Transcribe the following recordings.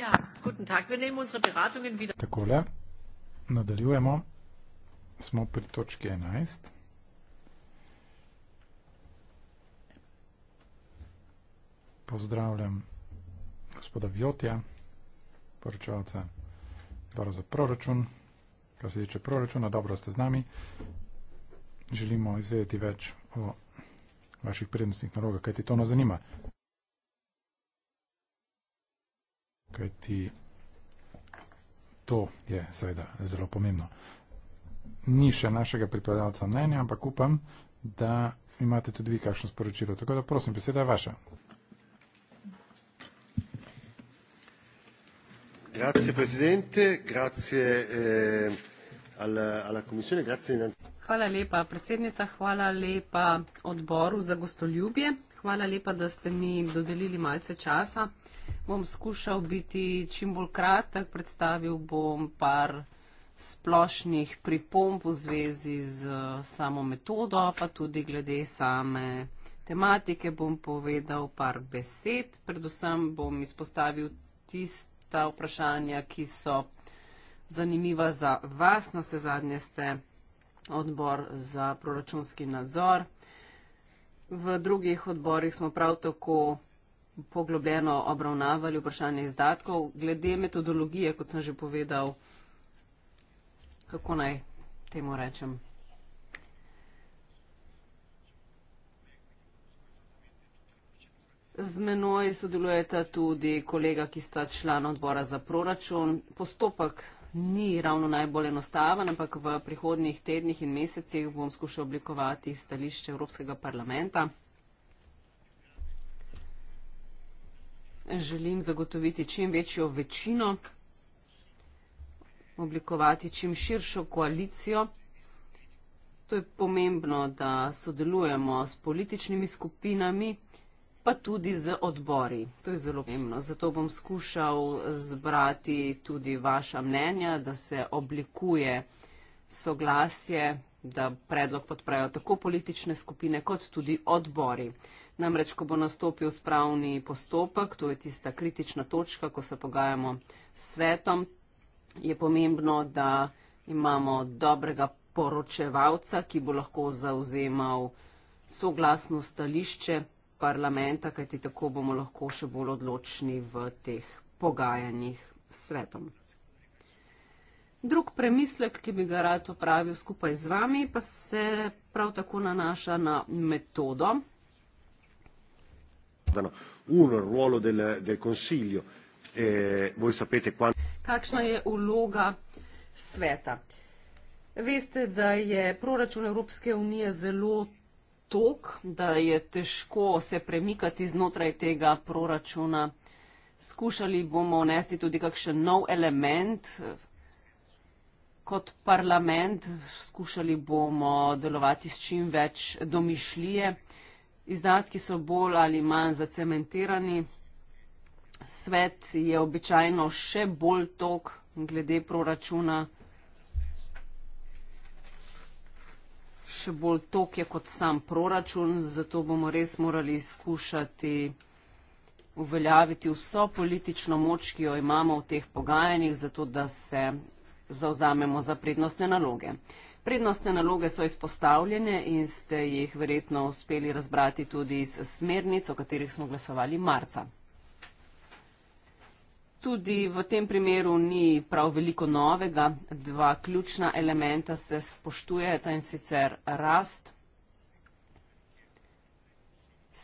Ja, guten Tag, wir nehmen unsere Beratungen wieder. Takole, nadaljujemo. Smo pri točki 11. Pozdravljam gospoda Vjotja, poročevalca Baro za proračun. Kar se tiče proračuna, dobro ste z nami. Želimo izvedeti več o vaših prednostnih nalogah, kajti to nas zanima. kajti to je seveda zelo pomembno. Ni še našega pripravljalca mnenja, ampak upam, da imate tudi vi kakšno sporočilo. Tako da prosim, beseda je vaša. Grazie, predsedente, grazie eh, alla, alla commissione, grazie. Hvala lepa, predsednica, hvala lepa odboru za gostoljubje. Hvala lepa, da ste mi dodelili malce časa. Bom skušal biti čim bolj kratek, predstavil bom par splošnih pripomb v zvezi z eh, samo metodo, pa tudi glede same tematike bom povedal par besed. Predvsem bom izpostavil tista vprašanja, ki so zanimiva za vas. Na vse zadnje ste odbor za proračunski nadzor. V drugih odborih smo prav tako poglobljeno obravnavali vprašanje izdatkov. Glede metodologije, kot sem že povedal, kako naj temu rečem. Z menoj sodelujete tudi kolega, ki sta član odbora za proračun. Postopek ni ravno najbolj enostaven, ampak v prihodnjih tednih in mesecih bom skušal oblikovati stališče Evropskega parlamenta. Želim zagotoviti čim večjo večino, oblikovati čim širšo koalicijo. To je pomembno, da sodelujemo s političnimi skupinami, pa tudi z odbori. To je zelo pomembno. Zato bom skušal zbrati tudi vaša mnenja, da se oblikuje soglasje, da predlog podprejo tako politične skupine kot tudi odbori. Namreč, ko bo nastopil spravni postopek, to je tista kritična točka, ko se pogajamo s svetom, je pomembno, da imamo dobrega poročevalca, ki bo lahko zauzemal soglasno stališče parlamenta, kajti tako bomo lahko še bolj odločni v teh pogajanjih s svetom. Drug premislek, ki bi ga rad opravil skupaj z vami, pa se prav tako nanaša na metodo. E Kakšna je vloga sveta? Veste, da je proračun Evropske unije zelo tok, da je težko se premikati znotraj tega proračuna. Skušali bomo vnesti tudi kakšen nov element kot parlament, skušali bomo delovati s čim več domišljije. Izdatki so bolj ali manj zacementirani. Svet je običajno še bolj tok glede proračuna. še bolj tok je kot sam proračun, zato bomo res morali izkušati uveljaviti vso politično moč, ki jo imamo v teh pogajanjih, zato da se zauzamemo za prednostne naloge. Prednostne naloge so izpostavljene in ste jih verjetno uspeli razbrati tudi iz smernic, o katerih smo glasovali marca. Tudi v tem primeru ni prav veliko novega. Dva ključna elementa se spoštujeta in sicer rast.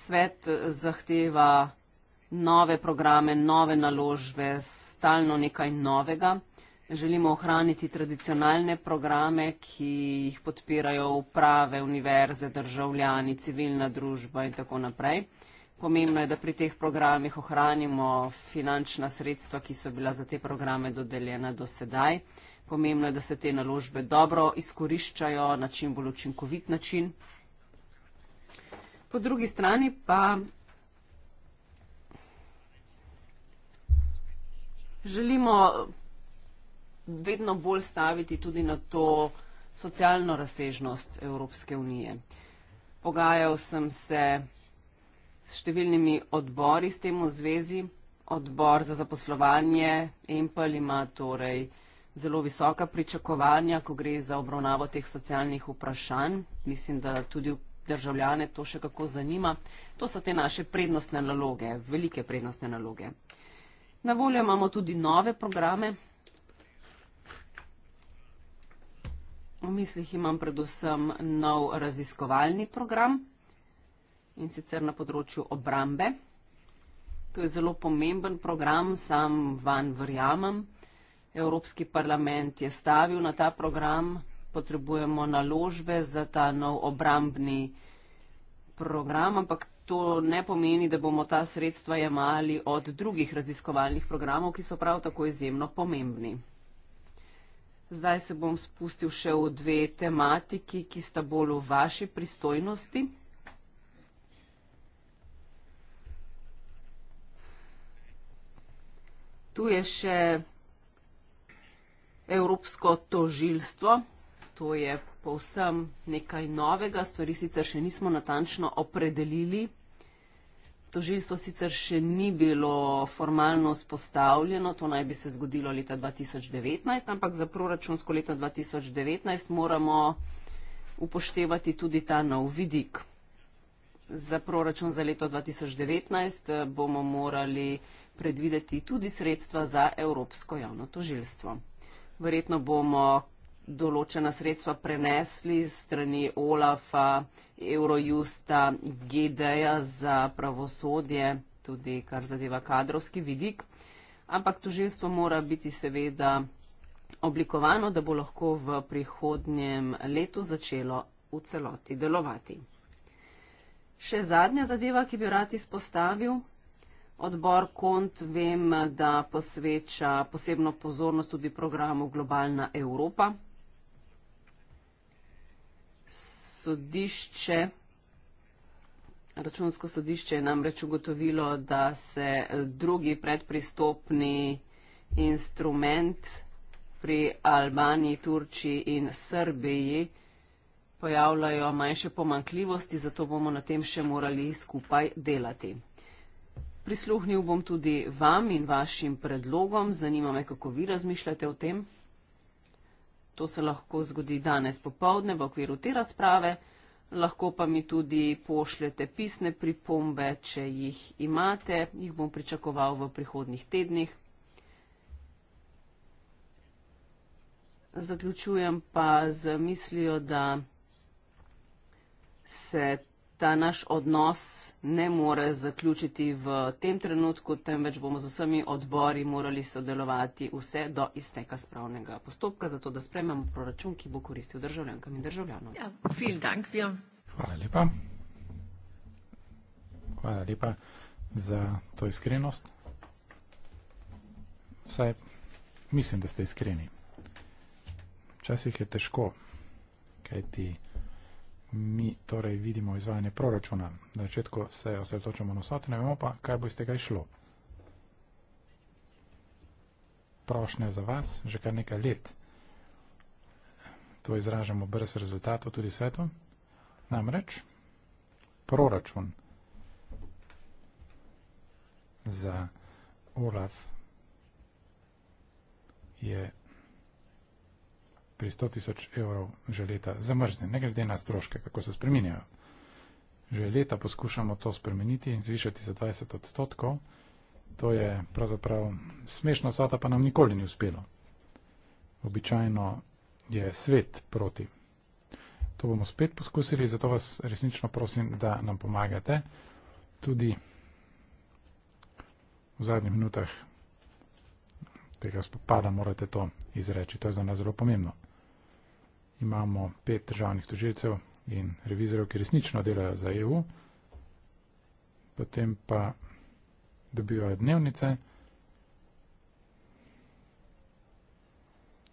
Svet zahteva nove programe, nove naložbe, stalno nekaj novega. Želimo ohraniti tradicionalne programe, ki jih podpirajo uprave, univerze, državljani, civilna družba in tako naprej. Pomembno je, da pri teh programih ohranimo finančna sredstva, ki so bila za te programe dodeljena do sedaj. Pomembno je, da se te naložbe dobro izkoriščajo na čim bolj učinkovit način. Po drugi strani pa želimo vedno bolj staviti tudi na to socialno razsežnost Evropske unije. Pogajal sem se s številnimi odbori s tem v zvezi. Odbor za zaposlovanje Empel ima torej zelo visoka pričakovanja, ko gre za obravnavo teh socialnih vprašanj. Mislim, da tudi državljane to še kako zanima. To so te naše prednostne naloge, velike prednostne naloge. Na voljo imamo tudi nove programe. V mislih imam predvsem nov raziskovalni program in sicer na področju obrambe. To je zelo pomemben program, sam van verjamem. Evropski parlament je stavil na ta program, potrebujemo naložbe za ta nov obrambni program, ampak to ne pomeni, da bomo ta sredstva jemali od drugih raziskovalnih programov, ki so prav tako izjemno pomembni. Zdaj se bom spustil še v dve tematiki, ki sta bolj v vaši pristojnosti. Tu je še Evropsko tožilstvo. To je povsem nekaj novega. Stvari sicer še nismo natančno opredelili. Tožilstvo sicer še ni bilo formalno spostavljeno, to naj bi se zgodilo leta 2019, ampak za proračunsko leto 2019 moramo upoštevati tudi ta nov vidik. Za proračun za leto 2019 eh, bomo morali predvideti tudi sredstva za Evropsko javno tožilstvo. Verjetno bomo določena sredstva prenesli strani OLAF-a, Eurojusta, GD-ja za pravosodje, tudi kar zadeva kadrovski vidik. Ampak tožilstvo mora biti seveda oblikovano, da bo lahko v prihodnjem letu začelo v celoti delovati. Še zadnja zadeva, ki bi rad izpostavil, Odbor KONT vem, da posveča posebno pozornost tudi programu Globalna Evropa. Sodišče, računsko sodišče je namreč ugotovilo, da se drugi predpristopni instrument pri Albaniji, Turčiji in Srbiji pojavljajo manjše pomankljivosti, zato bomo na tem še morali skupaj delati. Prisluhnil bom tudi vam in vašim predlogom. Zanima me, kako vi razmišljate o tem. To se lahko zgodi danes popovdne v okviru te razprave. Lahko pa mi tudi pošljete pisne pripombe, če jih imate. Jih bom pričakoval v prihodnih tednih. Zaključujem pa z mislijo, da se ta naš odnos ne more zaključiti v tem trenutku, temveč bomo z vsemi odbori morali sodelovati vse do izteka spravnega postopka, zato da sprejmemo proračun, ki bo koristil državljankam in državljanom. Ja, vielen Dank, Björn. Hvala lepa. Hvala lepa za to iskrenost. Vsaj mislim, da ste iskreni. Včasih je težko, kaj ti je mi torej vidimo izvajanje proračuna. Na začetku se osredotočamo na vsote, ne vemo pa, kaj bo iz tega išlo. Prošnja za vas, že kar nekaj let. To izražamo brez rezultatov tudi svetu. Namreč, proračun za Olaf je proračun pri 100 tisoč evrov že leta zamrzne, ne glede na stroške, kako se spreminjajo. Že leta poskušamo to spremeniti in zvišati za 20 odstotkov. To je pravzaprav smešno, svata pa nam nikoli ni uspelo. Običajno je svet proti. To bomo spet poskusili, zato vas resnično prosim, da nam pomagate. Tudi v zadnjih minutah tega spopada morate to izreči. To je za nas zelo pomembno imamo pet državnih tožilcev in revizorov, ki resnično delajo za EU, potem pa dobivajo dnevnice,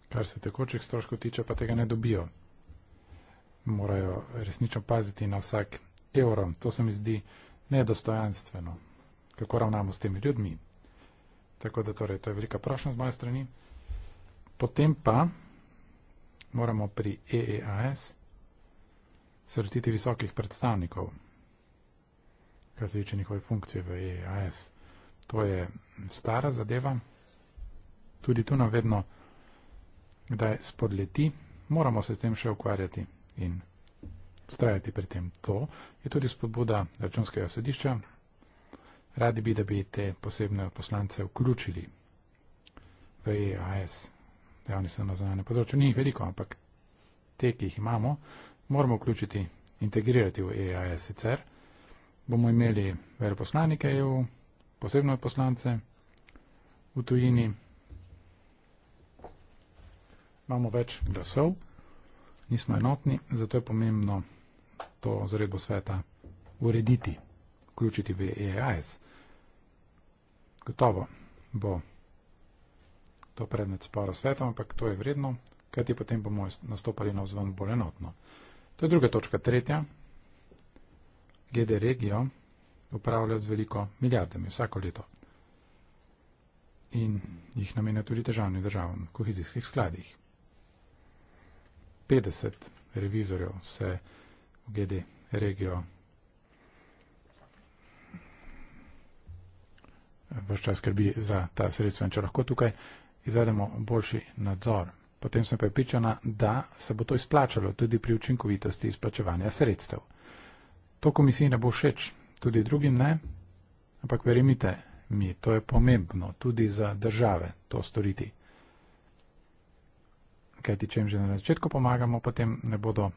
kar se tekočih stroškov tiče, pa tega ne dobijo. Morajo resnično paziti na vsak evro. To se mi zdi nedostojanstveno, kako ravnamo s temi ljudmi. Tako da torej, to je velika prošnja z moje strani. Potem pa moramo pri EEAS srtiti visokih predstavnikov, kar se tiče njihove funkcije v EEAS. To je stara zadeva, tudi tu nam vedno kdaj spodleti, moramo se s tem še ukvarjati in strajati pri tem. To je tudi spodbuda računskega sodišča. Radi bi, da bi te posebne poslance vključili v EAS. E javni stanovanje na področju. Ni veliko, ampak te, ki jih imamo, moramo vključiti, integrirati v EAS sicer. Bomo imeli veleposlanike EU, posebno poslance v tujini. Imamo več glasov, nismo enotni, zato je pomembno to zredbo sveta urediti, vključiti v EAS. Gotovo bo to predmet spora s svetom, ampak to je vredno, kajti potem bomo nastopali na vzven bolj enotno. To je druga točka. Tretja. GD regijo upravlja z veliko milijardami vsako leto in jih namenja tudi državnim državam, kohezijskih skladih. 50 revizorjev se v GD regijo eh, vse čas skrbi za ta sredstva in če lahko tukaj izvedemo boljši nadzor. Potem sem prepričana, da se bo to izplačalo tudi pri učinkovitosti izplačevanja sredstev. To komisiji ne bo všeč, tudi drugim ne, ampak verjemite mi, to je pomembno tudi za države to storiti. Kaj ti, če jim že na začetku pomagamo, potem ne bodo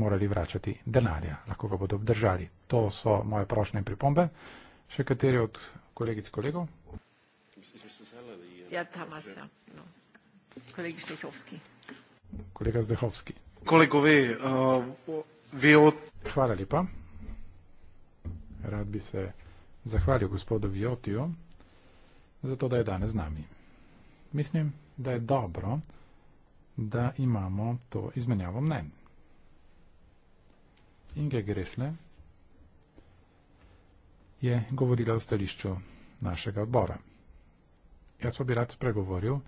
morali vračati denarja, lahko ga bodo obdržali. To so moje prošnje in pripombe. Še kateri od kolegic kolegov? Mr. Mr. Mr. Ja, ja. No. Kolega Zdehovski. Kolegovi, uh, eh, Viot. Hvala lepa. Rad bi se zahvalil gospodu Viotiju za to, da je danes z nami. Mislim, da je dobro, da imamo to izmenjavo mnenj. Inge Gresle je govorila o stališču našega odbora. Jaz pa bi rad spregovoril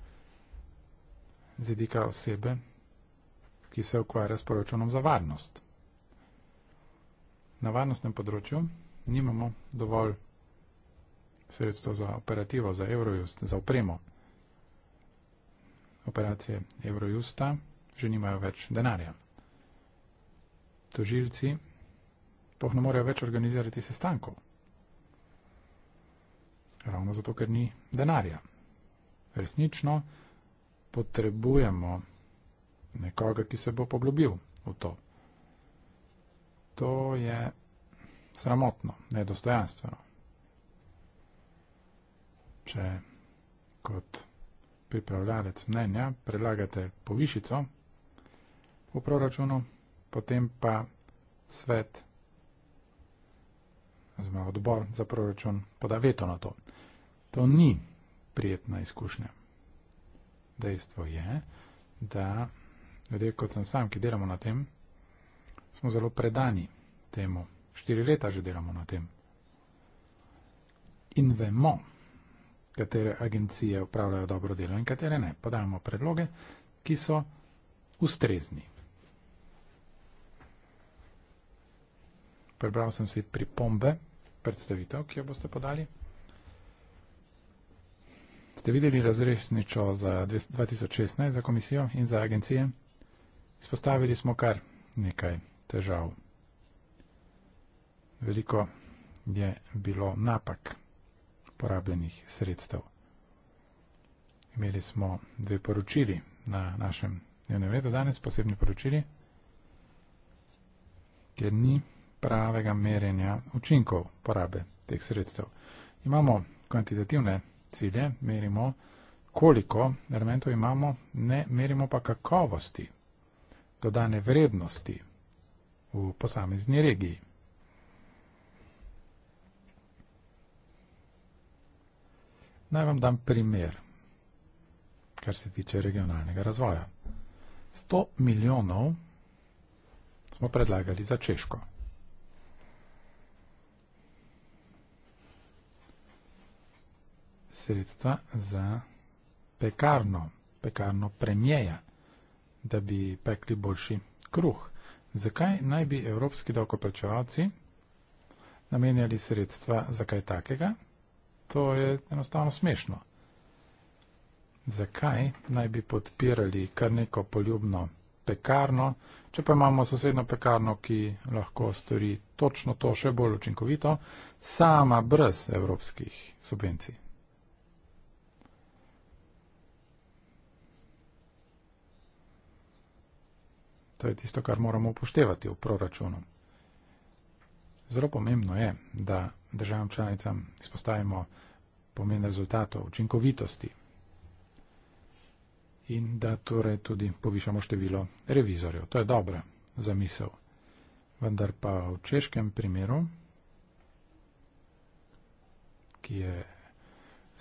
z vidika osebe, ki se ukvarja s proračunom za varnost. Na varnostnem področju nimamo dovolj sredstva za operativo, za Eurojust, za opremo. Operacije Eurojusta že nimajo več denarja. Tožilci poh ne morejo več organizirati sestankov. Ravno zato, ker ni denarja resnično potrebujemo nekoga, ki se bo poglobil v to. To je sramotno, nedostojanstveno. Če kot pripravljalec mnenja predlagate povišico v proračunu, potem pa svet, oziroma odbor za proračun, poda veto na to. To ni prijetna izkušnja. Dejstvo je, da ljudje, kot sem sam, ki delamo na tem, smo zelo predani temu. Štiri leta že delamo na tem. In vemo, katere agencije upravljajo dobro delo in katere ne. Podajamo predloge, ki so ustrezni. Prebral sem si pripombe predstavitev, ki jo boste podali. Ste videli razrešničo za 2016 za komisijo in za agencije? Spostavili smo kar nekaj težav. Veliko je bilo napak porabljenih sredstev. Imeli smo dve poročili na našem dnevnem redu danes, posebni poročili, ker ni pravega merjenja učinkov porabe teh sredstev. Imamo kvantitativne cilje, merimo, koliko elementov imamo, ne merimo pa kakovosti, dodane vrednosti v posamezni regiji. Naj vam dam primer, kar se tiče regionalnega razvoja. 100 milijonov smo predlagali za Češko. sredstva za pekarno, pekarno premijeja, da bi pekli boljši kruh. Zakaj naj bi evropski davkoplačevalci namenjali sredstva za kaj takega? To je enostavno smešno. Zakaj naj bi podpirali kar neko poljubno pekarno, če pa imamo sosedno pekarno, ki lahko stori točno to še bolj učinkovito, sama brez evropskih subvencij? To je tisto, kar moramo upoštevati v proračunu. Zelo pomembno je, da državam članicam izpostavimo pomen rezultatov, učinkovitosti in da torej tudi povišamo število revizorjev. To je dobra zamisel. Vendar pa v češkem primeru, ki je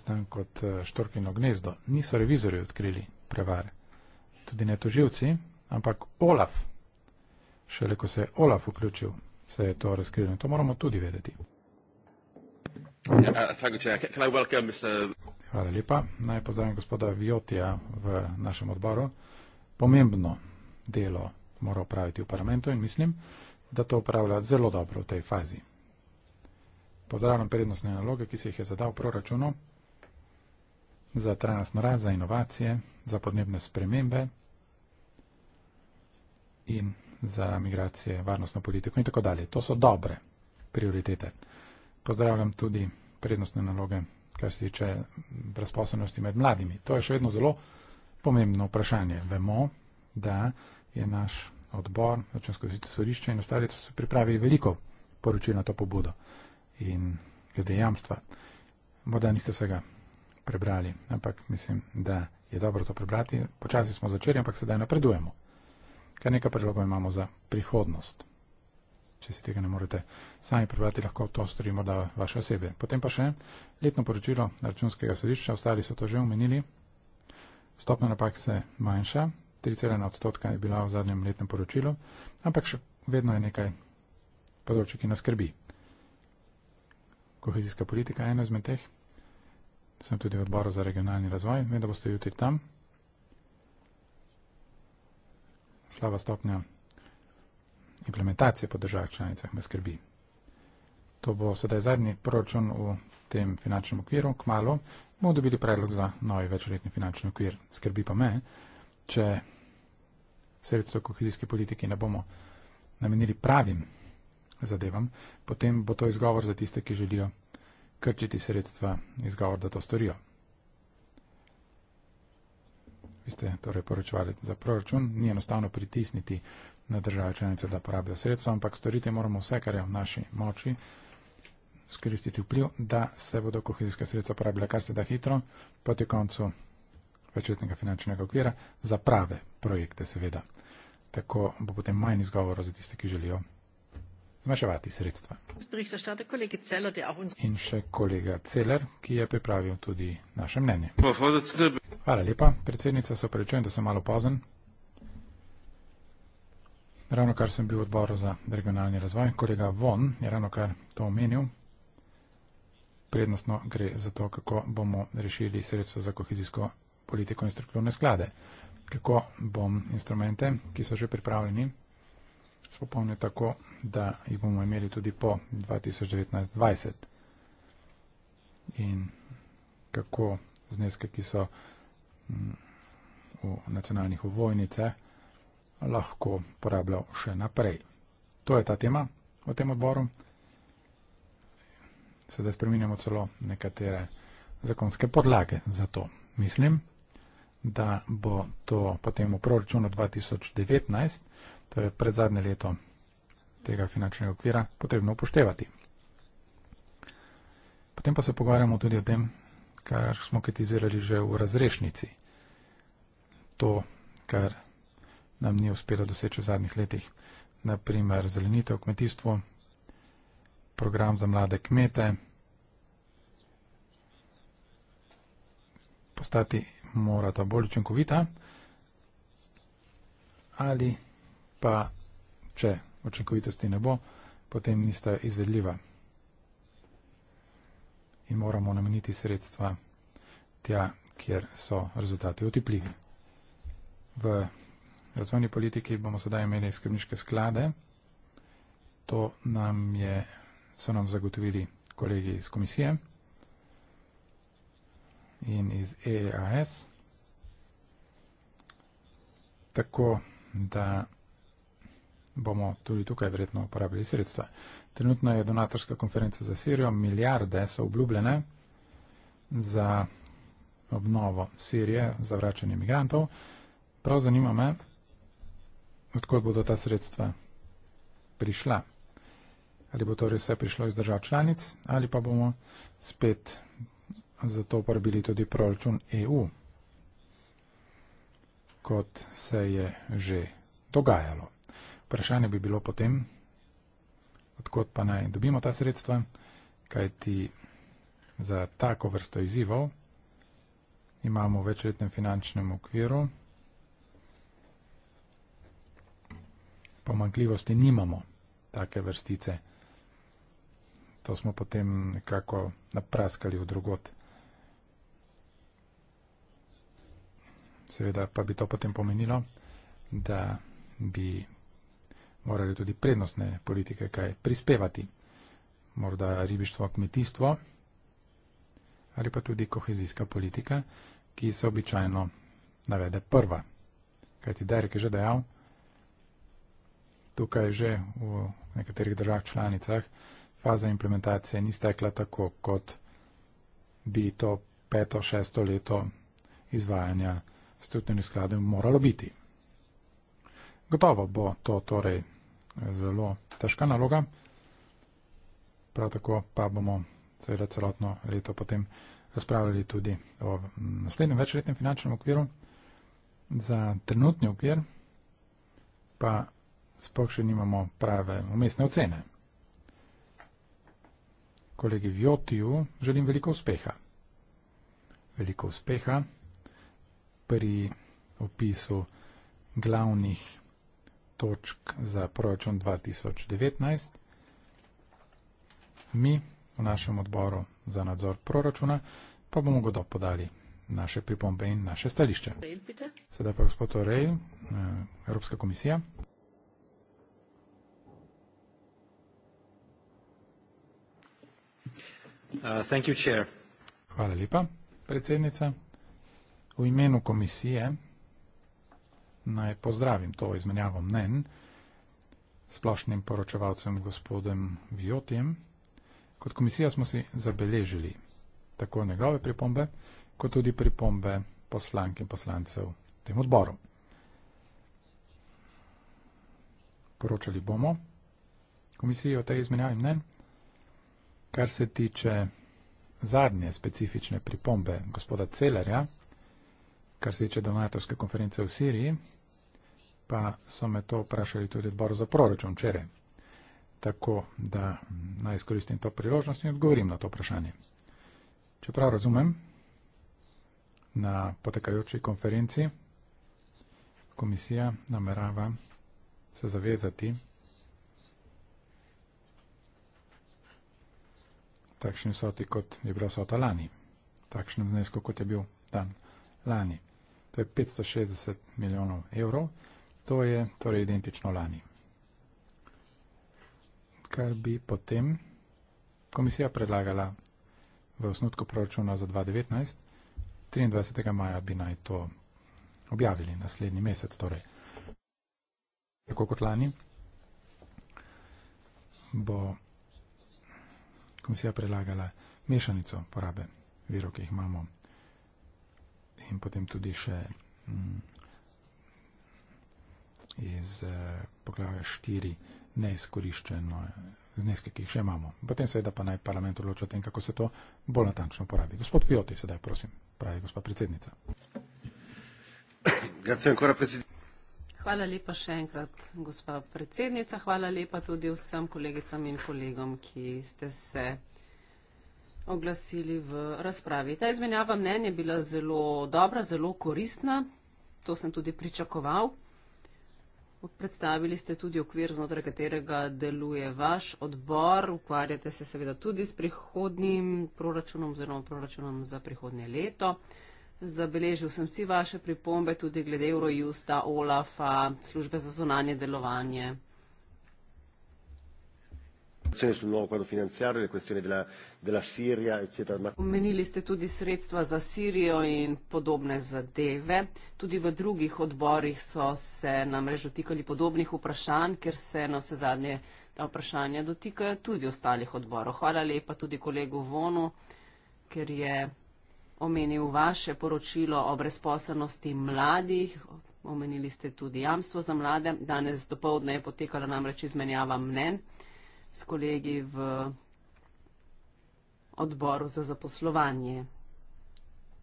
znan kot eh, Štorkino gnezdo, niso revizorji odkrili prevare. Tudi ne toživci, Ampak Olaf, šele ko se je Olaf vključil, se je to razkrilo. To moramo tudi vedeti. Uh, Hvala lepa. Naj pozdravim gospoda Viotija v našem odboru. Pomembno delo mora opraviti v parlamentu in mislim, da to upravlja zelo dobro v tej fazi. Pozdravljam prednostne naloge, ki se jih je zadal proračunu za trajnostno rast, za inovacije, za podnebne spremembe in za migracije, varnostno politiko in tako dalje. To so dobre prioritete. Pozdravljam tudi prednostne naloge, kar se tiče brezposobnosti med mladimi. To je še vedno zelo pomembno vprašanje. Vemo, da je naš odbor, računsko sodišče in ostali so pripravili veliko poročil na to pobudo in glede jamstva. Morda niste vsega prebrali, ampak mislim, da je dobro to prebrati. Počasi smo začeli, ampak sedaj napredujemo. Kar nekaj predlogov imamo za prihodnost. Če si tega ne morete sami prebrati, lahko to storimo, da vaše osebe. Potem pa še letno poročilo računskega sodišča, ostali so to že omenili. Stopna napak se manjša, 3,1 odstotka je bila v zadnjem letnem poročilu, ampak še vedno je nekaj področji, ki nas skrbi. Kohezijska politika je eno izmed teh. Sem tudi v odboru za regionalni razvoj, vem, da boste jutri tam. slaba stopnja implementacije po državah članicah me skrbi. To bo sedaj zadnji proračun v tem finančnem okviru, kmalo bomo dobili predlog za novi večletni finančni okvir. Skrbi pa me, če sredstvo kohezijske politike ne bomo namenili pravim zadevam, potem bo to izgovor za tiste, ki želijo krčiti sredstva, izgovor, da to storijo vi ste torej poročevali za proračun, ni enostavno pritisniti na države članice, da porabijo sredstva, ampak storiti moramo vse, kar je v naši moči, skoristiti vpliv, da se bodo kohezijske sredstva porabile kar se da hitro, proti koncu večletnega finančnega okvira, za prave projekte seveda. Tako bo potem manj izgovorov za tiste, ki želijo zmaševati sredstva. In še kolega Celer, ki je pripravil tudi naše mnenje. Hvala lepa, predsednica, se prečujem, da sem malo pozen. Ravno kar sem bil v odboru za regionalni razvoj, kolega Von je ravno kar to omenil. Prednostno gre za to, kako bomo rešili sredstvo za kohezijsko politiko in strukturne sklade. Kako bom instrumente, ki so že pripravljeni, spopolnil tako, da jih bomo imeli tudi po 2019-2020. In kako zneske, ki so v mm. nacionalnih ovojnice, lahko porabljal še naprej. To je ta tema v tem odboru. Sedaj spreminjamo celo nekatere zakonske podlage za to. Mislim, da bo to potem v proračunu 2019, to je predzadnje leto tega finančnega okvira, potrebno upoštevati. Potem pa se pogovarjamo tudi o tem, kar smo kritizirali že v razrešnici to, kar nam ni uspelo doseči v zadnjih letih. Naprimer, zelenitev kmetijstvo, program za mlade kmete, postati morata bolj učinkovita ali pa, če učinkovitosti ne bo, potem nista izvedljiva in moramo nameniti sredstva tja, kjer so rezultati otipljivi. V razvojni politiki bomo sedaj imeli skrbniške sklade. To nam je, so nam zagotovili kolegi iz komisije in iz EAS. Tako da bomo tudi tukaj verjetno uporabili sredstva. Trenutno je donatorska konferenca za Sirijo, milijarde so obljubljene za obnovo Sirije, za vračanje imigrantov. Prav zanima me, odkud bodo ta sredstva prišla. Ali bo torej vse prišlo iz držav članic, ali pa bomo spet za to uporabili tudi proračun EU, kot se je že dogajalo. Vprašanje bi bilo potem, odkud pa naj dobimo ta sredstva, kajti za tako vrsto izzivov imamo v večletnem finančnem okviru pomankljivosti nimamo take vrstice. To smo potem nekako napraskali v drugot. Seveda pa bi to potem pomenilo, da bi morali tudi prednostne politike kaj prispevati. Morda ribištvo, kmetijstvo ali pa tudi kohezijska politika, ki se običajno navede prva. Kajti Derek je že dejal, tukaj že v nekaterih državah članicah faza implementacije ni stekla tako, kot bi to peto, šesto leto izvajanja strukturnih skladov moralo biti. Gotovo bo to torej zelo težka naloga, prav tako pa bomo seveda celotno leto potem razpravljali tudi o naslednjem večletnem finančnem okviru. Za trenutni okvir pa sploh še nimamo prave umestne ocene. Kolegi Vjotiju želim veliko uspeha. Veliko uspeha pri opisu glavnih točk za proračun 2019. Mi v našem odboru za nadzor proračuna pa bomo godo podali naše pripombe in naše stališče. Sedaj pa gospod Orej, eh, Evropska komisija. Uh, Hvala lepa, predsednica. V imenu komisije naj pozdravim to izmenjavo mnen splošnim poročevalcem gospodem Viotijem. Kot komisija smo si zabeležili tako njegove pripombe, kot tudi pripombe poslank in poslancev tem odborom. Poročali bomo komisijo o tej izmenjavi mnen. Kar se tiče zadnje specifične pripombe gospoda Celerja, kar se tiče donatorske konference v Siriji, pa so me to vprašali tudi odbor za proračun včeraj. Tako da mm, naj izkoristim to priložnost in odgovorim na to vprašanje. Čeprav razumem, na potekajoči konferenci komisija namerava se zavezati takšni vsoti, kot je bila vsota lani, takšnem znesku, kot je bil dan lani. To je 560 milijonov evrov, to je torej identično lani. Kar bi potem komisija predlagala v osnutku proračuna za 2019, 23. maja bi naj to objavili, naslednji mesec torej. Tako kot lani bo komisija predlagala mešanico porabe virov, ki jih imamo in potem tudi še mm, iz eh, poglavja štiri neizkoriščeno zneske, ki jih še imamo. Potem seveda pa naj parlament odloča o tem, kako se to bolj natančno porabi. Gospod Fioti, sedaj prosim, pravi gospod predsednica. Grazie ancora Presidente. Hvala lepa še enkrat, gospa predsednica. Hvala lepa tudi vsem kolegicam in kolegom, ki ste se oglasili v razpravi. Ta izmenjava mnen je bila zelo dobra, zelo koristna. To sem tudi pričakoval. Predstavili ste tudi okvir, znotraj katerega deluje vaš odbor. Ukvarjate se seveda tudi s prihodnim proračunom oziroma proračunom za prihodnje leto. Zabeležil sem si vaše pripombe tudi glede Eurojusta, OLAFA, službe za zonanje delovanje. Omenili ste tudi sredstva za Sirijo in podobne zadeve. Tudi v drugih odborih so se namreč dotikali podobnih vprašanj, ker se na vse zadnje ta vprašanja dotikajo tudi ostalih odborov. Hvala lepa tudi kolegu Vonu, ker je omenil vaše poročilo o brezposobnosti mladih, omenili ste tudi jamstvo za mlade. Danes dopoledne je potekala namreč izmenjava mnen s kolegi v odboru za zaposlovanje.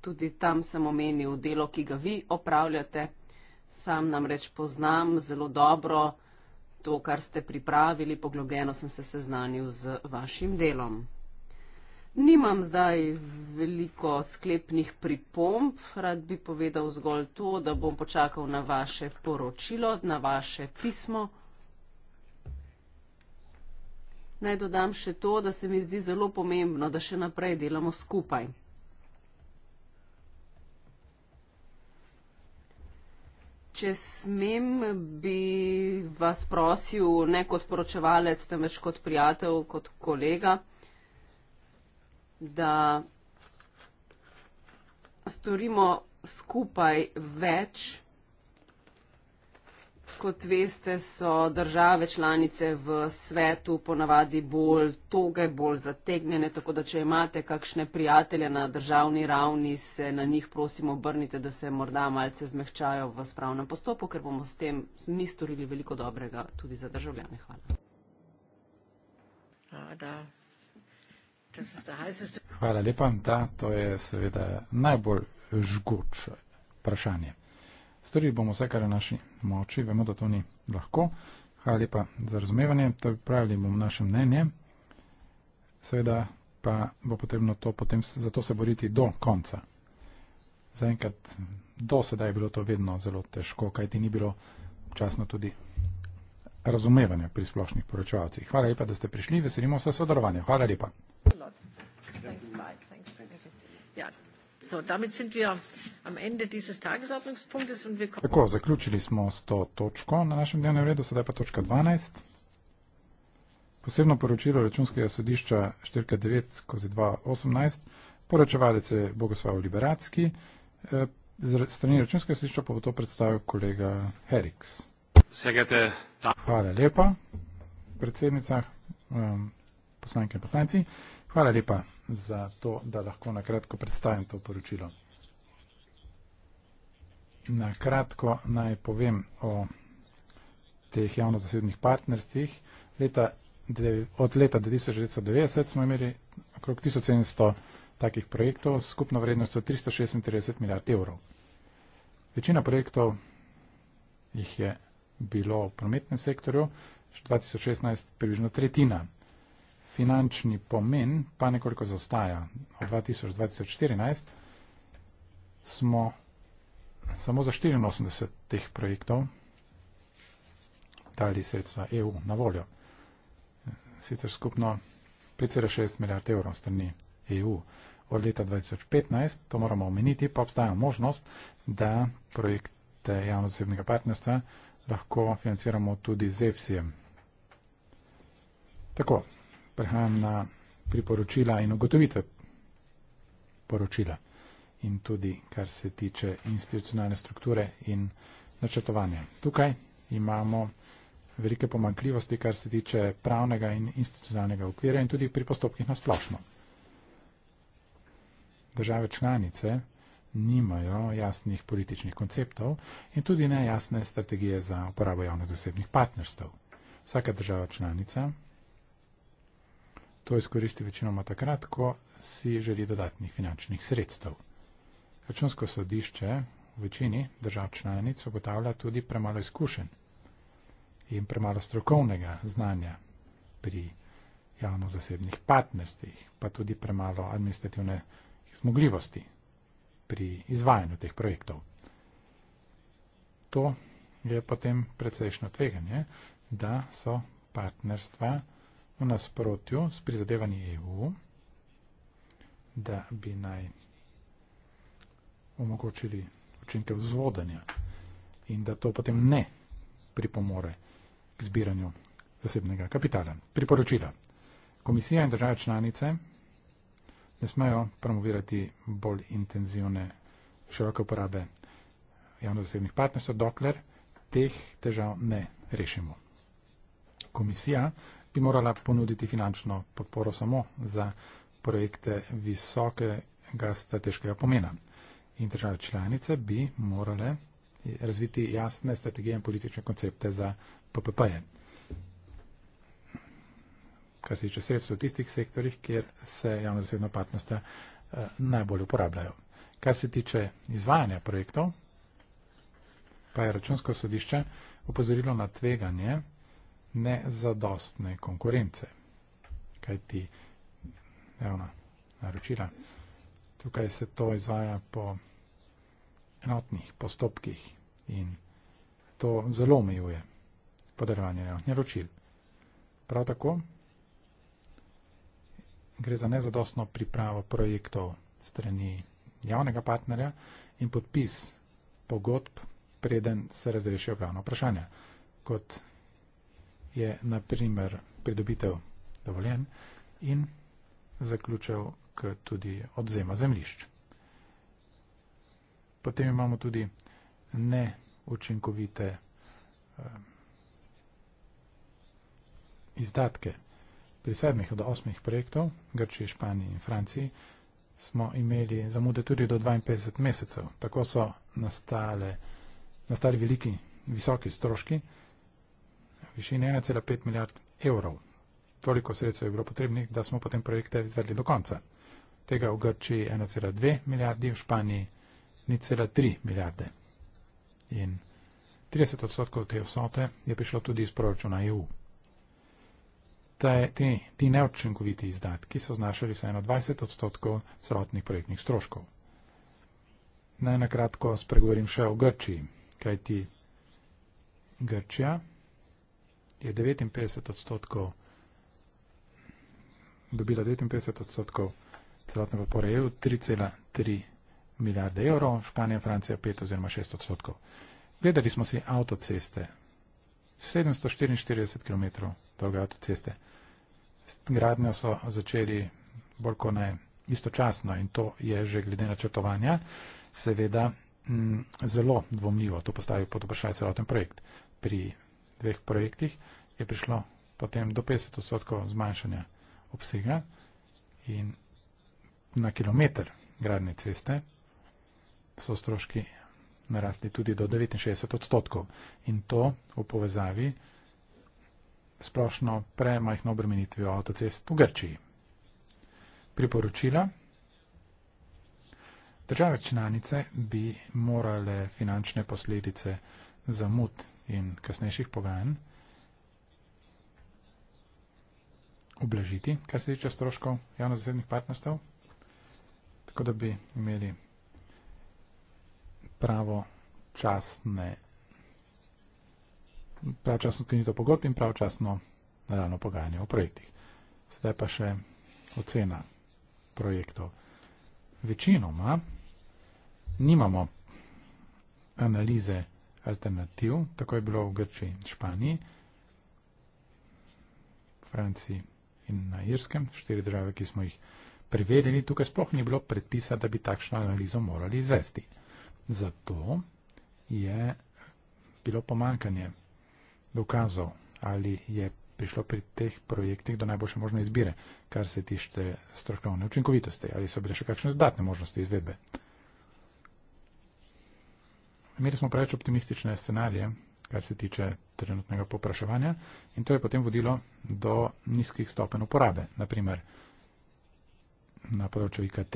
Tudi tam sem omenil delo, ki ga vi opravljate. Sam namreč poznam zelo dobro to, kar ste pripravili, poglobljeno sem se seznanil z vašim delom. Nimam zdaj veliko sklepnih pripomb, rad bi povedal zgolj to, da bom počakal na vaše poročilo, na vaše pismo. Naj dodam še to, da se mi zdi zelo pomembno, da še naprej delamo skupaj. Če smem, bi vas prosil ne kot poročevalec, temveč kot prijatelj, kot kolega, uh, da storimo skupaj več. Kot veste, so države članice v svetu ponavadi bolj toge, bolj zategnjene, tako da če imate kakšne prijatelje na državni ravni, se na njih prosim obrnite, da se morda malce zmehčajo v spravnem postopku, ker bomo s tem mi storili veliko dobrega tudi za državljane. Hvala. A, Hvala lepa. Da, to je seveda najbolj žgoč vprašanje. Storili bomo vse, kar je naši moči, vemo, da to ni lahko. Hvala lepa za razumevanje, to pravili bom naše mnenje. Seveda pa bo potrebno to potem za to se boriti do konca. Zaenkrat, do sedaj je bilo to vedno zelo težko, kajti ni bilo časno tudi razumevanja pri splošnih poročevalcih. Hvala lepa, da ste prišli, veselimo se sodelovanja. Hvala lepa. Tako, zaključili smo s to točko na našem dnevnem redu, sedaj pa točka 12. Posebno poročilo računskega sodišča 4.9.2.18, poročevalec je Bogoslav Liberacki, eh, z strani računskega sodišča pa bo to predstavil kolega Heriks vsega te. Ta. Hvala lepa, predsednica, um, poslanke in poslanci. Hvala lepa za to, da lahko na kratko predstavim to poročilo. Na kratko naj povem o teh javno-zasebnih partnerstvih. Leta, od leta 1990 smo imeli okrog 1700 takih projektov s skupno vrednostjo 336 milijard evrov. Večina projektov jih je bilo v prometnem sektorju, 2016 približno tretjina. Finančni pomen pa nekoliko zaostaja. Od 2014 smo samo za 84 teh projektov dali sredstva EU na voljo. Sicer skupno 5,6 milijard evrov strani EU. Od leta 2015, to moramo omeniti, pa obstaja možnost, da projekte javno-zasebnega partnerstva lahko financiramo tudi z EFSI-jem. Tako, prehajam na priporočila in ugotovitve poročila in tudi kar se tiče institucionalne strukture in načrtovanja. Tukaj imamo velike pomankljivosti, kar se tiče pravnega in institucionalnega okvira in tudi pri postopkih na splošno. Države članice nimajo jasnih političnih konceptov in tudi ne jasne strategije za uporabo javno-zasebnih partnerstv. Vsaka država članica to izkoristi večinoma takrat, ko si želi dodatnih finančnih sredstev. Računsko sodišče v večini držav članic ugotavlja tudi premalo izkušenj in premalo strokovnega znanja pri javno-zasebnih partnerstvih, pa tudi premalo administrativne zmogljivosti pri izvajanju teh projektov. To je potem precejšno tveganje, da so partnerstva v nasprotju s prizadevanji EU, da bi naj omogočili učinke vzvodanja in da to potem ne pripomore k zbiranju zasebnega kapitala. Priporočila. Komisija in države članice ne smejo promovirati bolj intenzivne široke uporabe javno-zasebnih partnerstv, dokler teh težav ne rešimo. Komisija bi morala ponuditi finančno podporo samo za projekte visokega strateškega pomena. In države članice bi morale razviti jasne strategije in politične koncepte za PPP-je kar se tiče sredstev v tistih sektorjih, kjer se javno-zasebno partnerstva eh, najbolj uporabljajo. Kar se tiče izvajanja projektov, pa je računsko sodišče upozorilo na tveganje nezadostne konkurence. Kaj ti javna naročila? Tukaj se to izvaja po enotnih postopkih in to zelo omejuje podarovanje javnih naročil. Prav tako gre za nezadostno pripravo projektov strani javnega partnerja in podpis pogodb, preden se razrešijo glavno vprašanje, kot je naprimer pridobitev dovoljen in zaključev k tudi odzema zemlišč. Potem imamo tudi neučinkovite eh, izdatke pri sedmih od osmih projektov, Grčiji, Španiji in Franciji, smo imeli zamude tudi do 52 mesecev. Tako so nastale, nastali veliki, visoki stroški, višini 1,5 milijard evrov. Toliko sredstev je bilo potrebnih, da smo potem projekte izvedli do konca. Tega v Grčiji 1,2 milijardi, v Španiji 0,3 milijarde. In 30 odstotkov te vsote je prišlo tudi iz proračuna EU te, ti neočinkoviti izdatki so znašali se 21 odstotkov celotnih projektnih stroškov. Naj nakratko spregovorim še o Grčiji, kajti Grčija je 59 odstotkov dobila 59 odstotkov celotne podpore EU, 3,3 milijarde evrov, Španija, Francija 5 oziroma 6 odstotkov. Gledali smo si avtoceste, 744 km dolge avtoceste, S gradnjo so začeli bolj kot ne istočasno in to je že glede načrtovanja seveda m, mm, zelo dvomljivo. To postavi pod vprašanje celoten projekt. Pri dveh projektih je prišlo potem do 50 odstotkov zmanjšanja obsega in na kilometr gradne ceste so stroški narasli tudi do 69 odstotkov in to v povezavi splošno premajhno obremenitvijo avtocest v Grčiji. Priporočila. Države članice bi morale finančne posledice zamud in kasnejših pogajanj oblažiti, kar se tiče stroškov javno-zasebnih partnerstv, tako da bi imeli pravo časne pravčasno sklenitev pogodb in pravčasno nadaljno pogajanje o projektih. Sedaj pa še ocena projektov. Večinoma nimamo analize alternativ, tako je bilo v Grčiji in Španiji, Franciji in na Irskem, štiri države, ki smo jih privedeni, tukaj sploh ni bilo predpisa, da bi takšno analizo morali izvesti. Zato je bilo pomankanje dokazov, ali je prišlo pri teh projektih do najboljše možne izbire, kar se tiče strokovne učinkovitosti, ali so bile še kakšne dodatne možnosti izvedbe. Imeli smo preveč optimistične scenarije, kar se tiče trenutnega popraševanja in to je potem vodilo do nizkih stopen uporabe, naprimer na področju IKT.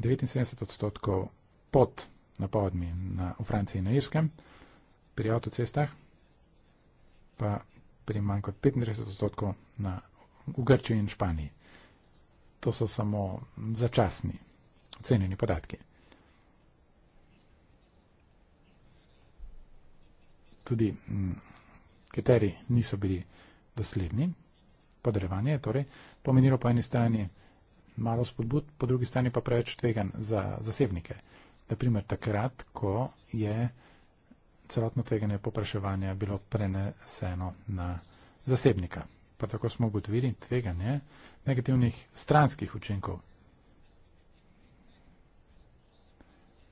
79 odstotkov pod napovedmi na, v Franciji in na Irskem, pri avtocestah, pa pri manj kot 35 odstotkov na, v Grčiji in Španiji. To so samo začasni ocenjeni podatki. Tudi mm, kateri niso bili dosledni, podarevanje je torej pomenilo po eni strani malo spodbud, po drugi strani pa preveč tvegan za zasebnike. Naprimer, takrat, ko je uh, celotno tveganje popraševanja bilo preneseno na zasebnika. Pa tako smo ugotovili tveganje negativnih stranskih učinkov.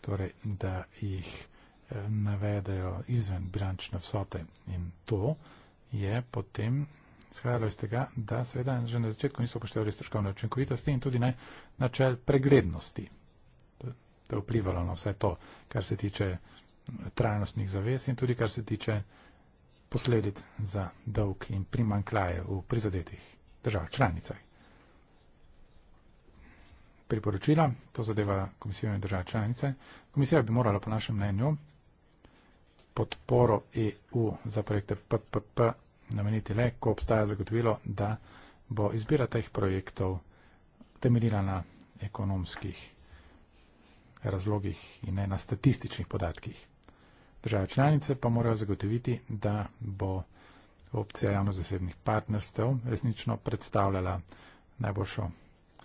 Torej, da jih eh, navedajo izven bilančne vsote in to je potem shajalo iz tega, da seveda že na začetku niso upoštevali stroškovne učinkovitosti in tudi ne načel preglednosti. To je vplivalo na vse to, kar se tiče trajnostnih zavez in tudi kar se tiče posledic za dolg in primankljaje v prizadetih državah članicah. Priporočila, to zadeva komisijo in države članice. Komisija bi morala po našem mnenju podporo EU za projekte PPP nameniti le, ko obstaja zagotovilo, da bo izbira teh projektov temeljila na ekonomskih razlogih in ne na statističnih podatkih. Države članice pa morajo zagotoviti, da bo opcija javno-zasebnih partnerstev resnično predstavljala najboljšo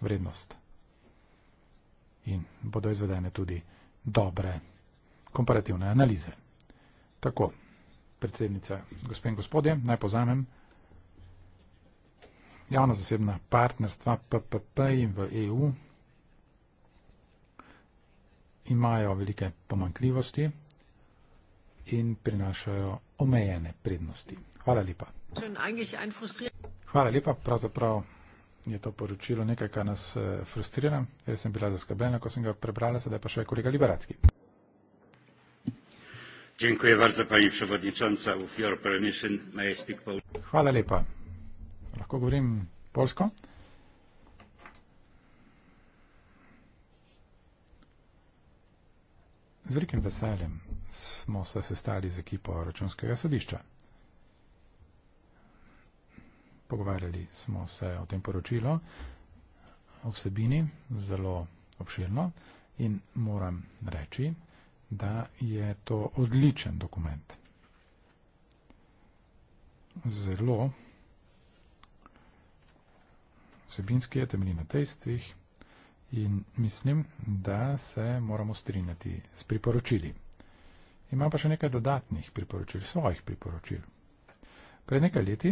vrednost in bodo izvedene tudi dobre komparativne analize. Tako, predsednica, gospod in gospodje, naj pozamem, javno-zasebna partnerstva PPP in v EU imajo velike pomankljivosti, in prinašajo omejene prednosti. Hvala lepa. Hvala lepa, pravzaprav je to poročilo nekaj, kar nas eh, frustrira. Jaz sem bila zaskrbljena, ko sem ga prebrala, sedaj pa še je kolega Liberacki. Hvala lepa. Lahko govorim polsko? Z velikim veseljem smo se sestali z ekipo računskega sodišča. Pogovarjali smo se o tem poročilu, o vsebini, zelo obširno in moram reči, da je to odličen dokument. Zelo vsebinski je temeljen na dejstvih in mislim, da se moramo strinjati s priporočili. Imam pa še nekaj dodatnih priporočil, svojih priporočil. Pred nekaj leti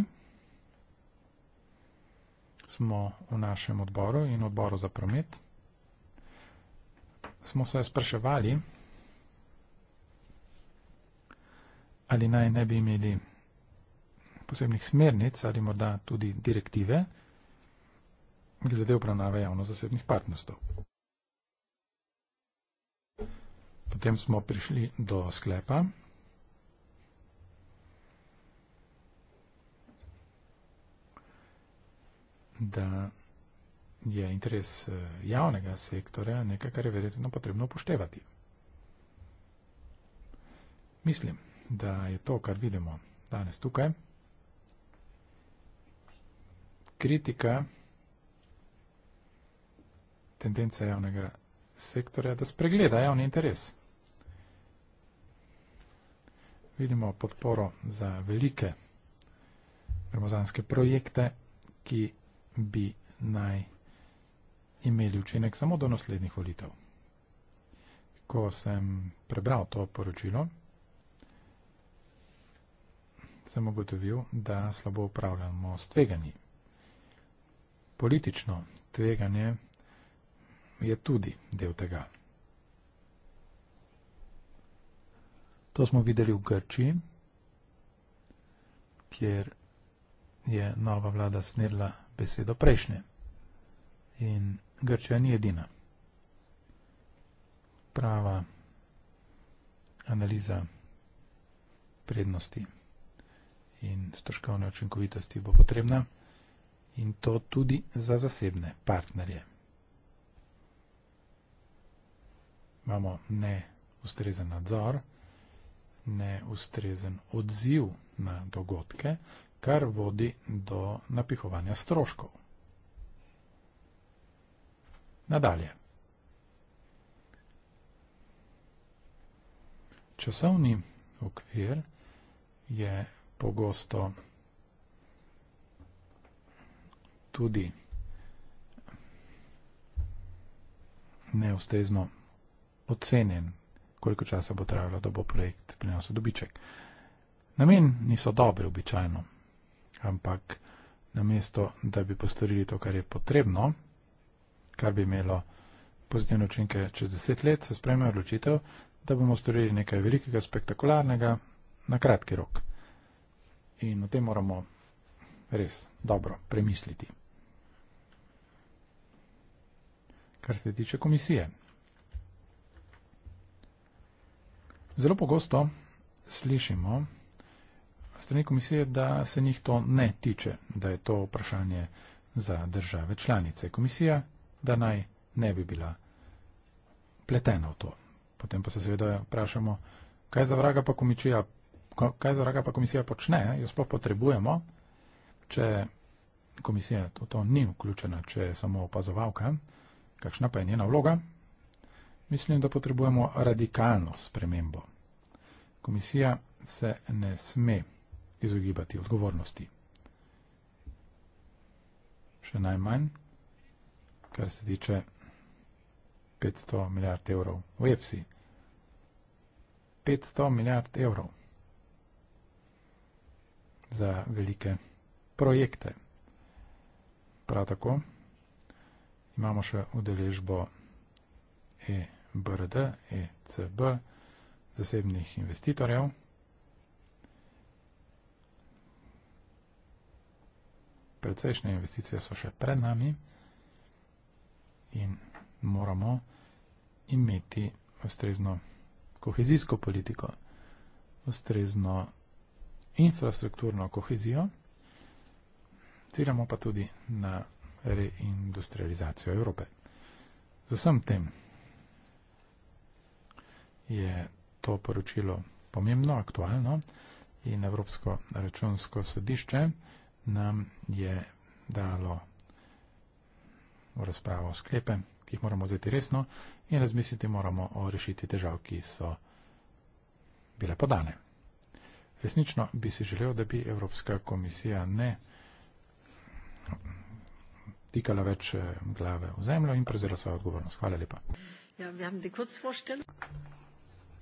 smo v našem odboru in odboru za promet smo se spraševali, ali naj ne bi imeli posebnih smernic ali morda tudi direktive glede upravnave javno-zasebnih partnerstv. Potem smo prišli do sklepa. da je interes eh, javnega sektora nekaj, kar je verjetno potrebno upoštevati. Mislim, da je to, kar vidimo danes tukaj, kritika tendence javnega sektora, da spregleda javni interes vidimo podporo za velike gromozanske projekte, ki bi naj imeli učinek samo do naslednjih volitev. Ko sem prebral to poročilo, sem ugotovil, da slabo upravljamo s tveganji. Politično tveganje je tudi del tega. To smo videli v Grči, kjer je nova vlada snedla besedo prejšnje. In Grčija ni edina. Prava analiza prednosti in stroškovne očinkovitosti bo potrebna in to tudi za zasebne partnerje. Imamo neustrezen nadzor, neustrezen odziv na dogodke, kar vodi do napihovanja stroškov. Nadalje. Časovni okvir je pogosto tudi neustrezno ocenjen koliko časa bo trajalo, da bo projekt prinesel dobiček. Namen niso dobri običajno, ampak namesto, da bi postorili to, kar je potrebno, kar bi imelo pozitivne učinke čez deset let, se sprejme odločitev, da bomo storili nekaj velikega, spektakularnega na kratki rok. In o tem moramo res dobro premisliti. Kar se tiče komisije, Zelo pogosto slišimo strani komisije, da se njih to ne tiče, da je to vprašanje za države članice. Komisija, da naj ne bi bila pletena v to. Potem pa se seveda vprašamo, kaj za vraga pa komisija, kaj za vraga pa komisija počne, jo sploh potrebujemo, če komisija v to ni vključena, če je samo opazovalka, kakšna pa je njena vloga. Mislim, da potrebujemo radikalno spremembo. Komisija se ne sme izogibati odgovornosti. Še najmanj, kar se tiče 500 milijard evrov v EFSI. 500 milijard evrov za velike projekte. Prav tako imamo še udeležbo EBRD, ECB, EFSI, zasebnih investitorjev. Predsejšnje investicije so še pred nami in moramo imeti ustrezno kohezijsko politiko, ustrezno infrastrukturno kohezijo, ciljamo pa tudi na reindustrializacijo Evrope. Z vsem tem je to poročilo pomembno, aktualno in Evropsko računsko sodišče nam je dalo v razpravo sklepe, ki jih moramo vzeti resno in razmisliti moramo o rešiti težav, ki so bile podane. Resnično bi si želel, da bi Evropska komisija ne tikala več eh, glave v zemljo in prevzela svojo odgovornost. Hvala lepa. Ja,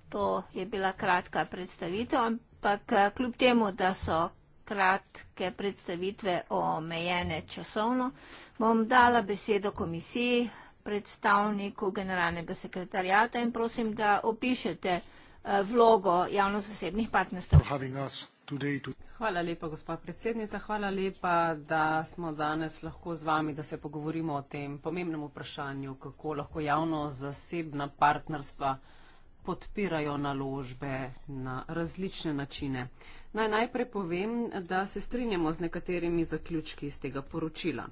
To je bila kratka predstavitev, ampak eh, kljub temu, da so kratke predstavitve omejene časovno, bom dala besedo komisiji, predstavniku generalnega sekretarjata in prosim, da opišete eh, vlogo javno-zasebnih partnerstv. Hvala lepa, gospa predsednica. Hvala lepa, da smo danes lahko z vami, da se pogovorimo o tem pomembnem vprašanju, kako lahko javno-zasebna partnerstva podpirajo naložbe na različne načine. Naj najprej povem, da se strinjamo z nekaterimi zaključki iz tega poročila.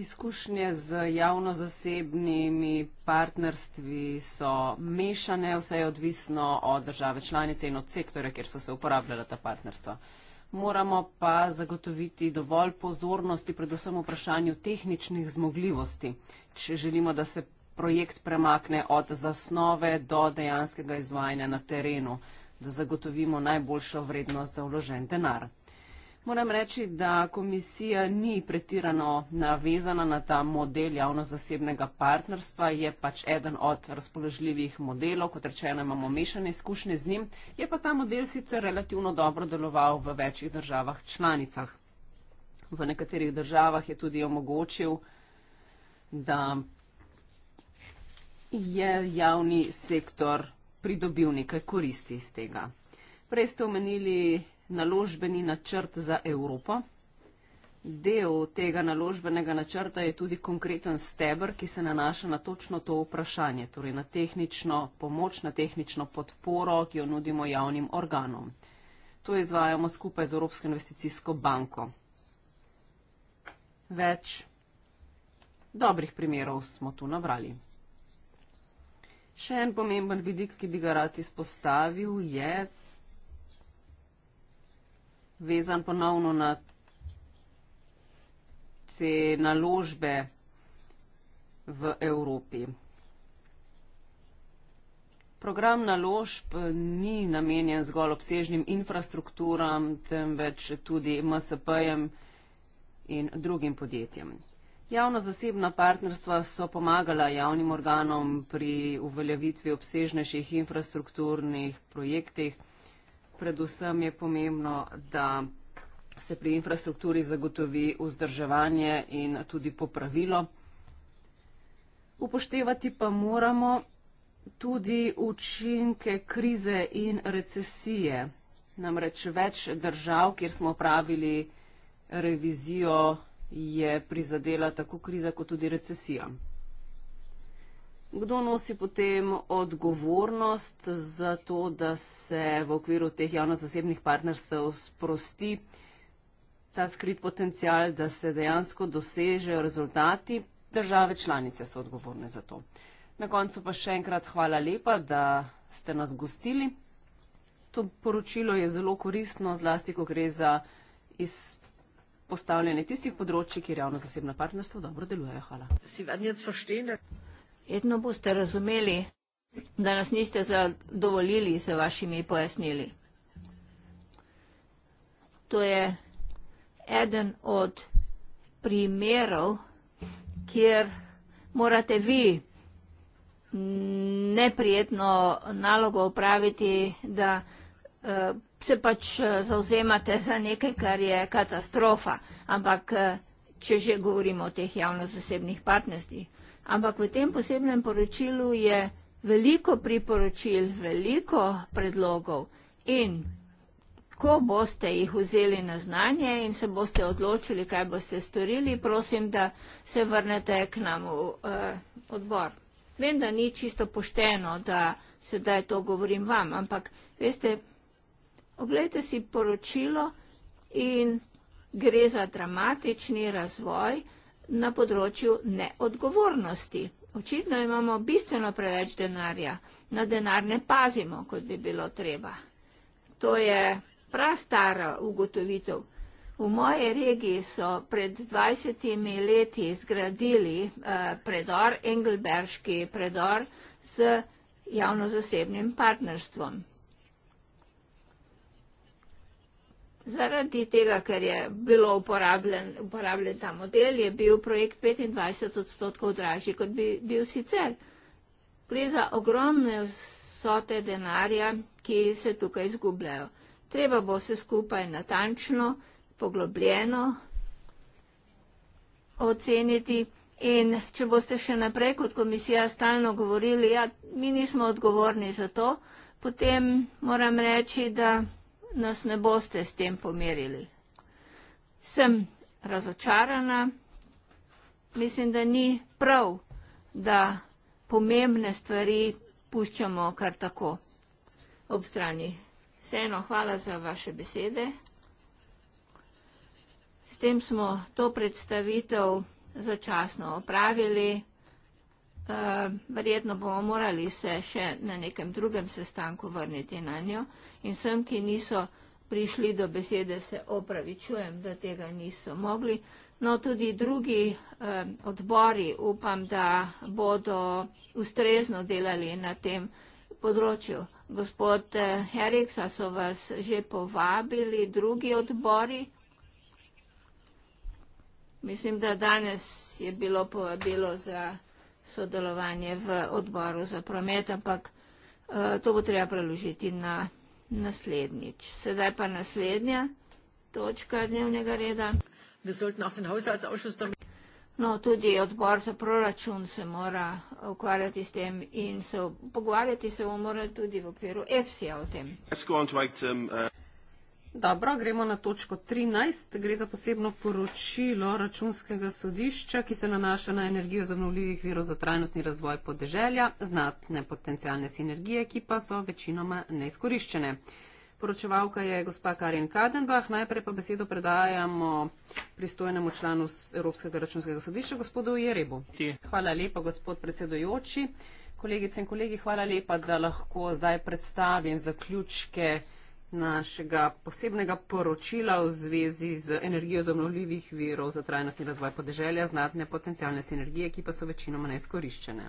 Izkušnje z javno-zasebnimi partnerstvi so mešane, vse je odvisno od države članice in od sektora, kjer so se uporabljala ta partnerstva. Moramo pa zagotoviti dovolj pozornosti, predvsem v vprašanju tehničnih zmogljivosti, če želimo, da se projekt premakne od zasnove do dejanskega izvajanja na terenu, da zagotovimo najboljšo vrednost za vložen denar. Moram reči, da komisija ni pretirano navezana na ta model javno-zasebnega partnerstva, je pač eden od razpoložljivih modelov, kot rečeno imamo mešane izkušnje z njim, je pa ta model sicer relativno dobro deloval v večjih državah članicah. V nekaterih državah je tudi omogočil, da je javni sektor pridobil nekaj koristi iz tega. Prej ste omenili naložbeni načrt za Evropo. Del tega naložbenega načrta je tudi konkreten stebr, ki se nanaša na točno to vprašanje, torej na tehnično pomoč, na tehnično podporo, ki jo nudimo javnim organom. To izvajamo skupaj z Evropsko investicijsko banko. Več dobrih primerov smo tu nabrali. Še en pomemben vidik, ki bi ga rad izpostavil, je vezan ponovno na te naložbe v Evropi. Program naložb ni namenjen zgolj obsežnim infrastrukturam, temveč tudi MSP-jem in drugim podjetjem. Javno-zasebna partnerstva so pomagala javnim organom pri uveljavitvi obsežnejših infrastrukturnih projektih. Predvsem je pomembno, da se pri infrastrukturi zagotovi vzdrževanje in tudi popravilo. Upoštevati pa moramo tudi učinke krize in recesije. Namreč več držav, kjer smo opravili revizijo je prizadela tako kriza kot tudi recesija. Kdo nosi potem odgovornost za to, da se v okviru teh javno-zasebnih partnerstv sprosti ta skrit potencial, da se dejansko dosežejo rezultati? Države članice so odgovorne za to. Na koncu pa še enkrat hvala lepa, da ste nas gostili. To poročilo je zelo koristno, zlasti, ko gre za izpolnitev postavljanje tistih področji, kjer javno zasebna partnerstva dobro delujejo. Hvala. Edno boste razumeli, da nas niste zadovoljili z vašimi pojasnili. To je eden od primerov, kjer morate vi neprijetno nalogo upraviti, da vsega, Eh, se pač eh, zauzemate za nekaj, kar je katastrofa, ampak eh, če že govorimo o teh javno-zasebnih partnerstvih. Ampak v tem posebnem poročilu je veliko priporočil, veliko predlogov in ko boste jih vzeli na znanje in se boste odločili, kaj boste storili, prosim, da se vrnete k nam v uh, odbor. Vem, da ni čisto pošteno, da sedaj to govorim vam, ampak veste, Oglejte si poročilo in gre za dramatični razvoj na področju neodgovornosti. Očitno imamo bistveno preveč denarja, na denar ne pazimo, kot bi bilo treba. To je prav stara ugotovitev. V moje regiji so pred 20 leti zgradili eh, predor, engelberški predor, s javno-zasebnim partnerstvom. Zaradi tega, ker je bilo uporabljen, uporabljen ta model, je bil projekt 25 odstotkov dražji, kot bi bil sicer. Gre za ogromne vsote denarja, ki se tukaj izgubljajo. Treba bo se skupaj natančno, poglobljeno oceniti in če boste še naprej kot komisija stalno govorili, ja, mi nismo odgovorni za to, potem moram reči, da nas ne boste s tem pomerili. Sem razočarana, mislim, da ni prav, da pomembne stvari puščamo kar tako ob strani. Vseeno, hvala za vaše besede. S tem smo to predstavitev začasno opravili. Eh, verjetno bomo morali se še na nekem drugem sestanku vrniti na njo in sem, ki niso prišli do besede, se opravičujem, da tega niso mogli. No, tudi drugi eh, odbori upam, da bodo ustrezno delali na tem področju. Gospod eh, Heriksa so vas že povabili, drugi odbori. Mislim, da danes je bilo povabilo za sodelovanje v odboru za promet, ampak eh, to bo treba preložiti na naslednjič. Sedaj pa naslednja točka dnevnega reda. No, tudi odbor za proračun se mora ukvarjati s tem in se pogovarjati se bo moral tudi v okviru EFSI-ja o tem. Let's go on to item, uh... Dobro, gremo na točko 13. Gre za posebno poročilo računskega sodišča, ki se nanaša na energijo zanovljivih virov za trajnostni razvoj podeželja, znatne potencijalne sinergije, ki pa so večinoma neizkoriščene. Poročevalka je gospa Karin Kadenbach. Najprej pa besedo predajamo pristojnemu članu Evropskega računskega sodišča, gospodu Jerebu. Hvala lepa, gospod predsedojoči. Kolegice in kolegi, hvala lepa, da lahko zdaj predstavim zaključke našega posebnega poročila v zvezi z energijo z obnovljivih virov za trajnostni razvoj podeželja, znatne potencijalne sinergije, ki pa so večinoma neizkoriščene.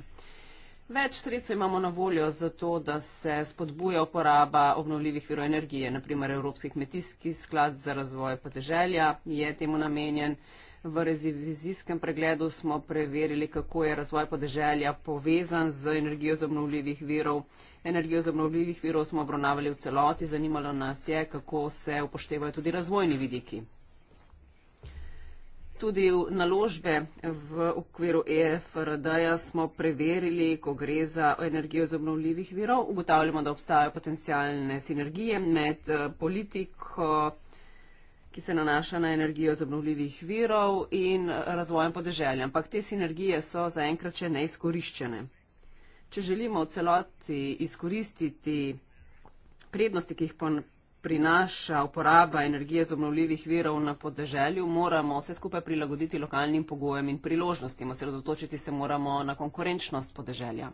Več sredstev imamo na voljo za to, da se spodbuja uporaba obnovljivih virov energije, naprimer Evropski kmetijski sklad za razvoj podeželja je temu namenjen. V revizijskem pregledu smo preverili, kako je razvoj podeželja povezan z energijo z obnovljivih virov. Energijo z obnovljivih virov smo obravnavali v celoti, zanimalo nas je, kako se upoštevajo tudi razvojni vidiki. Tudi v naložbe v okviru EFRD-ja smo preverili, ko gre za energijo z obnovljivih virov. Ugotavljamo, da obstajajo potencijalne sinergije med eh, politiko, ki se nanaša na energijo z obnovljivih virov in eh, razvojem podeželja. Ampak te sinergije so zaenkrat še neizkoriščene. Če želimo v celoti izkoristiti prednosti, ki jih prinaša uporaba energije z obnovljivih virov na podeželju, moramo vse skupaj prilagoditi lokalnim pogojem in priložnostim. Osredotočiti se moramo na konkurenčnost podeželja.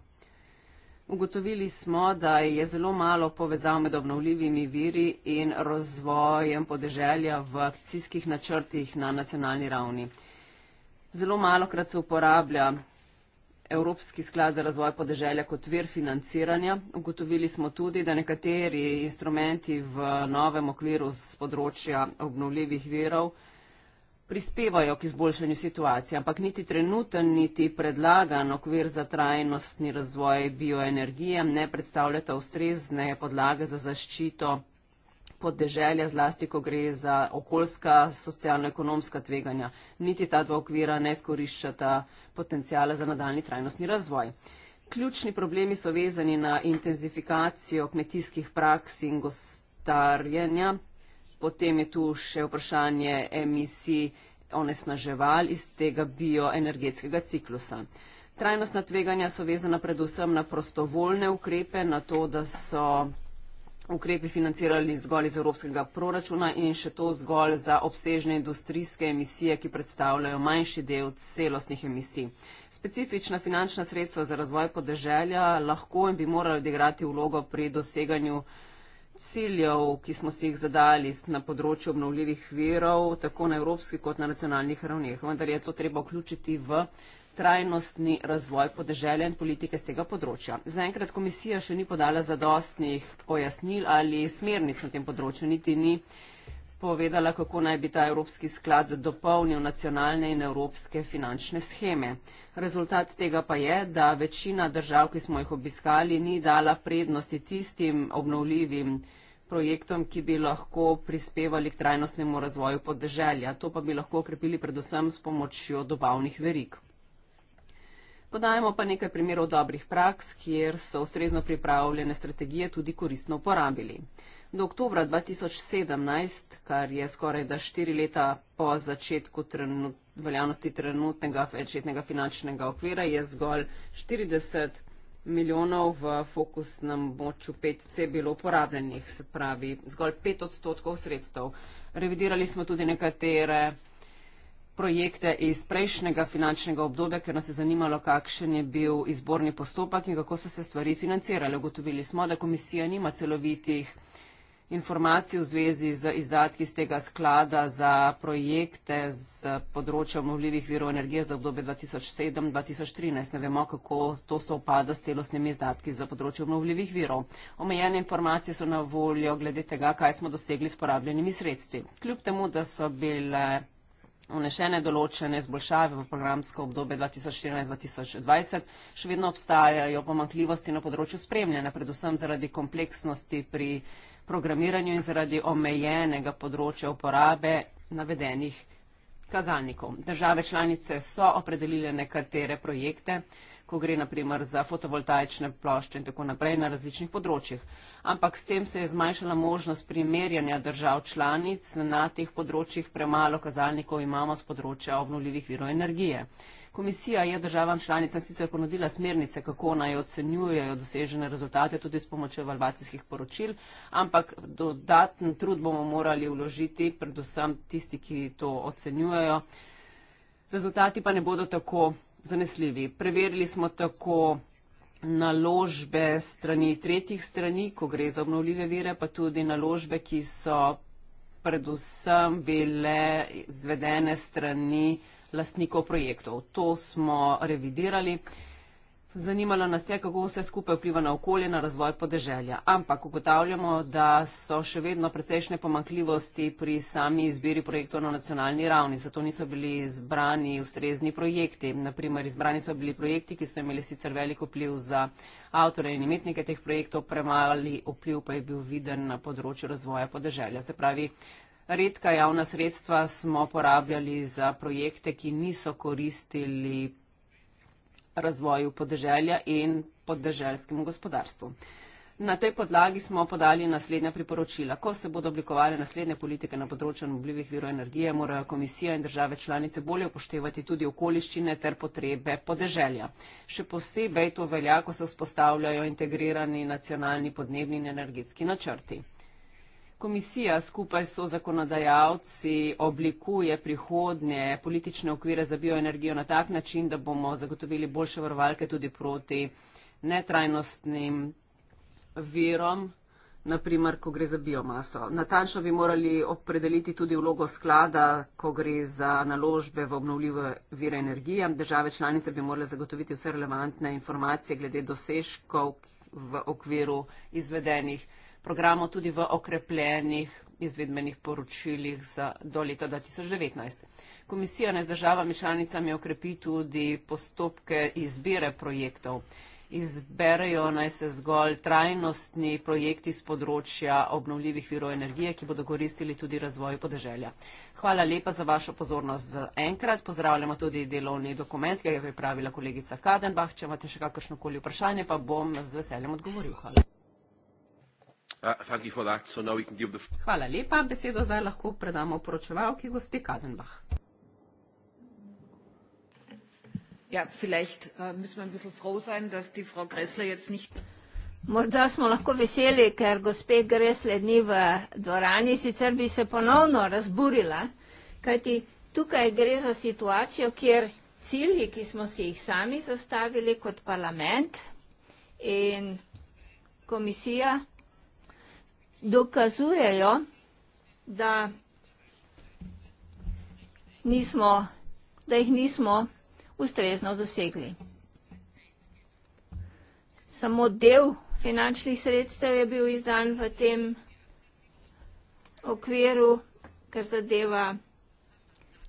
Ugotovili smo, da je zelo malo povezav med obnovljivimi viri in razvojem podeželja v akcijskih načrtih na nacionalni ravni. Zelo malo krat se uporablja Evropski sklad za razvoj podeželja kot vir financiranja. Ugotovili smo tudi, da nekateri instrumenti v novem okviru z področja obnovljivih virov prispevajo k izboljšanju situacije, ampak niti trenuten, niti predlagan okvir za trajnostni razvoj bioenergije ne predstavljata ustrezne podlage za zaščito podeželja, zlasti, ko gre za okoljska, socialno-ekonomska tveganja. Niti ta dva okvira ne skoriščata potencijala za nadaljni trajnostni razvoj. Ključni problemi so vezani na intenzifikacijo kmetijskih praks in gostarjenja Potem je tu še vprašanje emisij onesnaževal iz tega bioenergetskega ciklusa. Trajnostna tveganja so vezana predvsem na prostovoljne ukrepe, na to, da so ukrepi financirali zgolj iz evropskega proračuna in še to zgolj za obsežne industrijske emisije, ki predstavljajo manjši del celostnih emisij. Specifična finančna sredstva za razvoj podeželja lahko in bi morali odigrati vlogo pri doseganju ciljev, ki smo si jih zadali na področju obnovljivih virov, tako na evropski kot na nacionalnih ravneh. Vendar je to treba vključiti v trajnostni razvoj podeželja in politike z tega področja. Zaenkrat komisija še ni podala zadostnih pojasnil ali smernic na tem področju, niti ni povedala, kako naj bi ta Evropski sklad dopolnil nacionalne in evropske finančne scheme. Rezultat tega pa je, da večina držav, ki smo jih obiskali, ni dala prednosti tistim obnovljivim projektom, ki bi lahko prispevali k trajnostnemu razvoju podeželja. To pa bi lahko okrepili predvsem s pomočjo dobavnih verik. Podajamo pa nekaj primerov dobrih praks, kjer so ustrezno pripravljene strategije tudi koristno uporabili. Do oktobra 2017, kar je skoraj da štiri leta po začetku trenut, veljavnosti trenutnega večetnega finančnega okvira, je zgolj 40 milijonov v fokusnem moču 5C bilo uporabljenih, se pravi zgolj 5 odstotkov sredstev. Revidirali smo tudi nekatere projekte iz prejšnjega finančnega obdobja, ker nas je zanimalo, kakšen je bil izborni postopek in kako so se stvari financirale. Ugotovili smo, da komisija nima celovitih informacij v zvezi z izdatki iz tega sklada za projekte z področja obnovljivih virov energije za obdobje 2007-2013. Ne vemo, kako to se opada s celostnimi izdatki za področje obnovljivih virov. Omejene informacije so na voljo glede tega, kaj smo dosegli s porabljenimi sredstvi. Kljub temu, da so bile vnešene določene zboljšave v programsko obdobje 2014-2020, še vedno obstajajo pomankljivosti na področju spremljanja, predvsem zaradi kompleksnosti pri programiranju in zaradi omejenega področja uporabe navedenih kazalnikov. Države članice so opredelile nekatere projekte, ko gre naprimer za fotovoltaične plošče in tako naprej na različnih področjih. Ampak s tem se je zmanjšala možnost primerjanja držav članic na teh področjih, premalo kazalnikov imamo z področja obnovljivih virov energije. Komisija je državam članicam sicer ponudila smernice, kako naj ocenjujejo dosežene rezultate tudi s pomočjo evalvacijskih poročil, ampak dodaten trud bomo morali vložiti, predvsem tisti, ki to ocenjujejo. Rezultati pa ne bodo tako zanesljivi. Preverili smo tako naložbe strani tretjih strani, ko gre za obnovljive vire, pa tudi naložbe, ki so predvsem bile izvedene strani lastnikov projektov. To smo revidirali. Zanimalo nas je, kako vse skupaj vpliva na okolje, na razvoj podeželja. Ampak ugotavljamo, da so še vedno precejšnje pomankljivosti pri sami izbiri projektov na nacionalni ravni, zato niso bili izbrani ustrezni projekti. Naprimer, izbrani so bili projekti, ki so imeli sicer veliko vpliv za avtore in imetnike teh projektov, premali vpliv pa je bil viden na področju razvoja podeželja. Se pravi, redka javna sredstva smo porabljali za projekte, ki niso koristili razvoju podeželja in podeželskemu gospodarstvu. Na tej podlagi smo podali naslednja priporočila. Ko se bodo oblikovali naslednje politike na področju obljubih virov energije, morajo komisija in države članice bolje upoštevati tudi okoliščine ter potrebe podeželja. Še posebej to velja, ko se vzpostavljajo integrirani nacionalni podnebni in energetski načrti. Komisija skupaj so zakonodajalci oblikuje prihodnje politične okvire za bioenergijo na tak način, da bomo zagotovili boljše varovalke tudi proti netrajnostnim virom, naprimer, ko gre za biomaso. Natančno bi morali opredeliti tudi vlogo sklada, ko gre za naložbe v obnovljive vire energije. Države članice bi morale zagotoviti vse relevantne informacije glede dosežkov v okviru izvedenih programov tudi v okrepljenih izvedbenih poročilih za do leta 2019. Komisija naj z državami članicami okrepi tudi postopke izbire projektov. Izberejo naj se zgolj trajnostni projekti z področja obnovljivih virov energije, ki bodo koristili tudi razvoju podeželja. Hvala lepa za vašo pozornost za enkrat. Pozdravljamo tudi delovni dokument, ki ga je pripravila kolegica Kadenbach. Če imate še kakršnokoli vprašanje, pa bom z veseljem odgovoril. Hvala. Uh, Hvala lepa. Besedo zdaj lahko predamo poročevalki, gospe Kadenbah. Ja, uh, Morda smo lahko veseli, ker gospe Gresle ni v dvorani, sicer bi se ponovno razburila, kajti tukaj gre za situacijo, kjer cilji, ki smo si jih sami zastavili kot parlament in komisija, dokazujejo, da nismo, da jih nismo ustrezno dosegli. Samo del finančnih sredstev je bil izdan v tem okviru, kar zadeva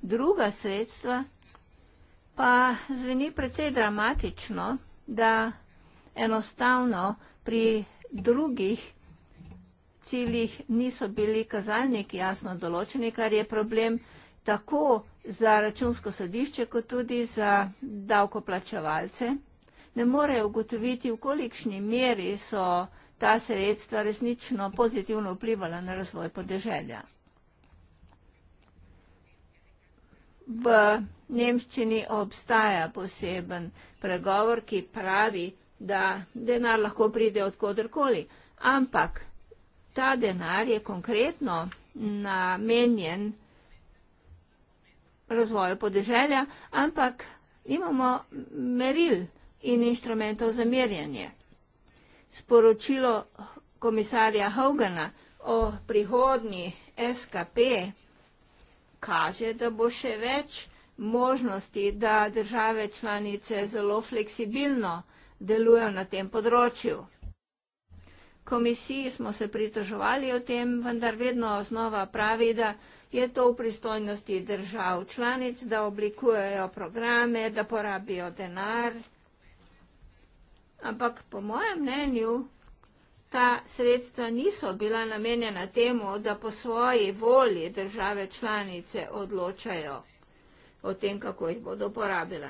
druga sredstva, pa zveni precej dramatično, da enostavno pri drugih ciljih niso bili kazalniki jasno določeni, kar je problem tako za računsko sodišče, kot tudi za davkoplačevalce. Ne morejo ugotoviti, v kolikšni meri so ta sredstva resnično pozitivno vplivala na razvoj podeželja. V Nemščini obstaja poseben pregovor, ki pravi, da denar lahko pride odkudrkoli, ampak Ta denar je konkretno namenjen razvoju podeželja, ampak imamo meril in inštrumentov za merjanje. Sporočilo komisarja Hogana o prihodnji SKP kaže, da bo še več možnosti, da države članice zelo fleksibilno delujejo na tem področju komisiji smo se pritoževali o tem, vendar vedno znova pravi, da je to v pristojnosti držav članic, da oblikujejo programe, da porabijo denar. Ampak po mojem mnenju ta sredstva niso bila namenjena temu, da po svoji volji države članice odločajo o tem, kako jih bodo porabile.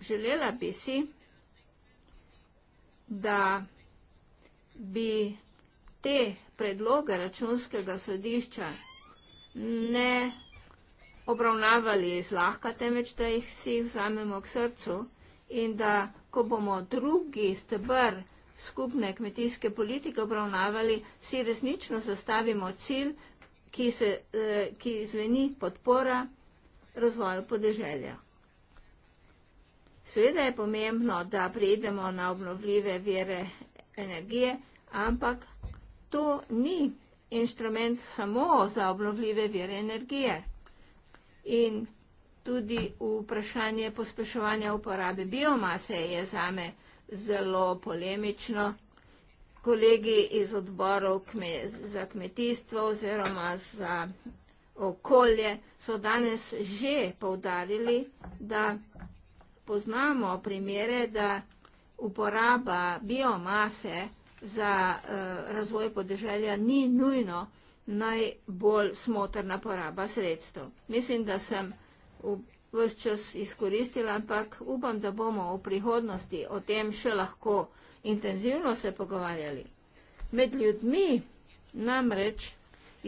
Želela bi si, da bi te predloge računskega sodišča ne obravnavali zlahka, temveč da jih vsi vzamemo k srcu in da, ko bomo drugi stebr skupne kmetijske politike obravnavali, si resnično zastavimo cilj, ki, se, eh, ki zveni podpora razvoju podeželja. Seveda je pomembno, da prejdemo na obnovljive vire energije, ampak to ni inštrument samo za obnovljive vire energije. In tudi vprašanje pospeševanja uporabe biomase je zame zelo polemično. Kolegi iz odborov za kmetijstvo oziroma za okolje so danes že povdarili, da poznamo primere, da vprašanje uporaba biomase za uh, razvoj podeželja ni nujno najbolj smotrna poraba sredstev. Mislim, da sem v vse čas izkoristila, ampak upam, da bomo v prihodnosti o tem še lahko intenzivno se pogovarjali. Med ljudmi namreč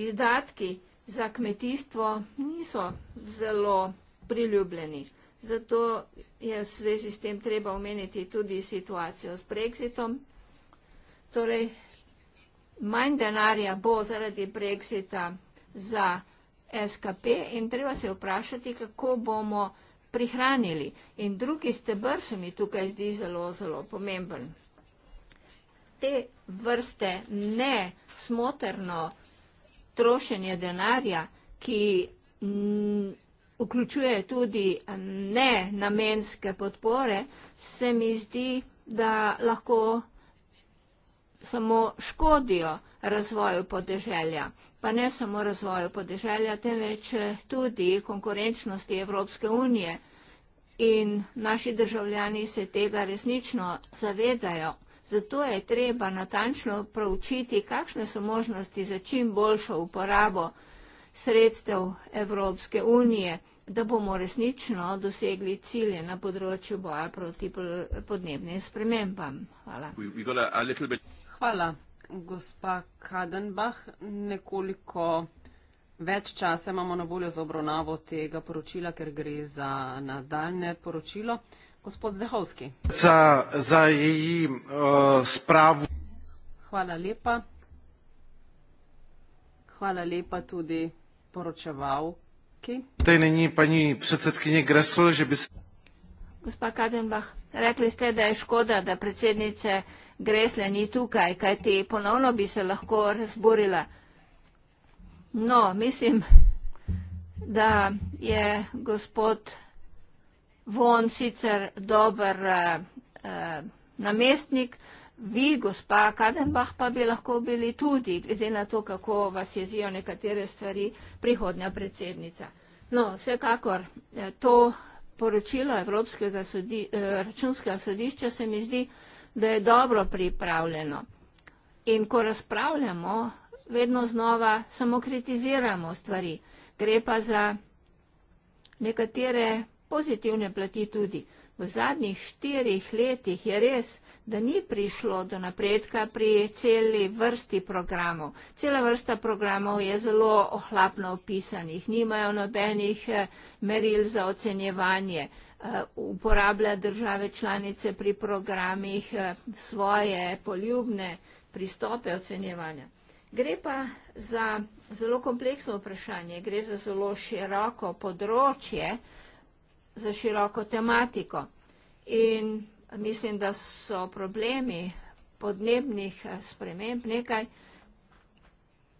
izdatki za kmetijstvo niso zelo priljubljeni. Zato je v svezi s tem treba omeniti tudi situacijo s Brexitom. Torej, manj denarja bo zaradi Brexita za SKP in treba se vprašati, kako bomo prihranili. In drugi stebr se mi tukaj zdi zelo, zelo pomemben. Te vrste ne smotrno trošenje denarja, ki vključuje tudi ne namenske podpore, se mi zdi, da lahko samo škodijo razvoju podeželja. Pa ne samo razvoju podeželja, temveč eh, tudi konkurenčnosti Evropske unije. In naši državljani se tega resnično zavedajo. Zato je treba natančno proučiti, kakšne so možnosti za čim boljšo uporabo podeželja sredstev Evropske unije, da bomo resnično dosegli cilje na področju boja proti podnebnim spremembam. Hvala. Hvala, gospa Kadenbach. Nekoliko več časa imamo na voljo za obravnavo tega poročila, ker gre za nadaljne poročilo. Gospod Zdehovski. Za, za jej uh, spravo. Hvala lepa. Hvala lepa tudi poročevalki. Tej není paní predsedkyni Gressel, že by se... Gospa Kadenbach, rekli ste, da je škoda, da predsednice Gresle ni tukaj, kaj ti ponovno bi se lahko razburila. No, mislim, da je gospod Von sicer dober uh, uh, namestnik, vi, gospa Kadenbach, pa bi lahko bili tudi, glede na to, kako vas jezijo nekatere stvari, prihodnja predsednica. No, vsekakor eh, to poročilo Evropskega sodi, eh, računskega sodišča se mi zdi, da je dobro pripravljeno. In ko razpravljamo, vedno znova samo kritiziramo stvari. Gre pa za nekatere pozitivne plati tudi. V zadnjih štirih letih je res, da ni prišlo do napredka pri celi vrsti programov. Cela vrsta programov je zelo ohlapno opisanih, nimajo nobenih eh, meril za ocenjevanje, eh, uporablja države članice pri programih eh, svoje poljubne pristope ocenjevanja. Gre pa za zelo kompleksno vprašanje, gre za zelo široko področje, za široko tematiko. In mislim, da so problemi podnebnih eh, sprememb nekaj,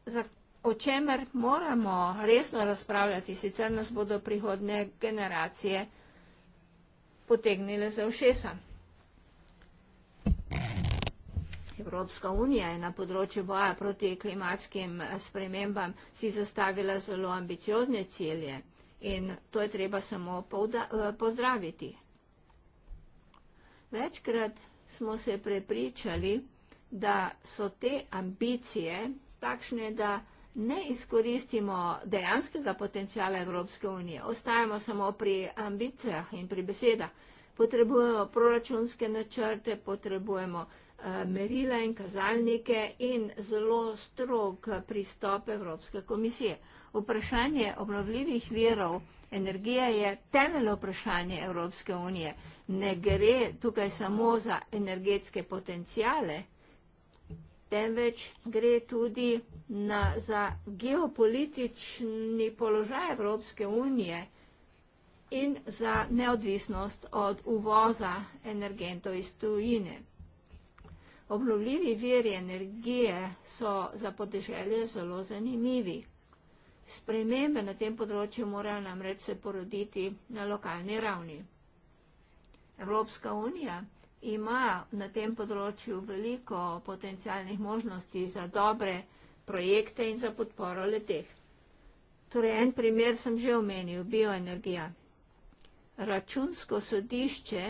za, o čemer moramo resno razpravljati, sicer nas bodo prihodne generacije potegnile za všesa. Evropska unija je na področju boja proti klimatskim eh, spremembam si zastavila zelo ambiciozne cilje in to je treba samo eh, pozdraviti. Večkrat smo se prepričali, da so te ambicije takšne, da ne izkoristimo dejanskega potencijala Evropske unije. Ostajamo samo pri ambicijah in pri besedah. Potrebujemo proračunske načrte, potrebujemo eh, merila in kazalnike in zelo strog pristop Evropske komisije. Vprašanje obnovljivih virov energije je temeljno vprašanje Evropske unije. Ne gre tukaj samo za energetske potencijale, temveč gre tudi na, za geopolitični položaj Evropske unije in za neodvisnost od uvoza energentov iz tujine. Obnovljivi viri energije so za podeželje zelo zanimivi. Spremembe na tem področju morajo namreč se poroditi na lokalni ravni. Evropska unija ima na tem področju veliko potencialnih možnosti za dobre projekte in za podporo leteh. Torej, en primer sem že omenil, bioenergija. Računsko sodišče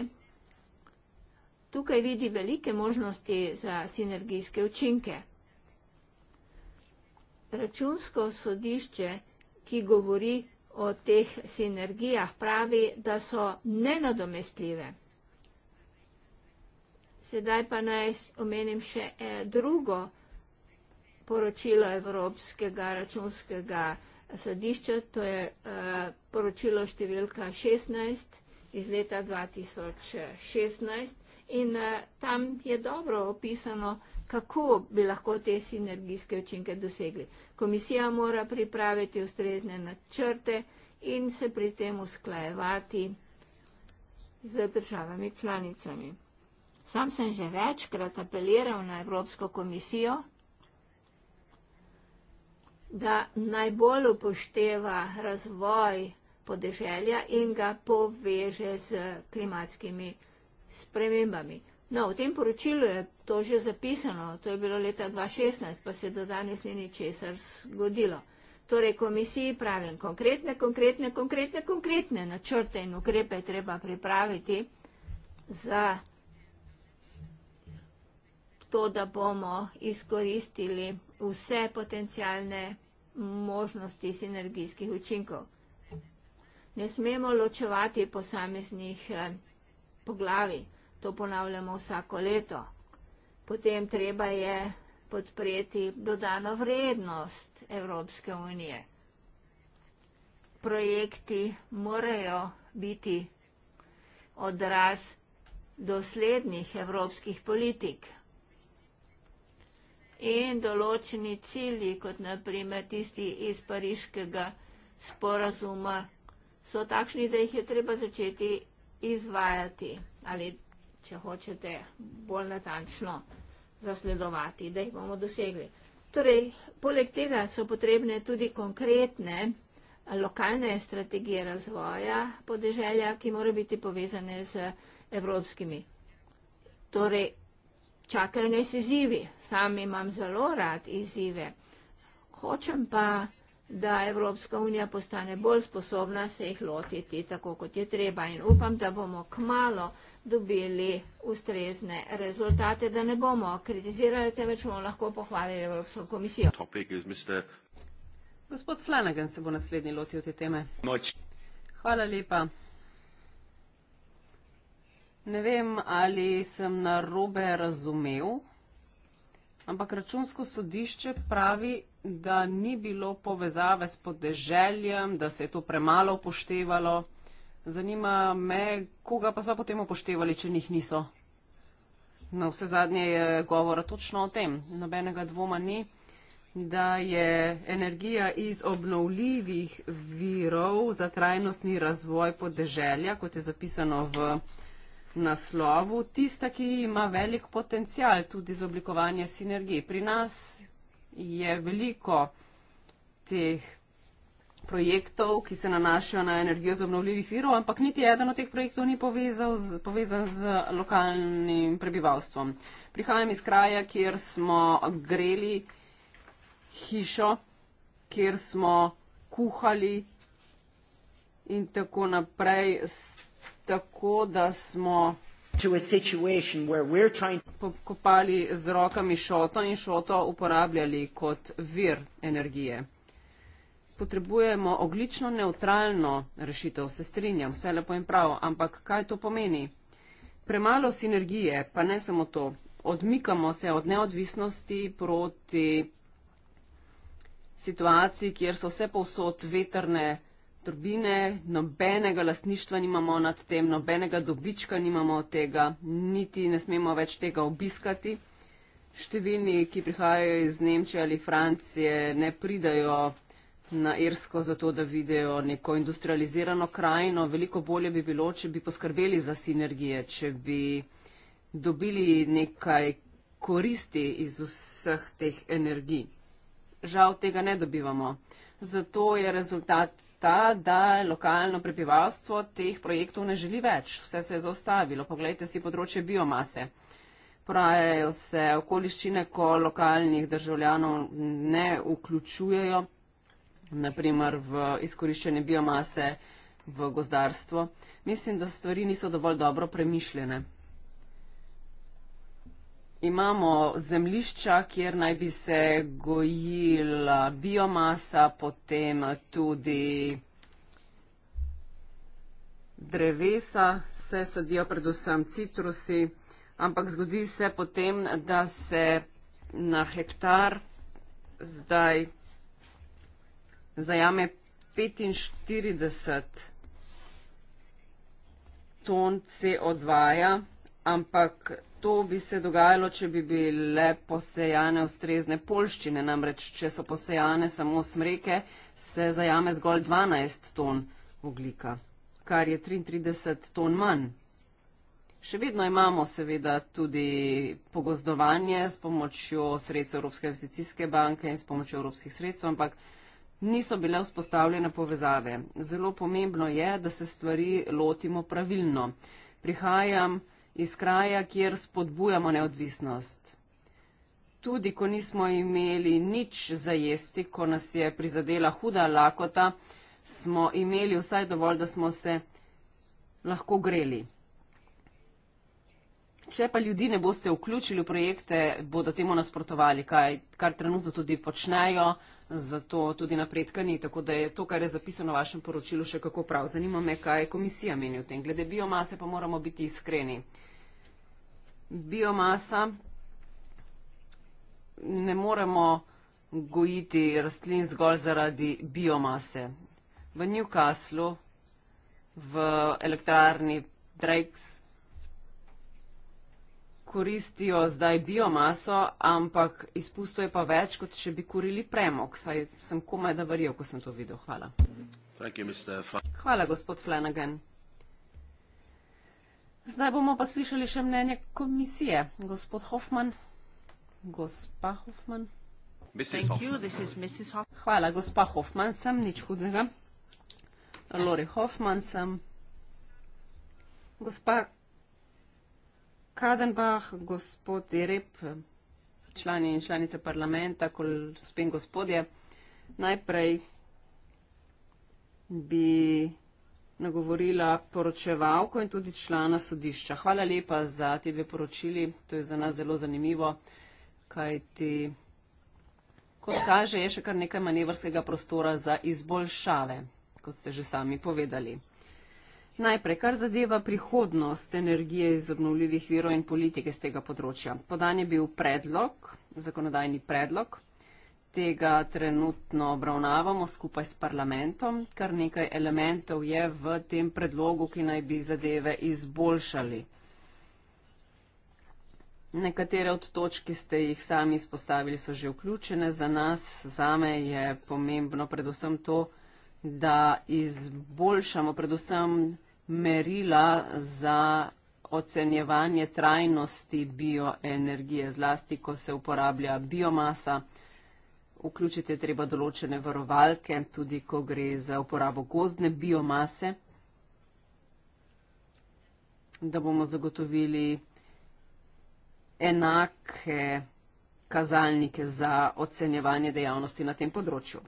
tukaj vidi velike možnosti za sinergijske učinke. Računsko sodišče, ki govori o teh sinergijah, pravi, da so nenadomestljive. Sedaj pa naj omenim še eh, drugo poročilo Evropskega računskega eh, sodišča, to je eh, poročilo številka 16 iz leta 2016 in tam je dobro opisano, kako bi lahko te sinergijske učinke dosegli. Komisija mora pripraviti ustrezne načrte in se pri tem usklajevati z državami članicami. Sam sem že večkrat apeliral na Evropsko komisijo, da najbolj upošteva razvoj podeželja in ga poveže z klimatskimi spremembami. No, v tem poročilu je to že zapisano, to je bilo leta 2016, pa se do danes ni ničesar zgodilo. Torej, komisiji pravim, konkretne, konkretne, konkretne, konkretne načrte in ukrepe treba pripraviti za to, da bomo izkoristili vse potencijalne možnosti sinergijskih učinkov. Ne smemo ločevati posameznih eh, poglavij. To ponavljamo vsako leto. Potem treba je podpreti dodano vrednost Evropske unije. Projekti morajo biti odraz doslednih evropskih politik. In določeni cilji, kot naprimer tisti iz pariškega sporazuma, so takšni, da jih je treba začeti izvajati ali izvajati če hočete bolj natančno zasledovati, da jih bomo dosegli. Torej, poleg tega so potrebne tudi konkretne lokalne strategije razvoja podeželja, ki morajo biti povezane z evropskimi. Torej, čakajo nas izzivi. Sam imam zelo rad izzive. Hočem pa, da Evropska unija postane bolj sposobna se jih lotiti, tako kot je treba. In upam, da bomo kmalo dobili ustrezne rezultate, da ne bomo kritizirali, temveč bomo lahko pohvalili Evropsko komisijo. Gospod Flanagan se bo naslednji lotil te teme. Noč. Hvala lepa. Ne vem, ali sem na robe razumev, ampak računsko sodišče pravi, da ni bilo povezave s podeželjem, da se je to premalo upoštevalo. Zanima me, koga pa so potem upoštevali, če njih niso. Na no, vse zadnje je govora točno o tem. Nobenega dvoma ni, da je energija iz obnovljivih virov za trajnostni razvoj podeželja, kot je zapisano v naslovu, tista, ki ima velik potencial tudi za oblikovanje sinergij. Pri nas je veliko teh projektov, ki se nanašajo na energijo z obnovljivih virov, ampak niti eden od teh projektov ni z, povezan z lokalnim prebivalstvom. Prihajam iz kraja, kjer smo greli hišo, kjer smo kuhali in tako naprej, tako da smo pokopali z rokami šoto in šoto uporabljali kot vir energije potrebujemo oglično neutralno rešitev, se strinjam, vse lepo in prav, ampak kaj to pomeni? Premalo sinergije, pa ne samo to, odmikamo se od neodvisnosti proti situaciji, kjer so vse povsod veterne turbine, nobenega lastništva nimamo nad tem, nobenega dobička nimamo od tega, niti ne smemo več tega obiskati. Številni, ki prihajajo iz Nemčije ali Francije, ne pridajo na Irsko, zato da vidijo neko industrializirano krajino. Veliko bolje bi bilo, če bi poskrbeli za sinergije, če bi dobili nekaj koristi iz vseh teh energij. Žal tega ne dobivamo. Zato je rezultat ta, da lokalno prebivalstvo teh projektov ne želi več. Vse se je zaustavilo. Poglejte si področje biomase. Porajajo se okoliščine, ko lokalnih državljanov ne vključujejo naprimer v izkoriščanje biomase v gozdarstvo. Mislim, da stvari niso dovolj dobro premišljene. Imamo zemlišča, kjer naj bi se gojila biomasa, potem tudi drevesa, se sadijo predvsem citrusi, ampak zgodi se potem, da se na hektar zdaj zajame 45 ton CO2, ja, ampak to bi se dogajalo, če bi bile posejane ustrezne polščine, namreč če so posejane samo smreke, se zajame zgolj 12 ton oglika, kar je 33 ton manj. Še vedno imamo seveda tudi pogozdovanje s pomočjo sredstv Evropske investicijske banke in s pomočjo evropskih sredstv, ampak niso bile vzpostavljene povezave. Zelo pomembno je, da se stvari lotimo pravilno. Prihajam iz kraja, kjer spodbujamo neodvisnost. Tudi ko nismo imeli nič za jesti, ko nas je prizadela huda lakota, smo imeli vsaj dovolj, da smo se lahko greli. Če pa ljudi ne boste vključili v projekte, bodo temu nasprotovali, kaj, kar trenutno tudi počnejo, zato tudi napredka ni. Tako da je to, kar je zapisano v vašem poročilu, še kako prav. Zanima me, kaj komisija meni o tem. Glede biomase pa moramo biti iskreni. Biomasa ne moremo gojiti rastlin zgolj zaradi biomase. V Newcastlu, v elektrarni Drake's koristijo zdaj biomaso, ampak izpustov je pa več, kot če bi kurili premog. Saj sem komaj da verjel, ko sem to videl. Hvala. Hvala, gospod Flanagan. Zdaj bomo pa slišali še mnenje komisije. Gospod Hoffman. Gospa Hoffman. Hvala, gospa Hoffman sem, nič hudnega. Lori Hoffman sem. Gospa Kadenbach, gospod Zirep, člani in članice parlamenta, kol spen gospodje. Najprej bi nagovorila poročevalko in tudi člana sodišča. Hvala lepa za te dve poročili, to je za nas zelo zanimivo, kaj ti, kot kaže, je še kar nekaj manevrskega prostora za izboljšave, kot ste že sami povedali. Najprej, kar zadeva prihodnost energije iz obnovljivih virov in politike z tega področja. Podan je bil predlog, zakonodajni predlog, tega trenutno obravnavamo skupaj s parlamentom, kar nekaj elementov je v tem predlogu, ki naj bi zadeve izboljšali. Nekatere od točk, ki ste jih sami izpostavili, so že vključene. Za nas, za me je pomembno predvsem to, da izboljšamo predvsem merila za ocenjevanje trajnosti bioenergije, zlasti ko se uporablja biomasa. Vključiti je treba določene varovalke, tudi ko gre za uporabo gozdne biomase, da bomo zagotovili enake kazalnike za ocenjevanje dejavnosti na tem področju.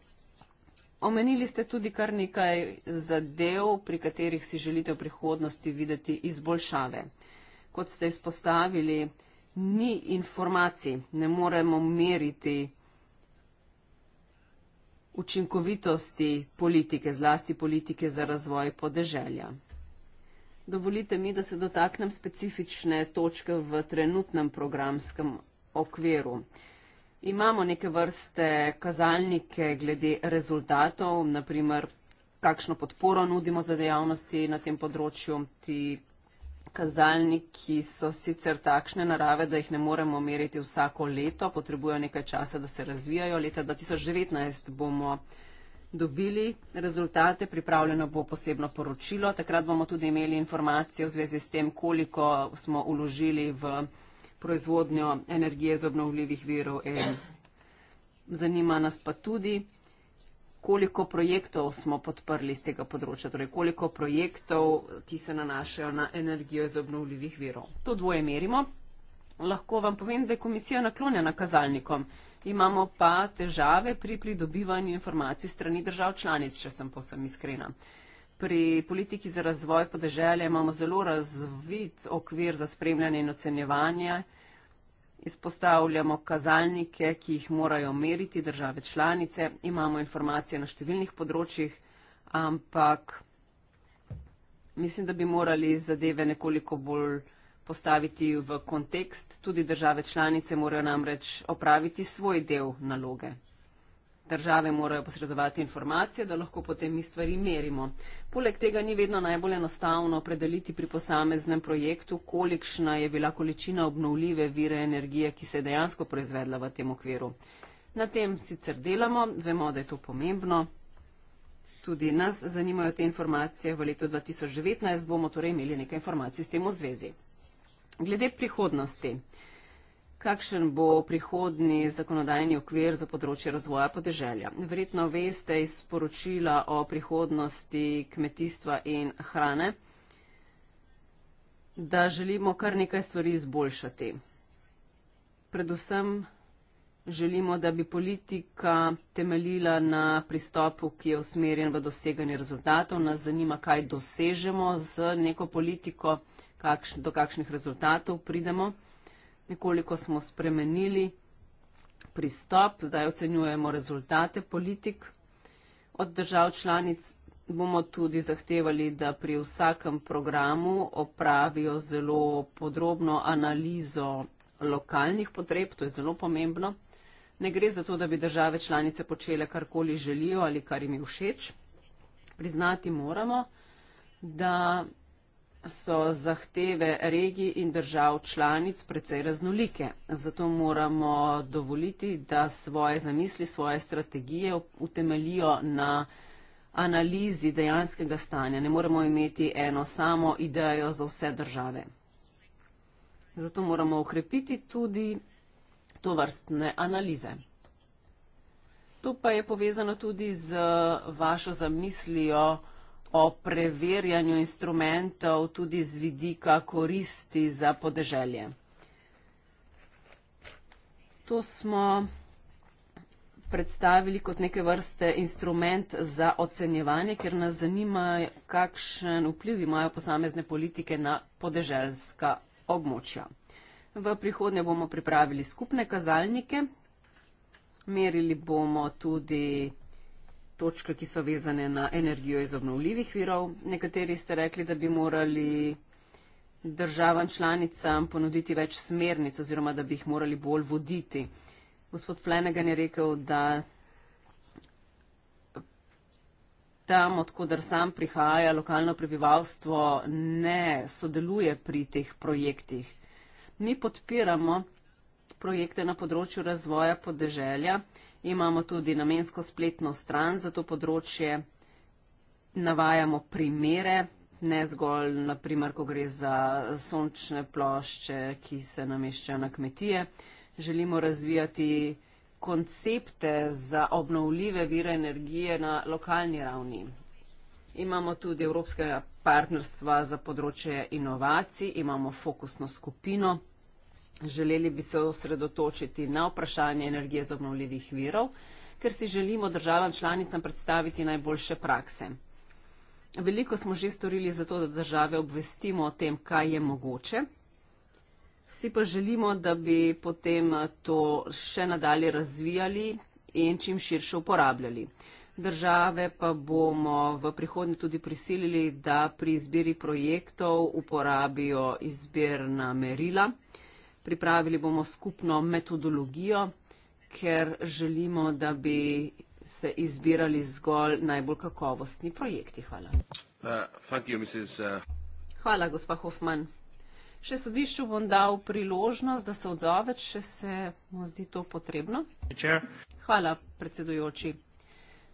Omenili ste tudi kar nekaj zadev, pri katerih si želite v prihodnosti videti izboljšave. Kot ste izpostavili, ni informacij, ne moremo meriti učinkovitosti politike, zlasti politike za razvoj podeželja. Dovolite mi, da se dotaknem specifične točke v trenutnem programskem okviru. Imamo neke vrste kazalnike glede rezultatov, naprimer kakšno podporo nudimo za dejavnosti na tem področju. Ti kazalniki so sicer takšne narave, da jih ne moremo meriti vsako leto, potrebujejo nekaj časa, da se razvijajo. Leta 2019 bomo dobili rezultate, pripravljeno bo posebno poročilo. Takrat bomo tudi imeli informacije v zvezi s tem, koliko smo uložili v proizvodnjo energije z obnovljivih virov. E Zanima nas pa tudi, koliko projektov smo podprli z tega področja, torej koliko projektov, ki se nanašajo na energijo iz obnovljivih virov. To dvoje merimo. Lahko vam povem, da je komisija naklonjena kazalnikom. Imamo pa težave pri pridobivanju informacij strani držav članic, če sem posem iskrena. Uh, pri politiki za razvoj podeželja imamo zelo razvit okvir za spremljanje in ocenjevanje. Izpostavljamo kazalnike, ki jih morajo meriti države članice. Imamo informacije na številnih področjih, ampak mislim, da bi morali zadeve nekoliko bolj postaviti v kontekst. Tudi države članice morajo namreč opraviti svoj del naloge. Države morajo posredovati informacije, da lahko potem mi stvari merimo. Poleg tega ni vedno najbolj enostavno predeliti pri posameznem projektu, kolikšna je bila količina obnovljive vire energije, ki se je dejansko proizvedla v tem okviru. Na tem sicer delamo, vemo, da je to pomembno. Tudi nas zanimajo te informacije. V letu 2019 bomo torej imeli nekaj informacij s tem v zvezi. Glede prihodnosti. Kakšen bo prihodni zakonodajni okvir za področje razvoja podeželja? Verjetno veste iz poročila o prihodnosti kmetijstva in hrane, da želimo kar nekaj stvari izboljšati. Predvsem želimo, da bi politika temeljila na pristopu, ki je usmerjen v doseganje rezultatov. Nas zanima, kaj dosežemo z neko politiko, kakšen, do kakšnih rezultatov pridemo nekoliko smo spremenili pristop, zdaj ocenjujemo rezultate politik. Od držav članic bomo tudi zahtevali, da pri vsakem programu opravijo zelo podrobno analizo lokalnih potreb, to je zelo pomembno. Ne gre za to, da bi države članice počele karkoli želijo ali kar jim je všeč. Priznati moramo, da so zahteve regij in držav članic precej raznolike. Zato moramo dovoliti, da svoje zamisli, svoje strategije utemelijo na analizi dejanskega stanja. Ne moremo imeti eno samo idejo za vse države. Zato moramo ukrepiti tudi to vrstne analize. To pa je povezano tudi z vašo zamislijo, o preverjanju instrumentov tudi z vidika koristi za podeželje. To smo predstavili kot neke vrste instrument za ocenjevanje, ker nas zanima, kakšen vpliv imajo posamezne politike na podeželska območja. V prihodnje bomo pripravili skupne kazalnike, merili bomo tudi točke, ki so vezane na energijo iz obnovljivih virov. Nekateri ste rekli, da bi morali državam članicam ponuditi več smernic oziroma da bi jih morali bolj voditi. Gospod Flenegan je rekel, da tam, odkudar sam prihaja, lokalno prebivalstvo ne sodeluje pri teh projektih. Mi podpiramo projekte na področju razvoja podeželja. Imamo tudi namensko spletno stran za to področje, navajamo primere, ne zgolj, naprimer, ko gre za sončne plošče, ki se nameščajo na kmetije. Želimo razvijati koncepte za obnovljive vire energije na lokalni ravni. Imamo tudi Evropskega partnerstva za področje inovacij, imamo fokusno skupino. Želeli bi se osredotočiti na vprašanje energije z obnovljivih virov, ker si želimo državam članicam predstaviti najboljše prakse. Veliko smo že storili za to, da države obvestimo o tem, kaj je mogoče. Vsi pa želimo, da bi potem to še nadalje razvijali in čim širše uporabljali. Države pa bomo v prihodnje tudi prisilili, da pri izbiri projektov uporabijo izbirna merila pripravili bomo skupno metodologijo, ker želimo, da bi se izbirali zgolj najbolj kakovostni projekti. Hvala. Uh, you, Mrs, uh... Hvala, gospa Hoffman. Še sodišču bom dal priložnost, da se odzove, če se mu zdi to potrebno. Hvala, predsedujoči.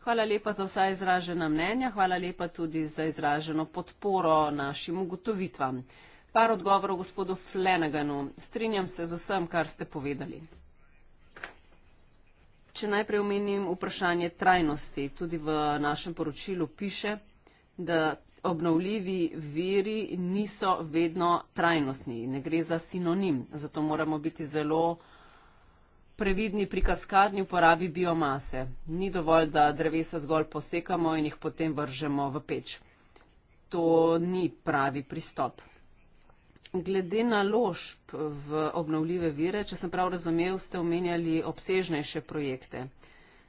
Hvala lepa za vsa izražena mnenja, hvala lepa tudi za izraženo podporo našim ugotovitvam. Par odgovorov gospodu Flanaganu. Strinjam se z vsem, kar ste povedali. Če najprej omenim vprašanje trajnosti, tudi v našem poročilu piše, da obnovljivi viri niso vedno trajnostni, ne gre za sinonim. Zato moramo biti zelo previdni pri kaskadni uporabi biomase. Ni dovolj, da drevesa zgolj posekamo in jih potem vržemo v peč. To ni pravi pristop. Glede naložb v obnovljive vire, če sem prav razumel, ste omenjali obsežnejše projekte.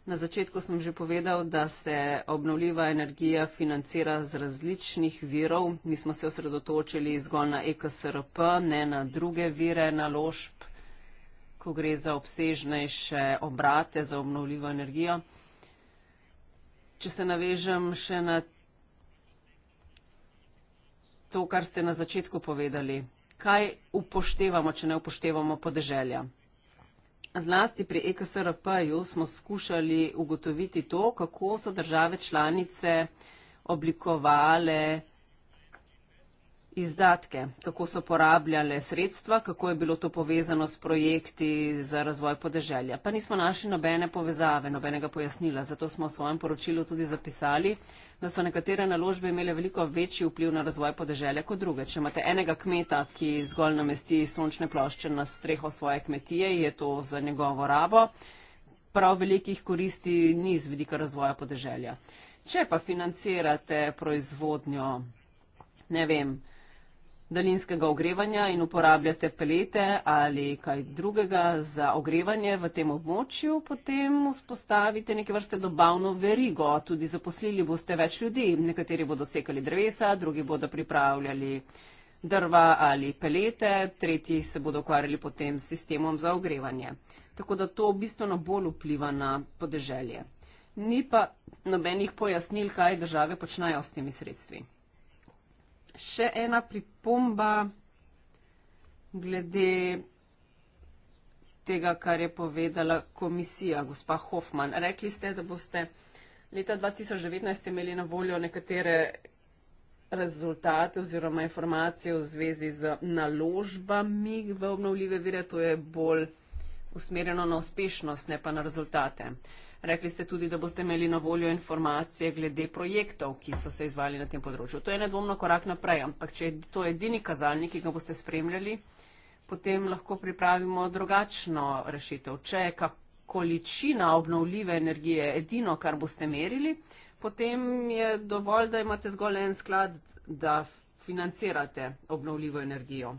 Na začetku sem že povedal, da se obnovljiva energija financira z različnih virov. Mi smo se osredotočili zgolj na EKSRP, ne na druge vire naložb, ko gre za obsežnejše obrate za obnovljivo energijo. Če se navežem še na to, kar ste na začetku povedali. Kaj upoštevamo, če ne upoštevamo podeželja? Zlasti pri EKSRP-ju smo skušali ugotoviti to, kako so države članice oblikovale izdatke, kako so porabljale sredstva, kako je bilo to povezano s projekti za razvoj podeželja. Pa nismo našli nobene povezave, nobenega pojasnila, zato smo v svojem poročilu tudi zapisali, da so nekatere naložbe imele veliko večji vpliv na razvoj podeželja kot druge. Če imate enega kmeta, ki zgolj namesti sončne plošče na streho svoje kmetije, je to za njegovo rabo, prav velikih koristi ni z vidika razvoja podeželja. Če pa financirate proizvodnjo, ne vem, daljinskega ogrevanja in uporabljate pelete ali kaj drugega za ogrevanje v tem območju, potem vzpostavite neke vrste dobavno verigo. Tudi zaposlili boste več ljudi. Nekateri bodo sekali drevesa, drugi bodo pripravljali drva ali pelete, tretji se bodo ukvarjali potem s sistemom za ogrevanje. Tako da to bistveno bolj vpliva na podeželje. Ni pa nobenih pojasnil, kaj države počnejo s temi sredstvi še ena pripomba glede tega, kar je povedala komisija, gospa Hoffman. Rekli ste, da boste leta 2019 imeli na voljo nekatere rezultate oziroma informacije v zvezi z naložbami v obnovljive vire, to je bolj usmerjeno na uspešnost, ne pa na rezultate. Uh, Rekli ste tudi, da boste imeli na voljo informacije glede projektov, ki so se izvali na tem področju. To je nedvomno korak naprej, ampak če je to edini kazalnik, ki ga boste spremljali, potem lahko pripravimo drugačno rešitev. Če je količina obnovljive energije edino, kar boste merili, potem je dovolj, da imate zgolj en sklad, da financirate obnovljivo energijo.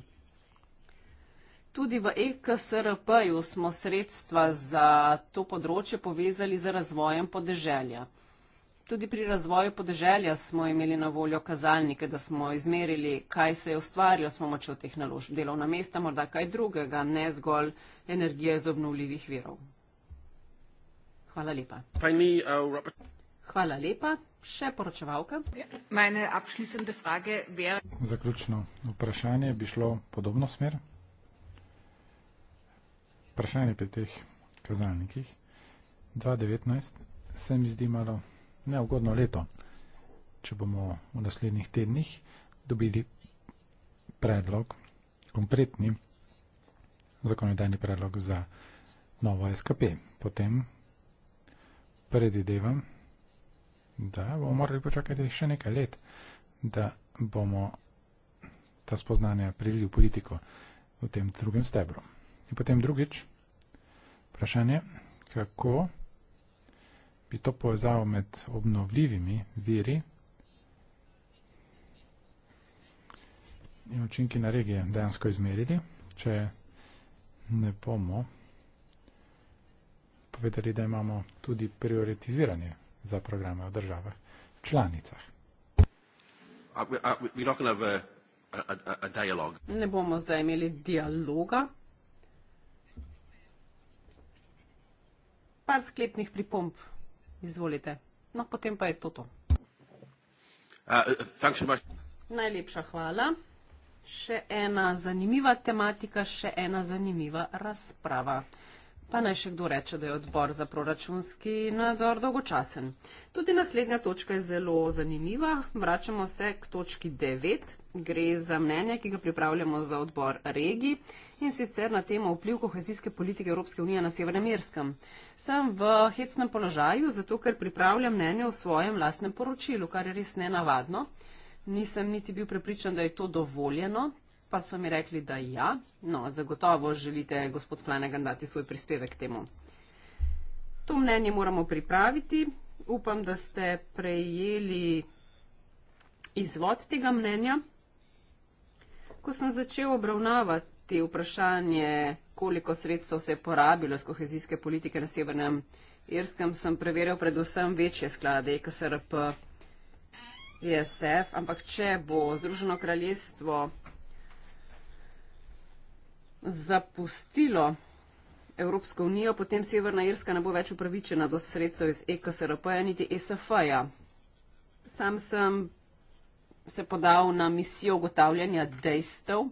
Tudi v EKSRP-ju smo sredstva za to področje povezali z razvojem podeželja. Tudi pri razvoju podeželja smo imeli na voljo kazalnike, da smo izmerili, kaj se je ustvarilo s pomočjo teh naložb. Delovna mesta, morda kaj drugega, ne zgolj energije iz obnovljivih virov. Hvala lepa. Me, uh, Hvala lepa. Še poročevalka. Zaključno vprašanje bi šlo podobno smer vprašanje pri teh kazalnikih. 2019 se mi zdi malo neugodno leto, če bomo v naslednjih tednih dobili predlog, konkretni zakonodajni predlog za novo SKP. Potem predvidevam, da bomo morali počakati še nekaj let, da bomo ta spoznanja prilili v politiko v tem drugem stebru. In potem drugič, vprašanje, kako bi to povezal med obnovljivimi viri in učinki na regije dejansko izmerili, če ne bomo povedali, da imamo tudi prioritiziranje za programe v državah članicah. Uh, uh, ne bomo zdaj imeli dialoga. par sklepnih pripomb. Izvolite. No, potem pa je to to. Uh, Najlepša hvala. Še ena zanimiva tematika, še ena zanimiva razprava. Pa naj še kdo reče, da je odbor za proračunski nadzor dolgočasen. Tudi naslednja točka je zelo zanimiva. Vračamo se k točki 9. Gre za mnenje, ki ga pripravljamo za odbor regij in sicer na temo vpliv kohezijske politike Evropske unije na Severnem Irskem. Sem v hecnem položaju, zato ker pripravljam mnenje v svojem lastnem poročilu, kar je res nenavadno. Nisem niti bil prepričan, da je to dovoljeno, Pa so mi rekli, da ja, no, zagotovo želite, gospod Flanagan, dati svoj prispevek k temu. To mnenje moramo pripraviti. Upam, da ste prejeli izvod tega mnenja. Ko sem začel obravnavati vprašanje, koliko sredstev se je porabilo z kohezijske politike na Severnem Irskem, sem preveril predvsem večje sklade, e KSRP, ESF, ampak če bo Združeno kraljestvo zapustilo Evropsko unijo, potem Severna Irska ne bo več upravičena do sredstev iz EKSRP-ja niti ESF-ja. Sam sem se podal na misijo ugotavljanja dejstev,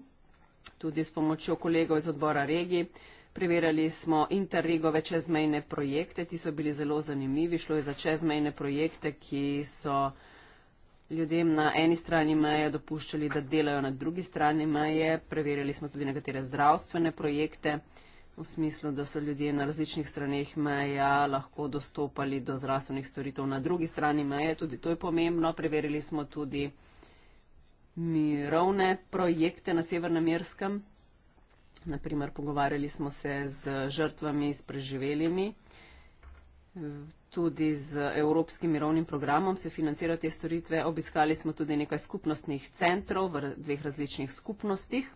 tudi s pomočjo kolegov iz odbora regij. Preverjali smo interregove čezmejne projekte, ti so bili zelo zanimivi, šlo je za čezmejne projekte, ki so ljudem na eni strani meje dopuščali, da delajo na drugi strani meje. Preverjali smo tudi nekatere zdravstvene projekte v smislu, da so ljudje na različnih straneh meja lahko dostopali do zdravstvenih storitev na drugi strani meje. Tudi to je pomembno. Preverjali smo tudi mirovne projekte na Severnem Irskem. Naprimer, pogovarjali smo se z žrtvami, s preživelimi tudi z Evropskim mirovnim programom se financirajo te storitve. Obiskali smo tudi nekaj skupnostnih centrov v dveh različnih skupnostih.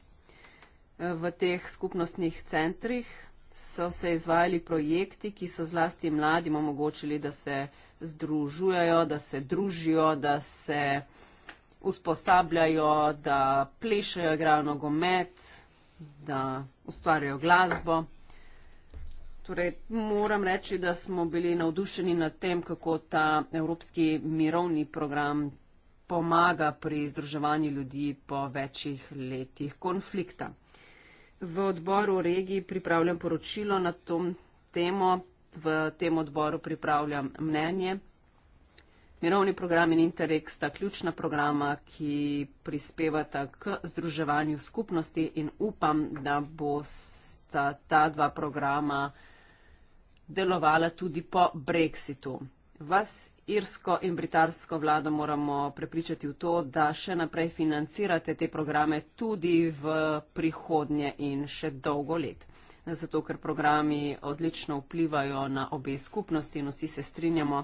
V teh skupnostnih centrih so se izvajali projekti, ki so zlasti mladim omogočili, da se združujajo, da se družijo, da se usposabljajo, da plešajo, igrajo nogomet, da ustvarjajo glasbo. Torej, moram reči, da smo bili navdušeni nad tem, kako ta evropski mirovni program pomaga pri združevanju ljudi po večjih letih konflikta. V odboru regiji pripravljam poročilo na to temo, v tem odboru pripravljam mnenje. Mirovni program in Interreg sta ključna programa, ki prispevata k združevanju skupnosti in upam, da bosta ta dva programa delovala tudi po brexitu. Vas, irsko in britarsko vlado, moramo prepričati v to, da še naprej financirate te programe tudi v prihodnje in še dolgo let. Zato, ker programi odlično vplivajo na obe skupnosti in vsi se strinjamo,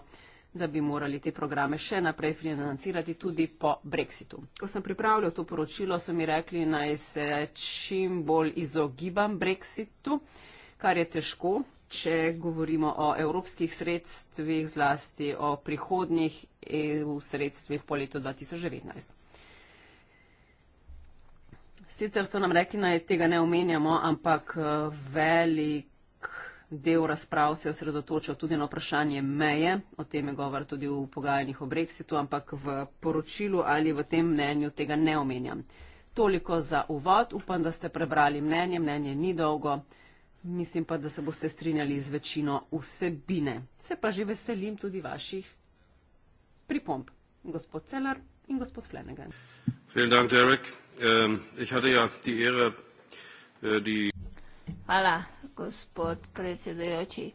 da bi morali te programe še naprej financirati tudi po brexitu. Ko sem pripravljal to poročilo, so mi rekli, naj se čim bolj izogibam brexitu, kar je težko, če govorimo o evropskih sredstvih, zlasti o prihodnjih EU sredstvih po letu 2019. Sicer so nam rekli, da tega ne omenjamo, ampak velik del razprav se je osredotočil tudi na vprašanje meje, o tem je govor tudi v pogajanjih o brexitu, ampak v poročilu ali v tem mnenju tega ne omenjam. Toliko za uvod, upam, da ste prebrali mnenje, mnenje ni dolgo mislim pa, da se boste strinjali z večino vsebine. Se pa že veselim tudi vaših pripomb, gospod Celar in gospod Flanagan. Ähm, ja äh, Hvala, gospod predsedujoči.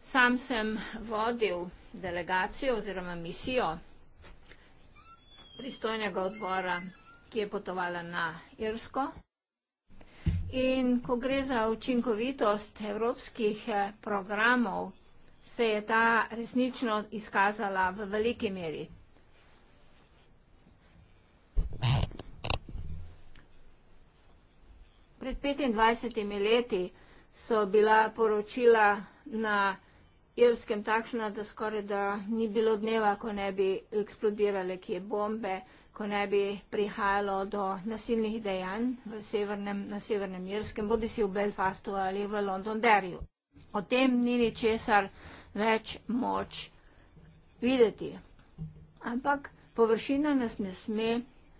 Sam sem vodil delegacijo oziroma misijo pristojnega odbora, ki je potovala na Irsko In ko gre za učinkovitost evropskih eh, programov, se je ta resnično izkazala v veliki meri. Pred 25 leti so bila poročila na irskem takšna, da skoraj da ni bilo dneva, ko ne bi eksplodirale kje bombe ko ne bi prihajalo do nasilnih dejanj v severnem, na severnem Irskem, bodi si v Belfastu ali v Londonderju. O tem ni ničesar več moč videti. Ampak površina nas ne sme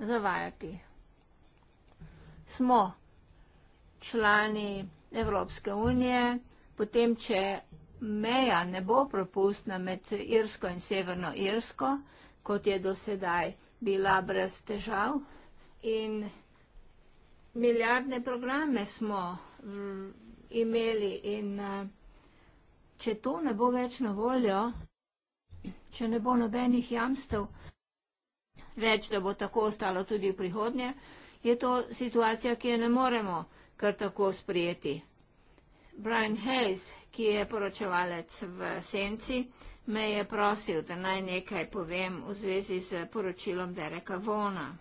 zavajati. Smo člani Evropske unije, potem, če meja ne bo propustna med Irsko in Severno Irsko, kot je do sedaj bila brez težav in milijardne programe smo mm, imeli in eh, če to ne bo več na voljo, če ne bo nobenih jamstev, več, da bo tako ostalo tudi v prihodnje, je to situacija, ki jo ne moremo kar tako sprijeti. Brian Hayes, ki je poročevalec v Senci, me je prosil, da naj nekaj povem v zvezi z poročilom Dereka Vona.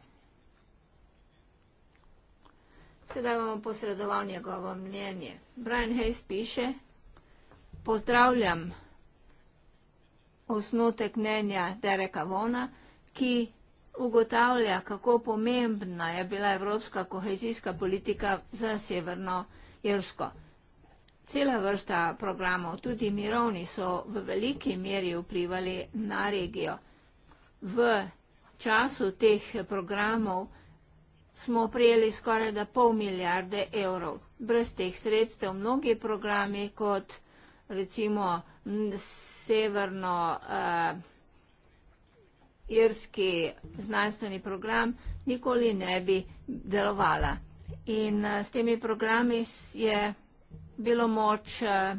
Sedaj bom posredoval njegovo mnenje. Brian Hayes piše, pozdravljam osnutek mnenja Dereka Vona, ki ugotavlja, kako pomembna je bila evropska kohezijska politika za Severno Irsko cela vrsta programov, tudi mirovni, so v veliki meri vplivali na regijo. V času teh programov smo prijeli skoraj da pol milijarde evrov. Brez teh sredstev mnogi programi, kot recimo severno uh, irski znanstveni program, nikoli ne bi delovala. In uh, s temi programi je bilo moč eh,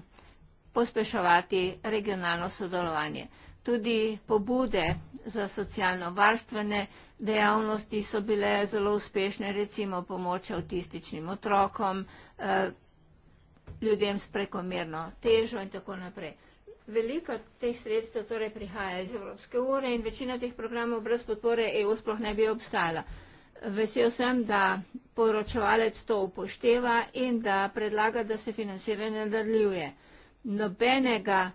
pospeševati regionalno sodelovanje. Tudi pobude za socialno-varstvene dejavnosti so bile zelo uspešne, recimo pomoč avtističnim otrokom, eh, ljudem s prekomerno težo in tako naprej. Veliko teh sredstev torej prihaja iz Evropske ure in večina teh programov brez podpore EU sploh ne bi obstajala vesel sem, da poročevalec to upošteva in da predlaga, da se financiranje nadaljuje. Nobenega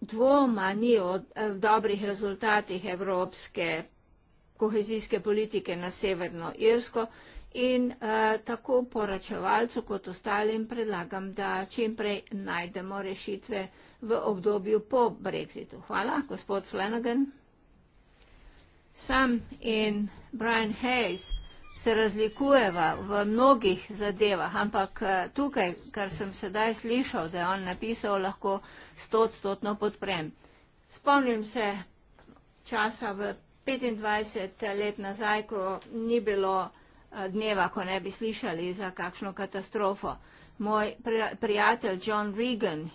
dvoma ni o eh, dobrih rezultatih evropske kohezijske politike na Severno Irsko in eh, tako poročevalcu kot ostalim predlagam, da čimprej najdemo rešitve v obdobju po Brexitu. Hvala, gospod Flanagan. Sam in Brian Hayes se razlikujeva v mnogih zadevah, ampak eh, tukaj, kar sem sedaj slišal, da je on napisal, lahko stotstotno podprem. Spomnim se časa v 25 let nazaj, ko ni bilo eh, dneva, ko ne bi slišali za kakšno katastrofo. Moj prijatelj John Regan,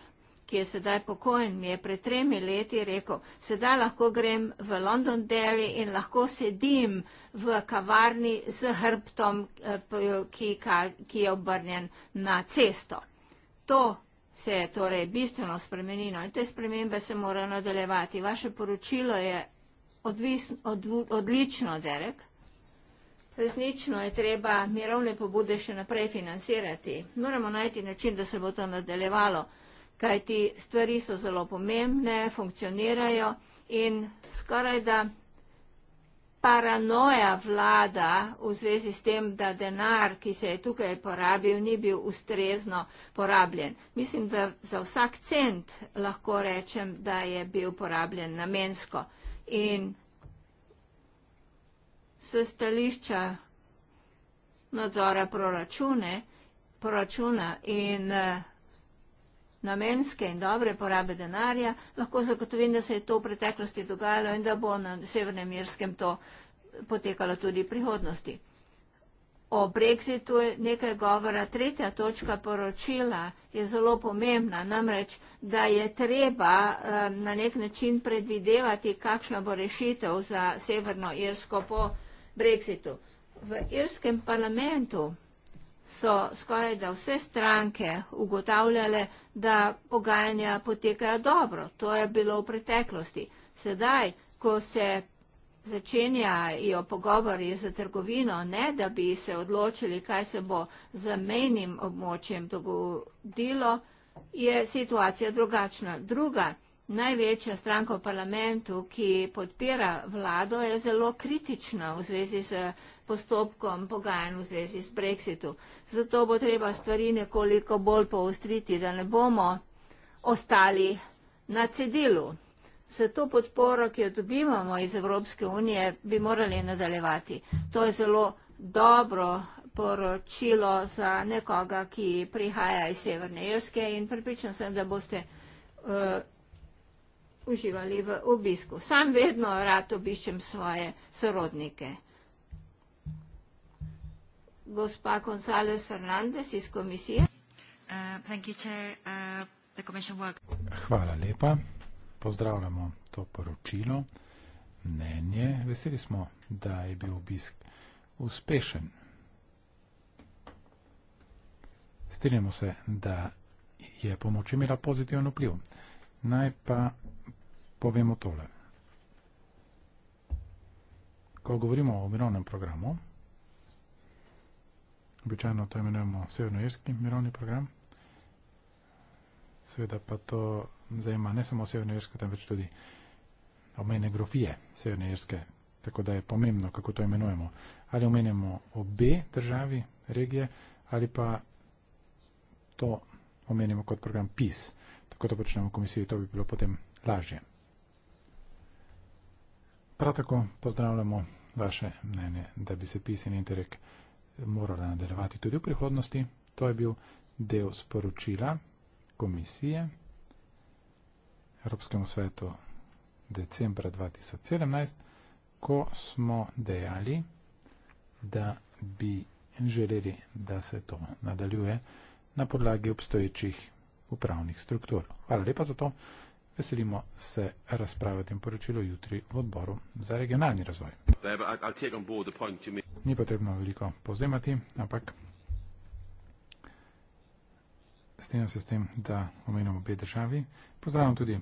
ki je sedaj pokojen, mi je pred tremi leti rekel, sedaj lahko grem v Londonderry in lahko sedim v kavarni z hrbtom, eh, ki je obrnjen na cesto. To se je torej bistveno spremenilo in te spremembe se morajo nadaljevati. Vaše poročilo je odlično, Derek. Resnično je treba mirovne pobude še naprej financirati. Moramo najti način, da se bo to nadaljevalo kajti stvari so zelo pomembne, funkcionirajo in skoraj da paranoja vlada v zvezi s tem, da denar, ki se je tukaj porabil, ni bil ustrezno porabljen. Mislim, da za vsak cent lahko rečem, da je bil porabljen namensko. In s stališča nadzora proračune, proračuna in uh, namenske in dobre porabe denarja, lahko zagotovim, da se je to v preteklosti dogajalo in da bo na Severnem Irskem to potekalo tudi v prihodnosti. O Brexitu je nekaj govora. Tretja točka poročila je zelo pomembna, namreč, da je treba um, na nek način predvidevati, kakšna bo rešitev za Severno Irsko po Brexitu. V irskem parlamentu so skoraj da vse stranke ugotavljale, da pogajanja potekajo dobro. To je bilo v preteklosti. Sedaj, ko se začenjajo pogovori za trgovino, ne da bi se odločili, kaj se bo z menim območjem dogodilo, je situacija drugačna. Druga največja stranka v parlamentu, ki podpira vlado, je zelo kritična v zvezi z postopkom pogajanj v zvezi s Brexitu. Zato bo treba stvari nekoliko bolj poostriti, da ne bomo ostali na cedilu. Zato podporo, ki jo dobivamo iz Evropske unije, bi morali nadaljevati. To je zelo dobro poročilo za nekoga, ki prihaja iz Severne Irske in pripričan sem, da boste uh, uživali v obisku. Sam vedno rad obiščem svoje sorodnike gospa Gonzalez Fernandez iz komisije. Uh, uh, Hvala lepa. Pozdravljamo to poročilo. Mnenje. Veseli smo, da je bil obisk uspešen. Strinjamo se, da je pomoč imela pozitiven vpliv. Naj pa povemo tole. Ko govorimo o mirovnem programu, običajno to imenujemo severnoirski mirovni program. Seveda pa to zajema ne samo severnoirske, temveč tudi obmejne grofije severnoirske, tako da je pomembno, kako to imenujemo. Ali omenjamo obe državi, regije, ali pa to omenjamo kot program PIS, tako da počnemo v komisiji, to bi bilo potem lažje. Prav tako pozdravljamo vaše mnenje, da bi se PIS in Interreg morala nadaljevati tudi v prihodnosti. To je bil del sporočila komisije Evropskemu svetu decembra 2017, ko smo dejali, da bi želeli, da se to nadaljuje na podlagi obstoječih upravnih struktur. Hvala lepa za to. Veselimo se razprave o tem poročilu jutri v odboru za regionalni razvoj. Ni potrebno veliko povzemati, ampak strinjam se s tem, da omenjam obe državi. Pozdravljam tudi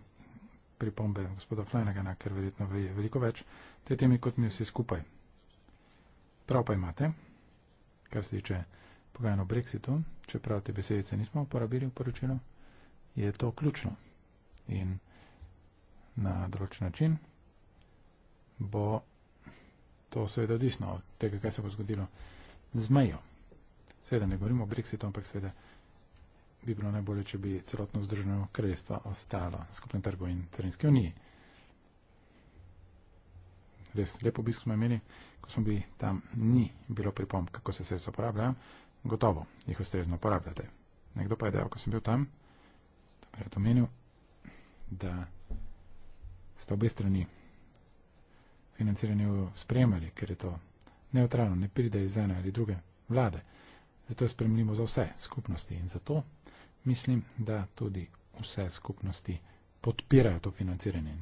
pripombe gospoda Flanagana, ker verjetno ve veliko več te temi kot mi vsi skupaj. Prav pa imate, kar se tiče pogajanja o Brexitu, čeprav te besedice nismo uporabili v poročilu, je to ključno in na določen način, bo to seveda odvisno od tega, kaj se bo zgodilo z mejo. Seveda ne govorimo o Brexitu, ampak seveda bi bilo najbolje, če bi celotno združeno kraljestvo ostalo skupnem trgu in carinski uniji. Res lepo obisk smo imeli, ko smo bi tam ni bilo pripomb, kako se sredstva uporabljajo, gotovo jih ustrezno uporabljate. Nekdo pa je dejal, ko sem bil tam, to je omenil, da sta obe strani financiranje spremljali, ker je to neutralno, ne pride iz ene ali druge vlade. Zato je spremljivo za vse skupnosti in zato mislim, da tudi vse skupnosti podpirajo to financiranje.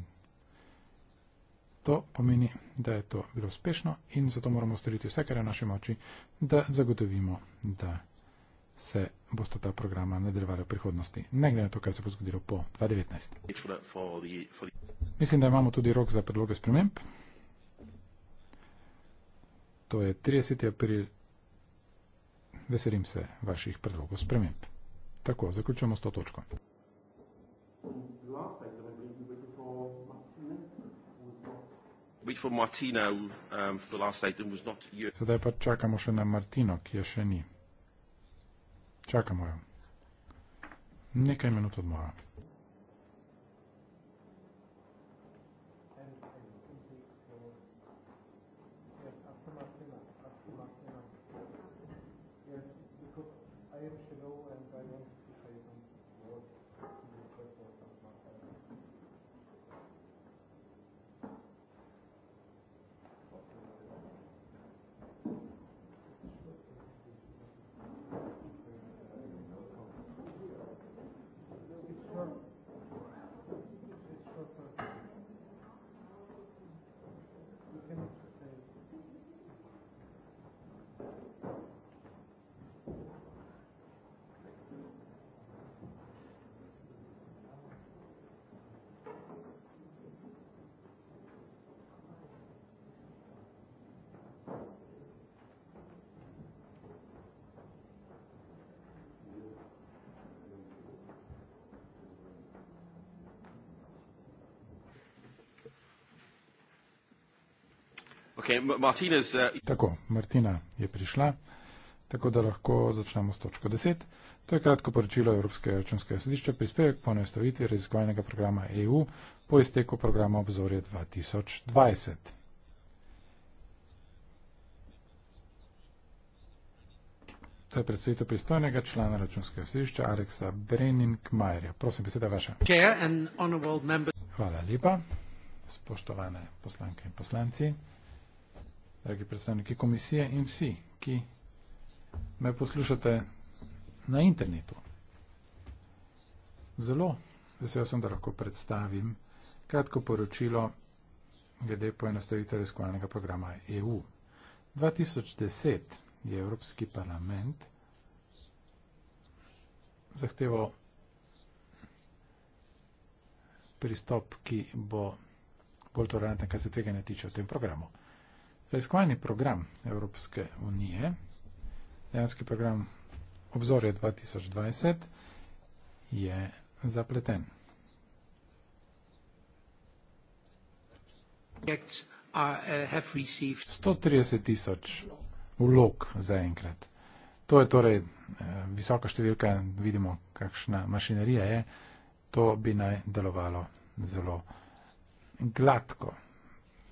To pomeni, da je to bilo uspešno in zato moramo storiti vse, kar je v naši moči, da zagotovimo, da se bosta ta programa nadaljevala v prihodnosti, ne glede na to, kaj se bo zgodilo po 2019. Mislim, da imamo tudi rok za predloge sprememb. To je 30. april. Veselim se vaših predlogov sprememb. Tako, zaključujemo s to točko. Um, Sedaj pa čakamo še na Martino, ki je še ni. Čakamo jo. Nekaj minut odmora. Okay, Martinez, uh... Tako, Martina je prišla, tako da lahko začnemo s točko 10. To je kratko poročilo Evropske računske sodišče prispevek po nastavitvi raziskovalnega programa EU po izteku programa obzorje 2020. To je predstavitev pristojnega člana računskega sodišča Areksa Brenning-Majerja. Prosim, beseda vaša. Hvala lepa, spoštovane poslanke in poslanci dragi predstavniki komisije in vsi, ki me poslušate na internetu. Zelo vesel sem, da lahko predstavim kratko poročilo glede poenostavitve raziskovalnega programa EU. 2010 je Evropski parlament zahteval pristop, ki bo bolj toleranten, kar se tveganja tiče v tem programu. Preiskovalni program Evropske unije, dejanski program Obzorje 2020, je zapleten. Are, uh, 130 tisoč vlog zaenkrat. To je torej uh, visoka številka, vidimo, kakšna mašinerija je. To bi naj delovalo zelo gladko,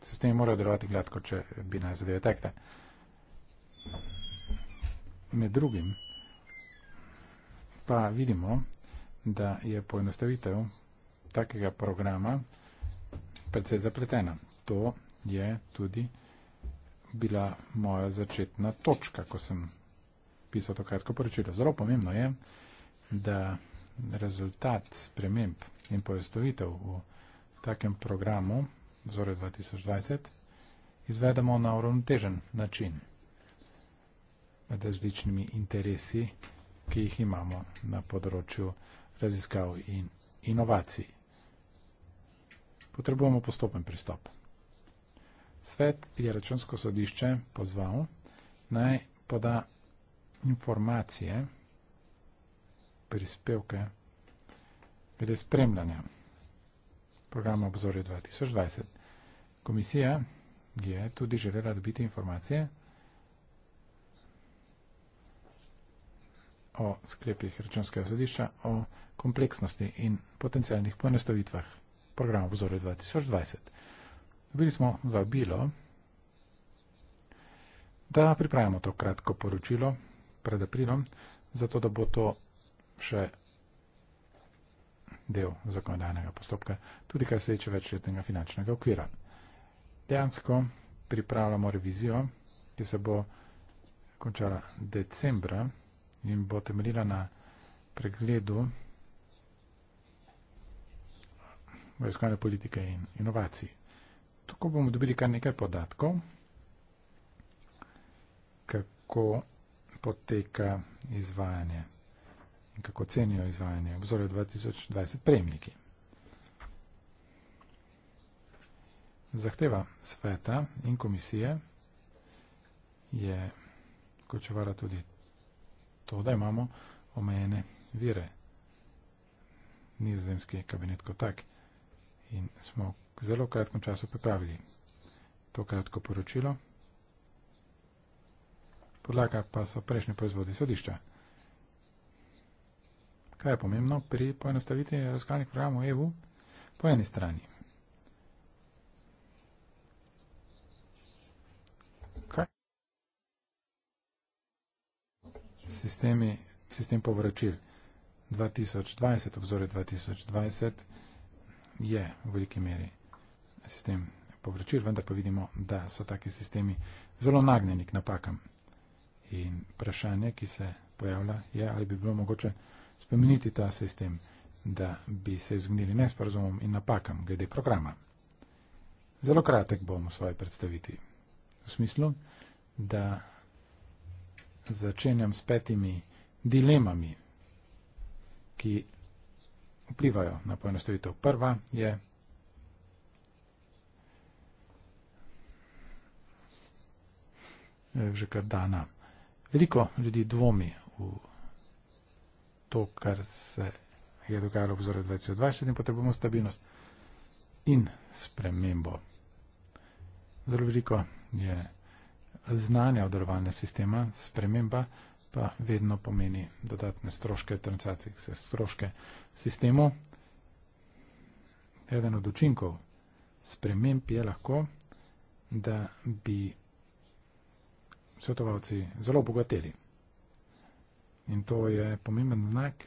sistemi morajo delovati gladko, če bi naj zadeve tekle. Med drugim pa vidimo, da je poenostavitev takega programa predvsej zapletena. To je tudi bila moja začetna točka, ko sem pisal to kratko poročilo. Zelo pomembno je, da rezultat sprememb in poenostavitev v takem programu vzore 2020 izvedemo na uravnotežen način med različnimi interesi, ki jih imamo na področju raziskav in inovacij. Potrebujemo postopen pristop. Svet je računsko sodišče pozval naj poda informacije, prispevke, glede spremljanja programa Obzorje 2020. Komisija je tudi želela dobiti informacije o sklepih računskega sodišča, o kompleksnosti in potencijalnih ponestavitvah programa Obzorje 2020. Dobili smo vabilo, da pripravimo to kratko poročilo pred aprilom, zato da bo to še del zakonodajnega postopka, tudi kar se tiče večletnega finančnega okvira. Dejansko pripravljamo revizijo, ki se bo končala decembra in bo temeljila na pregledu vojskovne politike in inovacij. Tako bomo dobili kar nekaj podatkov, kako poteka izvajanje in kako cenijo izvajanje obzorja 2020 prejemniki. Zahteva sveta in komisije je vključevala tudi to, da imamo omejene vire. Nizozemski kabinet kot tak in smo v zelo kratkem času pripravili to kratko poročilo. Podlaga pa so prejšnji proizvodi sodišča kaj je pomembno pri poenostavitvi raziskovalnih programov EU po eni strani. Kaj? Sistemi, sistem povračil 2020, obzore 2020 je v veliki meri sistem povračil, vendar pa vidimo, da so taki sistemi zelo nagnjeni k napakam. In vprašanje, ki se pojavlja, je, ali bi bilo mogoče spremeniti ta sistem, da bi se izognili nesporazumom in napakam glede programa. Zelo kratek bom v svoji predstaviti. V smislu, da začenjam s petimi dilemami, ki vplivajo na poenostavitev. Prva je. Že kar dana. Veliko ljudi dvomi v to, kar se je dogajalo v obzorju 2020, in potrebujemo stabilnost in spremembo. Zelo veliko je znanja odrovanja sistema, sprememba pa vedno pomeni dodatne stroške, transakcijske stroške sistemu. Eden od učinkov sprememb je lahko, da bi svetovalci zelo obogateli. In to je pomemben znak,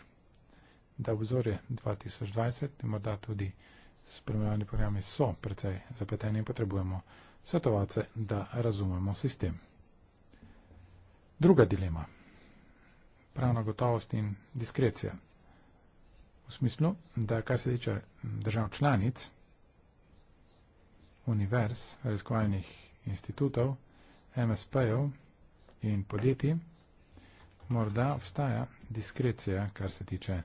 da obzorje 2020 in morda tudi spremljeni programi so precej zapleteni in potrebujemo svetovalce, da razumemo sistem. Druga dilema. Pravna gotovost in diskrecija. V smislu, da kar se tiče držav članic, univerz, raziskovalnih institutov, MSP-jev in podjetij, morda obstaja diskrecija, kar se tiče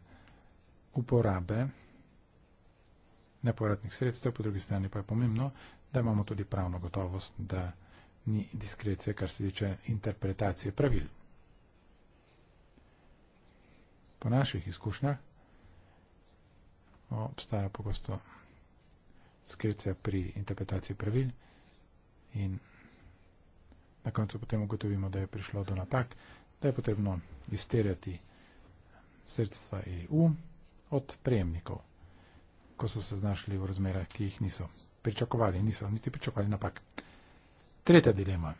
uporabe nepovratnih sredstev, po drugi strani pa je pomembno, da imamo tudi pravno gotovost, da ni diskrecije, kar se tiče interpretacije pravil. Po naših izkušnjah obstaja pogosto diskrecija pri interpretaciji pravil in na koncu potem ugotovimo, da je prišlo do napak, da je potrebno izterjati srdstva EU od prejemnikov, ko so se znašli v razmerah, ki jih niso pričakovali, niso niti pričakovali napak. Tretja dilema.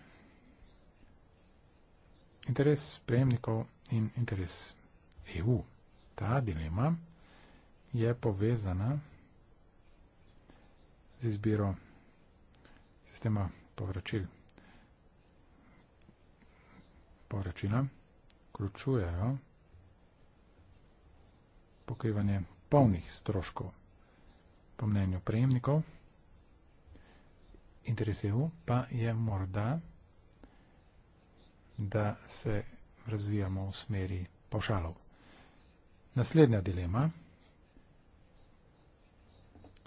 Interes prejemnikov in interes EU. Ta dilema je povezana z izbiro sistema povračil površina, vključujejo pokrivanje polnih stroškov po mnenju prejemnikov, interes EU pa je morda, da se razvijamo v smeri pošalov. Naslednja dilema,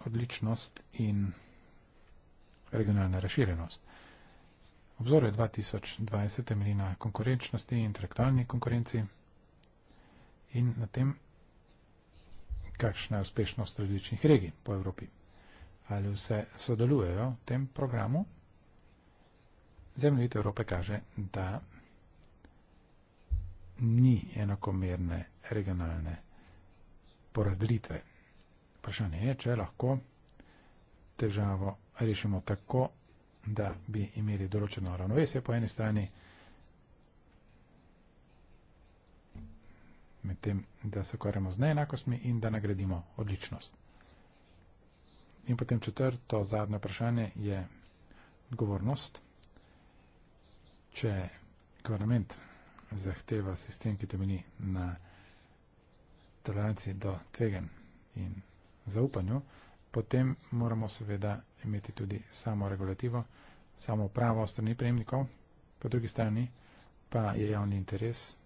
odličnost in regionalna raširenost obzorju 2020 temelji na konkurenčnosti in intelektualni konkurenci in na tem, kakšna je uspešnost različnih regij po Evropi. Ali vse sodelujejo v tem programu? Zemljevite Evrope kaže, da ni enakomerne regionalne porazdelitve. Vprašanje je, če lahko težavo rešimo tako, da bi imeli določeno ravnovesje po eni strani, med tem, da se ukvarjamo z neenakostmi in da nagradimo odličnost. In potem četrto, zadnje vprašanje je odgovornost. Če kvarament zahteva sistem, ki temelji na toleranci do tvegen in zaupanju, potem moramo seveda imeti tudi samo regulativo, samo pravo strani prejemnikov, po drugi strani pa je javni interes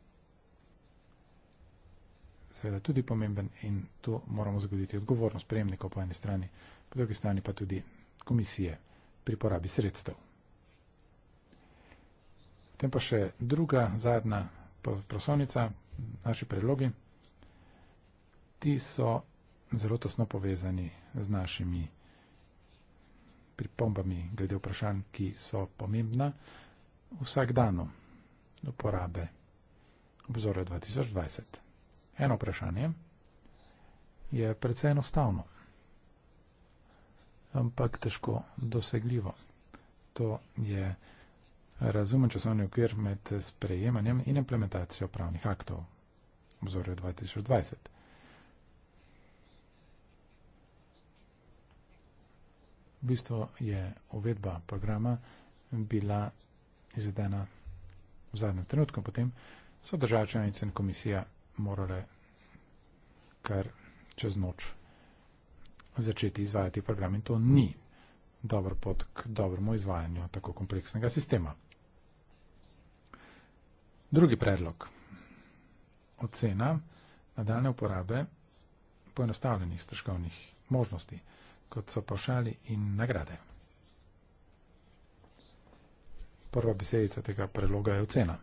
seveda tudi pomemben in tu moramo zagoditi odgovornost prejemnikov po eni strani, po drugi strani pa tudi komisije pri porabi sredstev. Potem pa še druga zadnja prosovnica, naši predlogi. Ti so zelo tosno povezani z našimi predlogi pripombami glede vprašanj, ki so pomembna vsak dan uporabe obzorja 2020. Eno vprašanje je precej enostavno, ampak težko dosegljivo. To je razumen časovni okvir med sprejemanjem in implementacijo pravnih aktov obzorja 2020. bistvu je uvedba programa bila izvedena v zadnjem trenutku, potem so države članice in komisija morale kar čez noč začeti izvajati program in to ni dober pot k dobremu izvajanju tako kompleksnega sistema. Drugi predlog. Ocena nadaljne uporabe poenostavljenih stroškovnih možnosti kot so pošali in nagrade. Prva besedica tega preloga je ocena.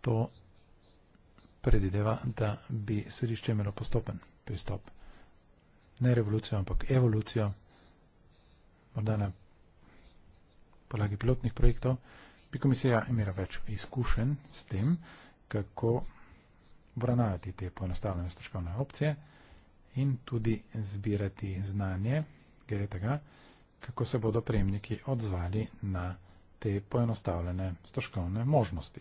To predideva, da bi središče imelo postopen pristop. Ne revolucijo, ampak evolucijo, morda na podlagi pilotnih projektov, bi komisija imela več izkušenj s tem, kako obravnavati te poenostavljene stroškovne opcije in tudi zbirati znanje, glede tega, kako se bodo prejemniki odzvali na te poenostavljene stroškovne možnosti.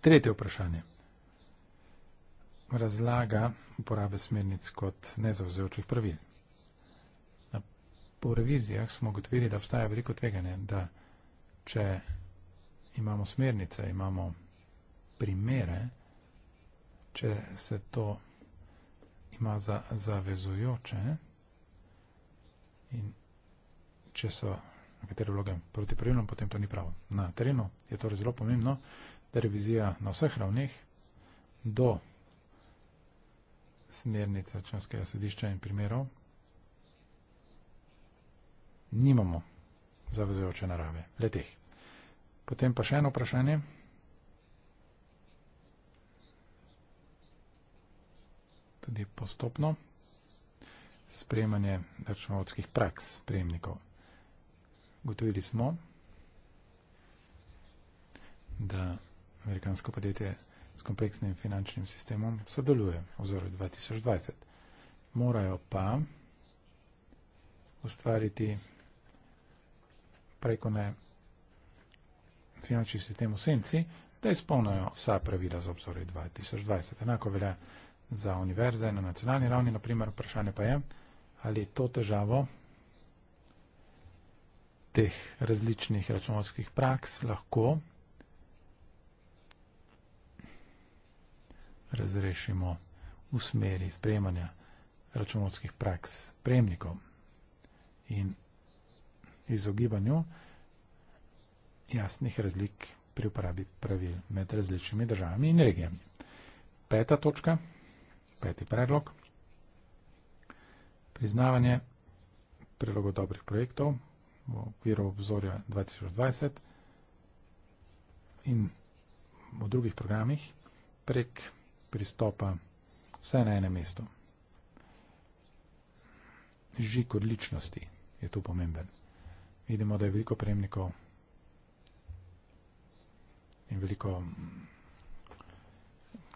Tretje vprašanje. Razlaga uporabe smernic kot nezavzajočih pravil. Po revizijah smo ugotovili, da obstaja veliko tveganje, da če imamo smernice, imamo primere, če se to ima za zavezujoče in če so nekatere vloge proti pravilom, potem to ni pravo. Na terenu je torej zelo pomembno, da revizija na vseh ravneh do smernic računskega sodišča in primerov nimamo zavezujoče narave, le teh. Potem pa še eno vprašanje. tudi postopno sprejemanje računovodskih praks sprejemnikov. Gotovili smo, da amerikansko podjetje s kompleksnim finančnim sistemom sodeluje v vzoru 2020. Morajo pa ustvariti preko ne finančni sistem v senci, da izpolnijo vsa pravila za obzore 2020. Enako velja za univerze na nacionalni ravni, naprimer vprašanje pa je, ali to težavo teh različnih računovskih praks lahko razrešimo v smeri sprejemanja računovskih praks prejemnikov in izogibanju jasnih razlik pri uporabi pravil med različnimi državami in regijami. Peta točka peti predlog. Priznavanje predlogov dobrih projektov v okviru obzorja 2020 in v drugih programih prek pristopa vse na enem mestu. Žik odličnosti je tu pomemben. Vidimo, da je veliko prejemnikov in veliko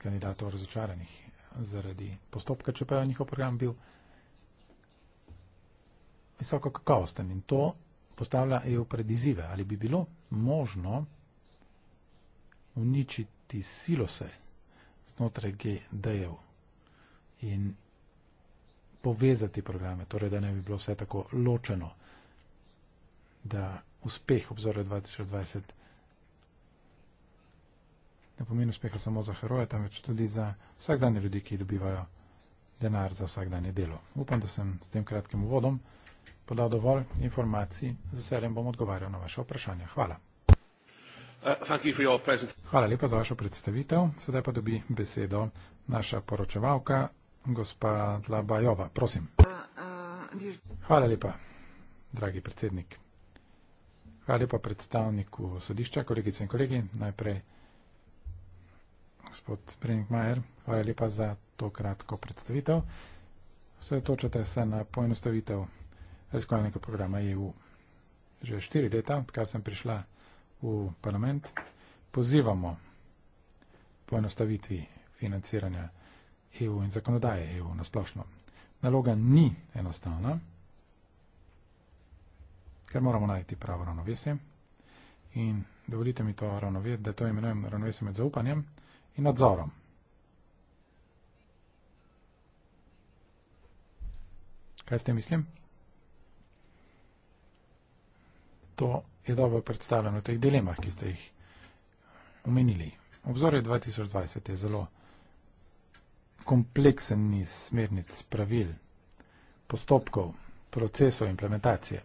kandidatov razočaranih zaradi postopka, čeprav je njihov program bil visoko kakovosten in to postavlja EU pred izive. Ali bi bilo možno uničiti silose znotraj GD-jev in povezati programe, torej da ne bi bilo vse tako ločeno, da uspeh obzorja 2020 ne pomeni uspeha samo za heroje, temveč tudi za vsakdanje ljudi, ki dobivajo denar za vsakdanje delo. Upam, da sem s tem kratkim uvodom podal dovolj informacij, z veseljem bom odgovarjal na vaše vprašanja. Hvala. Uh, Hvala lepa za vašo predstavitev. Sedaj pa dobi besedo naša poročevalka, gospa Dlabajova. Prosim. Uh, uh, Hvala lepa, dragi predsednik. Hvala lepa predstavniku sodišča, kolegice in kolegi. Najprej gospod Brenik Majer, hvala lepa za to kratko predstavitev. Sredotočate se na poenostavitev raziskovalnega programa EU. Že štiri leta, odkar sem prišla v parlament, pozivamo poenostavitvi financiranja EU in zakonodaje EU na splošno. Naloga ni enostavna, ker moramo najti pravo ravnovesje in dovolite mi to ravnovesje, da to imenujem ravnovesje med zaupanjem in nadzorom. Kaj ste mislim? To je dobro predstavljeno v teh dilemah, ki ste jih omenili. Obzorje 2020 je zelo kompleksen niz smernic, pravil, postopkov, procesov implementacije.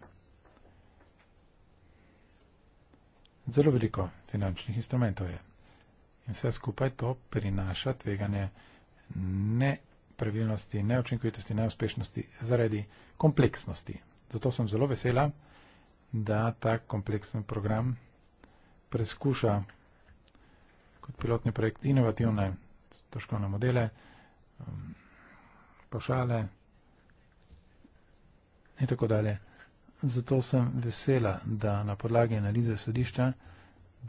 Zelo veliko finančnih instrumentov je. In vse skupaj to prinaša tveganje nepravilnosti, neočinkovitosti, neuspešnosti zaradi kompleksnosti. Zato sem zelo vesela, da ta kompleksen program preskuša kot pilotni projekt inovativne stroškovne modele, um, pošale in tako dalje. Zato sem vesela, da na podlagi analize sodišča,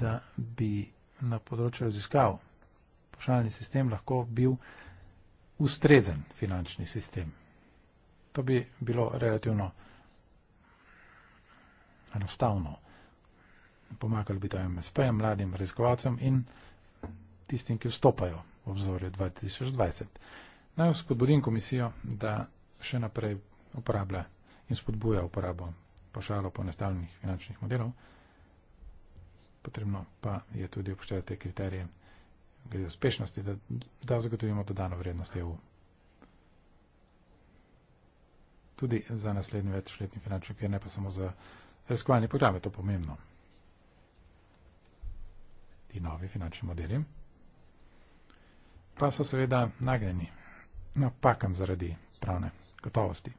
da bi na področju raziskav, pošaljni sistem lahko bil ustrezen finančni sistem. To bi bilo relativno enostavno. Pomagali bi to MSP-jem, mladim raziskovalcem in tistim, ki vstopajo v obzorje 2020. Naj spodbudim komisijo, da še naprej uporablja in spodbuja uporabo pošalo ponestavljenih finančnih modelov potrebno pa je tudi upoštevati te kriterije glede uspešnosti, da, da zagotovimo dodano vrednost EU. Tudi za naslednji večletni finančni okvir, ne pa samo za raziskovalne programe, to je pomembno. Ti novi finančni modeli pa so seveda nagnjeni napakam zaradi pravne gotovosti.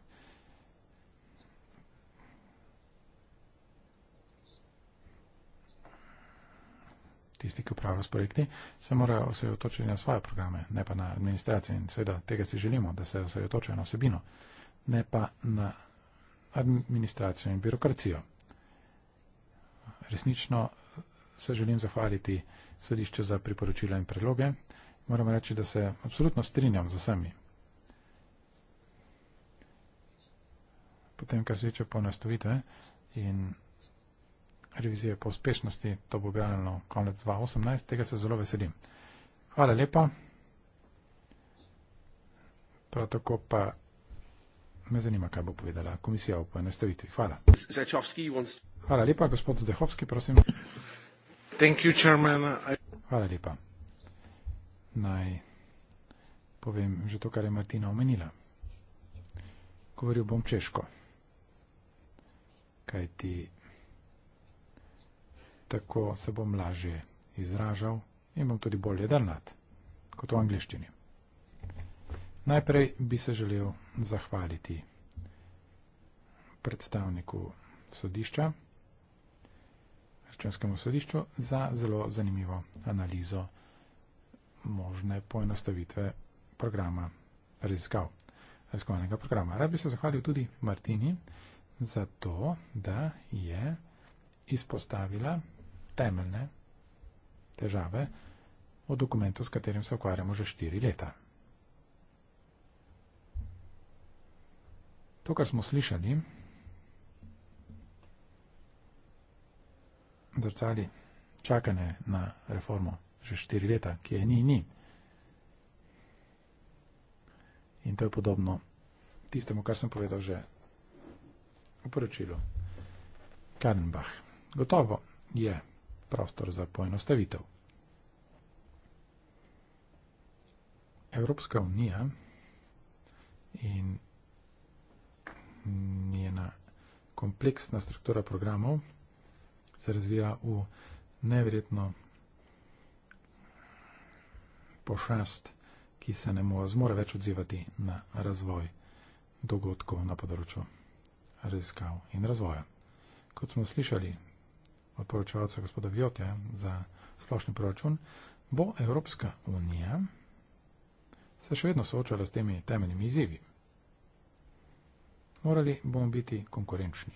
tisti, ki upravljajo s projekti, se morajo osredotočiti na svoje programe, ne pa na administracijo. In seveda tega si želimo, da se osredotočajo na osebino, ne pa na administracijo in birokracijo. Resnično se želim zahvaliti sodišču za priporočila in predloge. Moram reči, da se absolutno strinjam z vsemi. Potem, kar se tiče ponastovitve in revizije po uspešnosti, to bo objavljeno konec 2018, tega se zelo veselim. Hvala lepa. Prav tako pa me zanima, kaj bo povedala komisija o poenostavitvi. Hvala. Hvala lepa, gospod Zdehovski, prosim. Hvala lepa. Naj povem že to, kar je Martina omenila. Govoril bom češko. Kaj ti tako se bom lažje izražal in bom tudi bolje delnat kot v angliščini. Najprej bi se želel zahvaliti predstavniku sodišča, računskemu sodišču, za zelo zanimivo analizo možne poenostavitve programa raziskav, raziskovanega programa. Rad bi se zahvalil tudi Martini za to, da je izpostavila temeljne težave v dokumentu, s katerim se ukvarjamo že štiri leta. To, kar smo slišali, zrcali čakane na reformo že štiri leta, ki je ni in ni. In to je podobno tistemu, kar sem povedal že v poročilu. Karnbach. Gotovo je prostor za poenostavitev. Evropska unija in njena kompleksna struktura programov se razvija v nevredno pošast, ki se ne more več odzivati na razvoj dogodkov na področju raziskav in razvoja. Kot smo slišali, od poročevalca gospoda Vjote za splošni proračun, bo Evropska unija se še vedno soočala s temi temeljnimi izzivi. Morali bomo biti konkurenčni.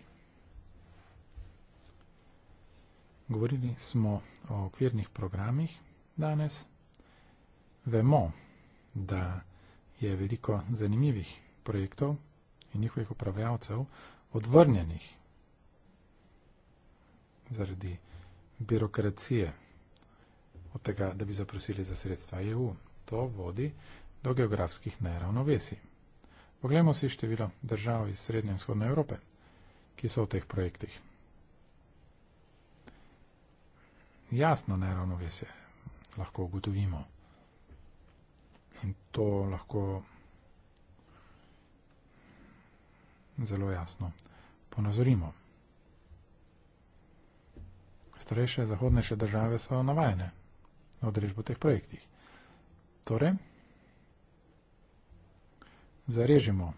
Govorili smo o okvirnih programih danes. Vemo, da je veliko zanimivih projektov in njihovih upravljavcev odvrnjenih zaradi birokracije od tega, da bi zaprosili za sredstva EU. To vodi do geografskih neravnovesij. Poglejmo si število držav iz Srednje in Vzhodne Evrope, ki so v teh projektih. Jasno neravnovesje lahko ugotovimo. In to lahko zelo jasno ponazorimo starejše zahodnejše države so navajene na odrežbo teh projektih. Torej, zarežimo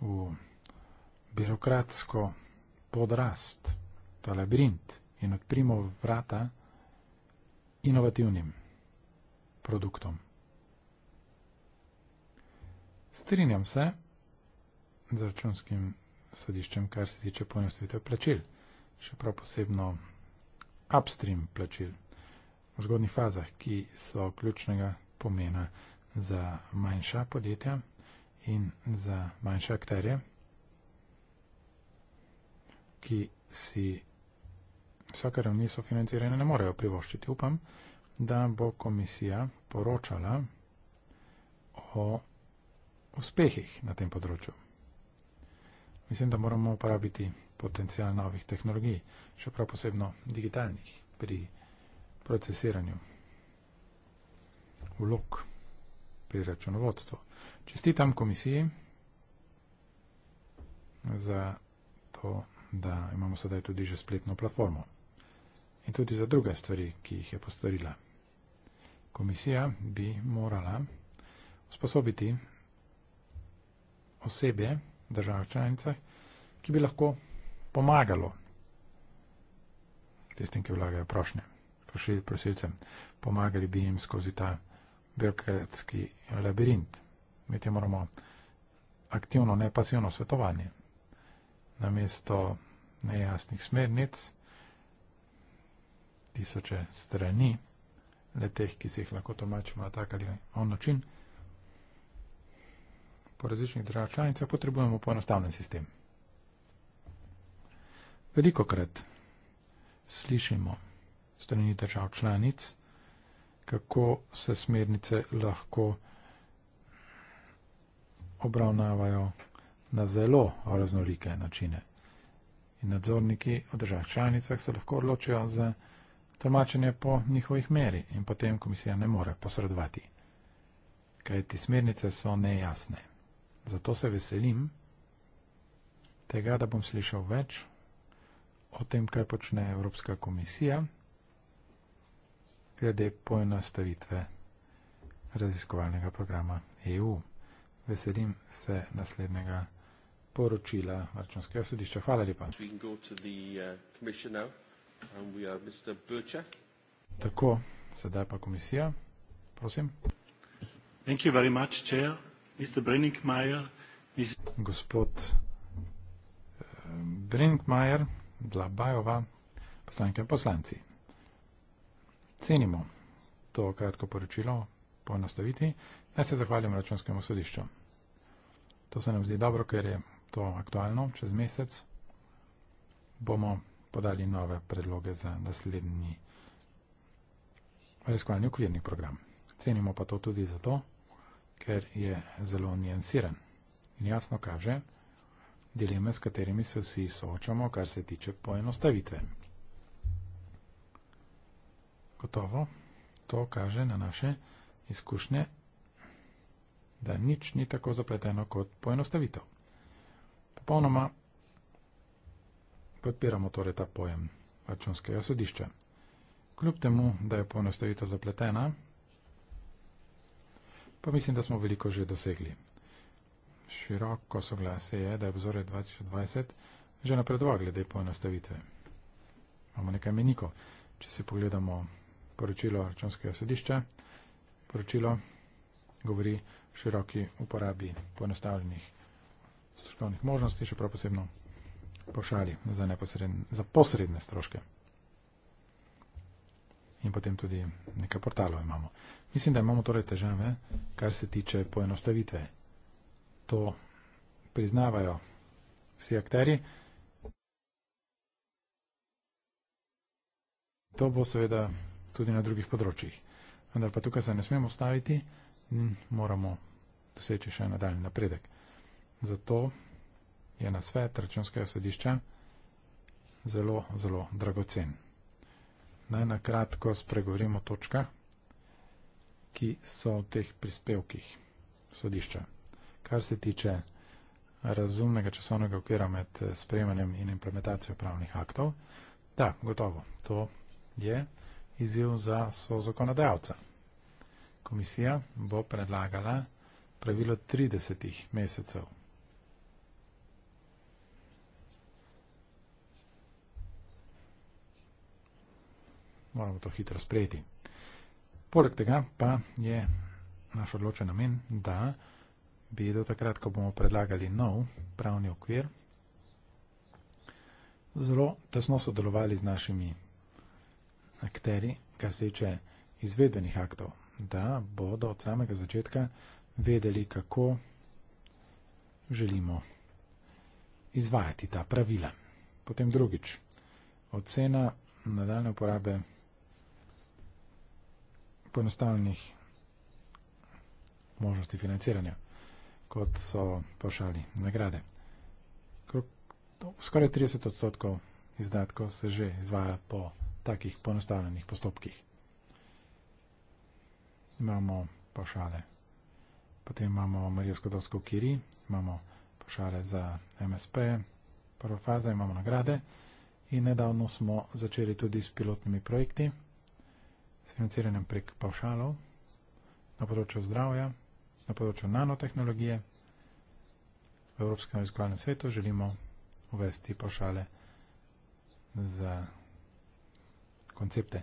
v birokratsko podrast ta labirint in odprimo vrata inovativnim produktom. Strinjam se z računskim sodiščem, kar se tiče poenostavitev plačil še prav posebno upstream plačil v zgodnih fazah, ki so ključnega pomena za manjša podjetja in za manjše akterje, ki si vsake ravni sofinanciranja ne morejo privoščiti. Upam, da bo komisija poročala o uspehih na tem področju. Mislim, da moramo uporabiti potencijal novih tehnologij, še prav posebno digitalnih, pri procesiranju vlog, pri računovodstvu. Čestitam komisiji za to, da imamo sedaj tudi že spletno platformo in tudi za druge stvari, ki jih je postorila. Komisija bi morala usposobiti osebe, državčanice, ki bi lahko pomagalo tistim, ki vlagajo prošnje, prosilcem, pomagali bi jim skozi ta birokratski labirint. Mi ti moramo aktivno, ne pasivno svetovanje. Namesto nejasnih smernic, tisoče strani, le teh, ki se jih lahko tolmačimo na tak ali on način, po različnih državah članicah potrebujemo poenostavljen sistem. Veliko krat slišimo strani držav članic, kako se smernice lahko obravnavajo na zelo raznolike načine. In nadzorniki v držav članicah se lahko odločijo za tolmačenje po njihovih meri in potem komisija ne more posredovati, kajti smernice so nejasne. Zato se veselim tega, da bom slišal več o tem, kaj počne Evropska komisija glede poenostavitve raziskovalnega programa EU. Veselim se naslednjega poročila Računskega sodišča. Hvala lepa. Uh, Tako, sedaj pa komisija. Prosim. Thank you very much, Chair. Mr. Brinkmeier, Ms. Gospod eh, Brinkmeier, Dlabajova, poslanke in poslanci. Cenimo to kratko poročilo, poenostaviti, naj se zahvalim računskemu sodišču. To se nam zdi dobro, ker je to aktualno. Čez mesec bomo podali nove predloge za naslednji reskovalni okvirni program. Cenimo pa to tudi zato, ker je zelo nijansiran in jasno kaže, da je zelo nijansiran dileme, s katerimi se vsi soočamo, kar se tiče poenostavitve. Gotovo to kaže na naše izkušnje, da nič ni tako zapleteno kot poenostavitev. Popolnoma podpiramo torej ta pojem računskega sodišča. Kljub temu, da je poenostavitev zapletena, pa mislim, da smo veliko že dosegli široko soglasje je, da je obzorje 2020 že napredoval glede poenostavitve. Imamo nekaj menikov. Če si pogledamo poročilo računskega sodišča, poročilo govori o široki uporabi poenostavljenih strokovnih možnosti, še prav posebno pošali za, za posredne stroške. In potem tudi nekaj portalov imamo. Mislim, da imamo torej težave, kar se tiče poenostavitve to priznavajo vsi akteri. To bo seveda tudi na drugih področjih. Vendar pa tukaj se ne smemo staviti in moramo doseči še nadaljni napredek. Zato je na svet računskega sodišča zelo, zelo dragocen. Naj na kratko spregovorimo točka, ki so v teh prispevkih sodišča kar se tiče razumnega časovnega okvira med eh, sprejemanjem in implementacijo pravnih aktov. Da, gotovo, to je izjiv za sozakonodajalca. Komisija bo predlagala pravilo 30 mesecev. Moramo to hitro sprejeti. Poleg tega pa je naš odločen namen, da vsega, bi do takrat, ko bomo predlagali nov pravni okvir, zelo tesno sodelovali z našimi akteri, kar se tiče izvedbenih aktov, da bodo od samega začetka vedeli, kako želimo izvajati ta pravila. Potem drugič, ocena nadaljne uporabe poenostavljenih možnosti financiranja kot so pošali nagrade. Skoraj 30 odstotkov izdatkov se že izvaja po takih ponostavljenih postopkih. Imamo pošale. Potem imamo Marijsko dosko v Kiri, imamo pošale za MSP, prva faza, imamo nagrade in nedavno smo začeli tudi s pilotnimi projekti s financiranjem prek pošalov na področju zdravja, na področju nanotehnologije. V Evropskem raziskovalnem svetu želimo uvesti pošale za koncepte.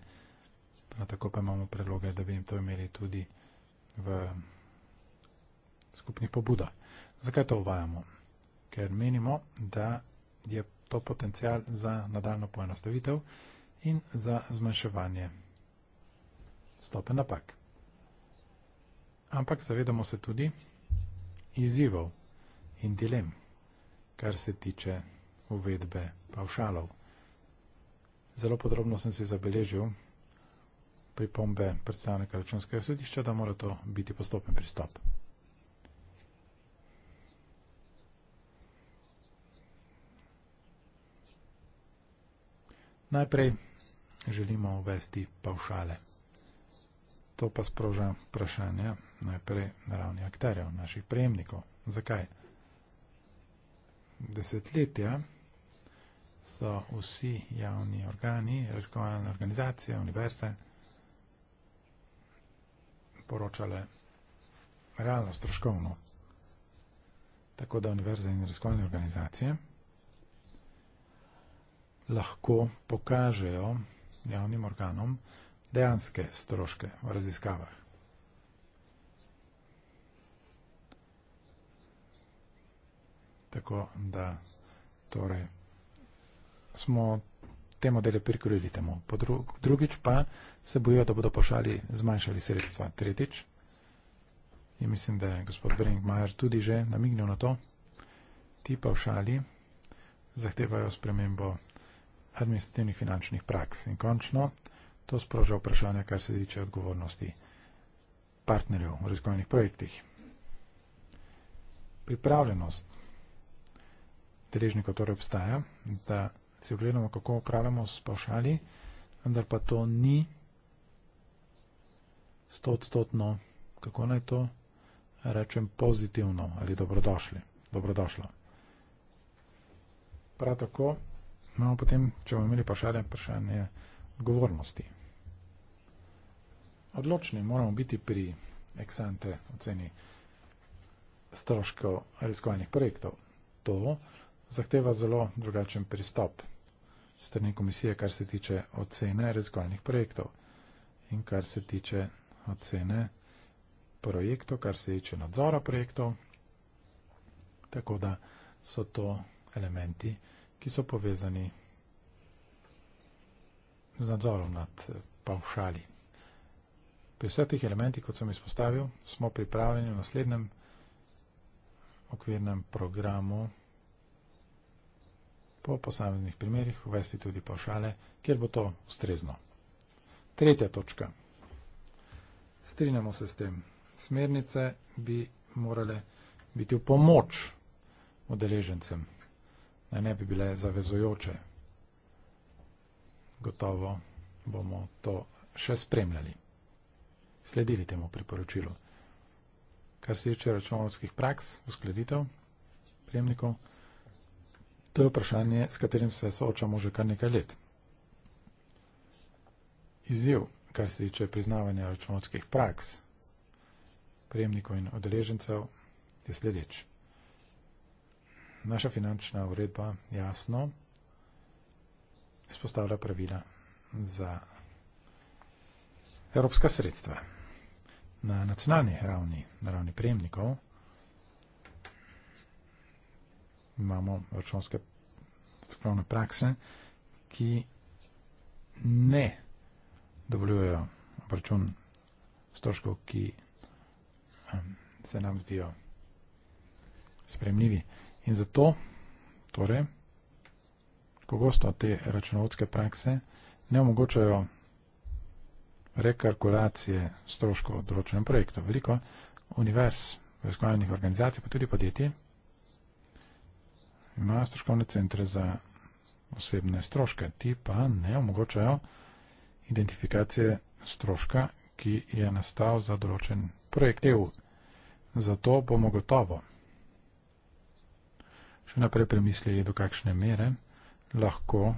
Prav tako pa imamo predloge, da bi jim to imeli tudi v skupni pobuda. Zakaj to uvajamo? Ker menimo, da je to potencial za nadaljno poenostavitev in za zmanjševanje stope napak ampak zavedamo se tudi izzivov in dilem, kar se tiče uvedbe pavšalov. Zelo podrobno sem si zabeležil pripombe predstavnika računskega sodišča, da mora to biti postopen pristop. Najprej želimo uvesti pavšale. To pa sproža vprašanje najprej na ravni akterjev, naših prejemnikov. Zakaj? Desetletja so vsi javni organi, razgovalne organizacije, univerze poročale realno stroškovno. Tako da univerze in razgovalne organizacije lahko pokažejo javnim organom, dejanske stroške v raziskavah. Tako da torej, smo te modele prikrili temu. Drugič pa se bojijo, da bodo pošali zmanjšali sredstva. Tretjič, in mislim, da je gospod Brengmajer tudi že namignil na to, ti pošali zahtevajo spremembo administrativnih finančnih praks. In končno, To sproža vprašanja, kar se tiče odgovornosti partnerjev v raziskovalnih projektih. Pripravljenost deležnikov torej obstaja, da si ogledamo, kako upravljamo s pošali, vendar pa to ni stotstotno, kako naj to rečem, pozitivno ali dobrodošli, dobrodošlo. Prav tako imamo potem, če bomo imeli pošalje, vprašanje odgovornosti odločni, moramo biti pri eksante oceni stroškov raziskovalnih projektov. To zahteva zelo drugačen pristop strani komisije, kar se tiče ocene raziskovalnih projektov in kar se tiče ocene projektov, kar se tiče nadzora projektov. Tako da so to elementi, ki so povezani z nadzorom nad eh, pavšali. Pri vseh teh elementih, kot sem izpostavil, smo pripravljeni v naslednjem okvirnem programu po posameznih primerjih uvesti tudi pavšale, kjer bo to ustrezno. Tretja točka. Strinjamo se s tem. Smernice bi morale biti v pomoč odeležencem, da ne bi bile zavezojoče. Gotovo bomo to še spremljali sledili temu priporočilu. Kar se tiče računovskih praks, uskladitev prijemnikov, to je vprašanje, s katerim se soočamo že kar nekaj let. Izziv, kar se tiče priznavanja računovskih praks prijemnikov in odeležencev, je sledeč. Naša finančna uredba jasno izpostavlja pravila za Evropska sredstva na nacionalni ravni, na ravni prejemnikov, imamo računske strokovne prakse, ki ne dovoljujejo račun stroškov, ki ehm, se nam zdijo spremljivi. In zato, torej, kogosto te računovodske prakse ne omogočajo računske rekalkulacije stroškov določenem projektu. Veliko univerz, raziskovalnih organizacij, pa tudi podjetij, imajo stroškovne centre za osebne stroške, ti pa ne omogočajo identifikacije stroška, ki je nastal za določen projekt EU. Zato bomo gotovo še naprej premislili, do kakšne mere lahko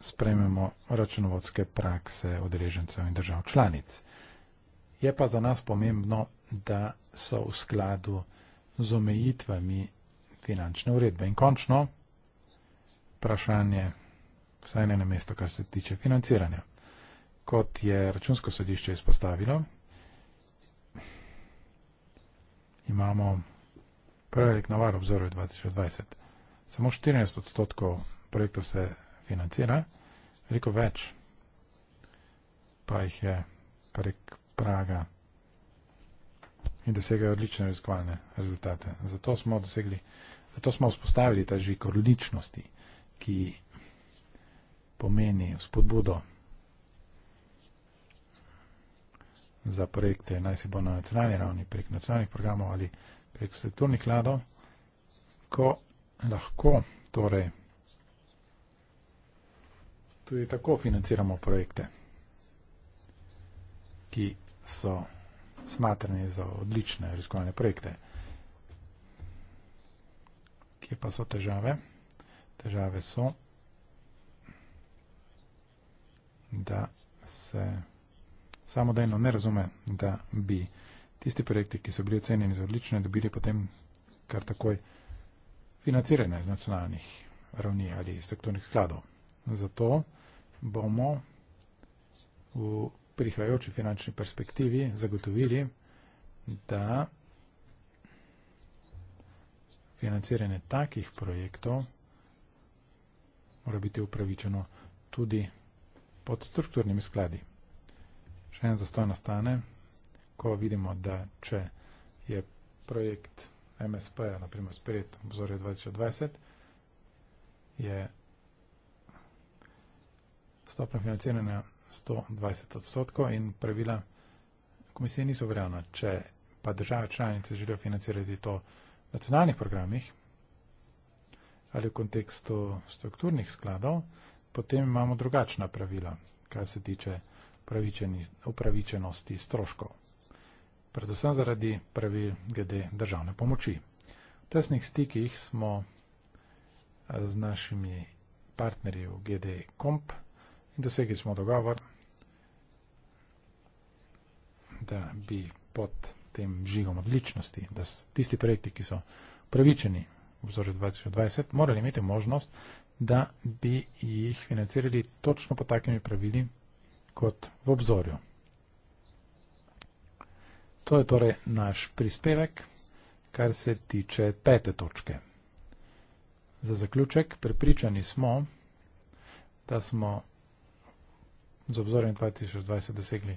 sprememo računovodske prakse odrežencev in držav članic. Je pa za nas pomembno, da so v skladu z omejitvami finančne uredbe. In končno, vprašanje, vsaj ne na mesto, kar se tiče financiranja. Kot je računsko sodišče izpostavilo, imamo prvi velik naval obzoru 2020. Samo 14 odstotkov projektov se financira, veliko več pa jih je prek Praga in dosegajo odlične raziskovalne rezultate. Zato smo dosegli, zato smo vzpostavili ta žik odličnosti, ki pomeni spodbudo za projekte, naj si bo na nacionalni ravni, prek nacionalnih programov ali prek strukturnih ladov, ko lahko torej tudi tako financiramo projekte, ki so smatrani za odlične raziskovalne projekte. Kje pa so težave? Težave so, da se samodejno ne razume, da bi tisti projekti, ki so bili ocenjeni za odlične, dobili potem kar takoj financirane z nacionalnih ravni ali strukturnih skladov. Zato bomo v prihajajoči finančni perspektivi zagotovili, da financiranje takih projektov mora biti upravičeno tudi pod strukturnimi skladi. Še en zastoj nastane, ko vidimo, da če je projekt MSP, naprimer sprejet obzorje 2020, je stopnja financiranja 120 odstotkov in pravila komisije niso veljavna. Če pa države članice želijo financirati to v nacionalnih programih ali v kontekstu strukturnih skladov, potem imamo drugačna pravila, kar se tiče upravičenosti stroškov. Predvsem zaradi pravil glede državne pomoči. V tesnih stikih smo z našimi partnerji v GD Komp, In dosegli smo dogovor, da bi pod tem žigom odličnosti, da tisti projekti, ki so pravičeni v obzorju 2020, morali imeti možnost, da bi jih financirali točno po takimi pravili kot v obzorju. To je torej naš prispevek, kar se tiče pete točke. Za zaključek, prepričani smo, da smo z obzorjem 2020 dosegli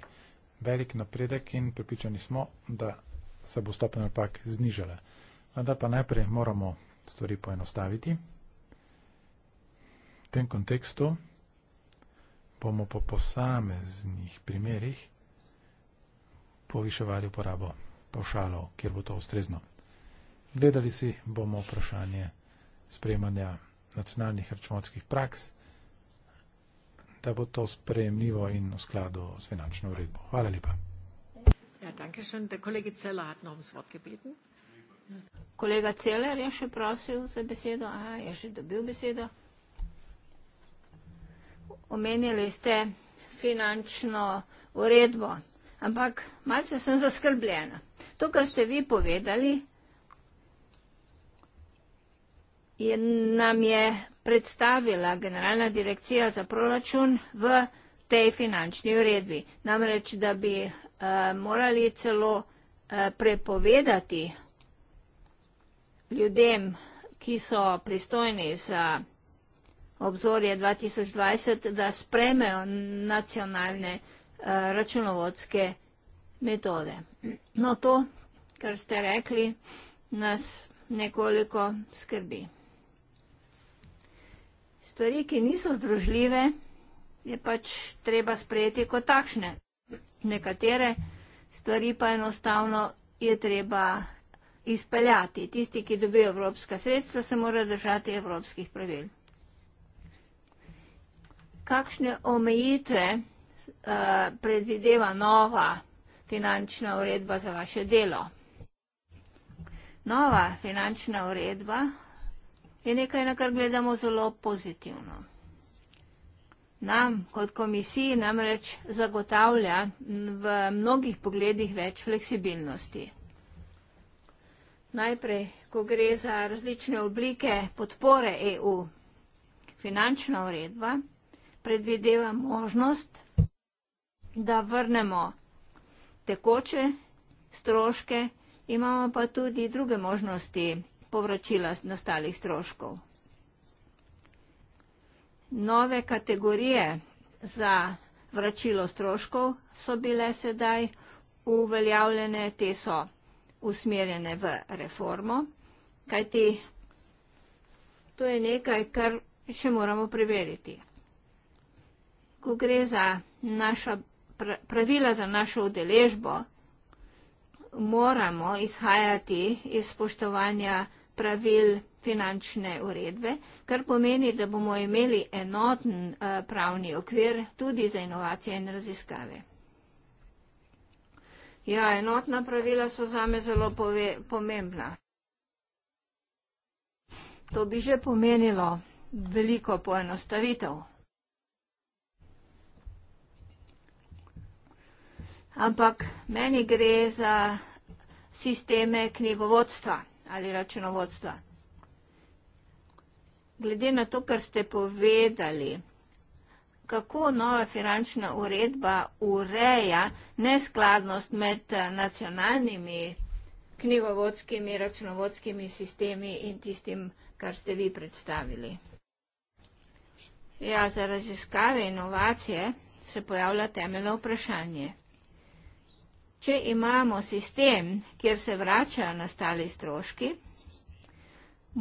velik napredek in pripričani smo, da se bo stopnja napak znižala. Vendar pa najprej moramo stvari poenostaviti. V tem kontekstu bomo po posameznih primerih poviševali uporabo pavšalov, kjer bo to ustrezno. Gledali si bomo vprašanje sprejemanja nacionalnih računovodskih praks da bo to sprejemljivo in v skladu s finančno uredbo. Hvala lepa. Ja, danke schön. Der Kollege Zeller hat noch ums Wort gebeten. Kolega Zeller je še prosil za besedo. Aha, je še dobil besedo. Omenili ste finančno uredbo, ampak malce sem zaskrbljena. To, kar ste vi povedali, je nam je predstavila generalna direkcija za proračun v tej finančni uredbi. Namreč, da bi eh, morali celo eh, prepovedati ljudem, ki so pristojni za obzorje 2020, da spremejo nacionalne eh, računovodske metode. No to, kar ste rekli, nas nekoliko skrbi stvari, ki niso združljive, je pač treba sprejeti kot takšne. Nekatere stvari pa enostavno je treba izpeljati. Tisti, ki dobijo evropska sredstva, se morajo držati evropskih pravil. Kakšne omejitve uh, predvideva nova finančna uredba za vaše delo? Nova finančna uredba je nekaj, na kar gledamo zelo pozitivno. Nam kot komisiji namreč zagotavlja v mnogih pogledih več fleksibilnosti. Najprej, ko gre za različne oblike podpore EU, finančna uredba predvideva možnost, da vrnemo tekoče stroške, imamo pa tudi druge možnosti povračila nastalih stroškov. Nove kategorije za vračilo stroškov so bile sedaj uveljavljene, te so usmerjene v reformo, kajti to je nekaj, kar še moramo preveriti. Ko gre za naša pravila za našo udeležbo, moramo izhajati iz spoštovanja vsega, pravil finančne uredbe, kar pomeni, da bomo imeli enoten eh, pravni okvir tudi za inovacije in raziskave. Ja, enotna pravila so zame zelo pomembna. To bi že pomenilo veliko poenostavitev. Ampak meni gre za sisteme knjigovodstva ali računovodstva. Glede na to, kar ste povedali, kako nova finančna uredba ureja neskladnost med eh, nacionalnimi knjigovodskimi, računovodskimi sistemi in tistim, kar ste vi predstavili. Ja, za raziskave inovacije se pojavlja temeljno vprašanje. Če imamo sistem, kjer se vračajo nastali stroški,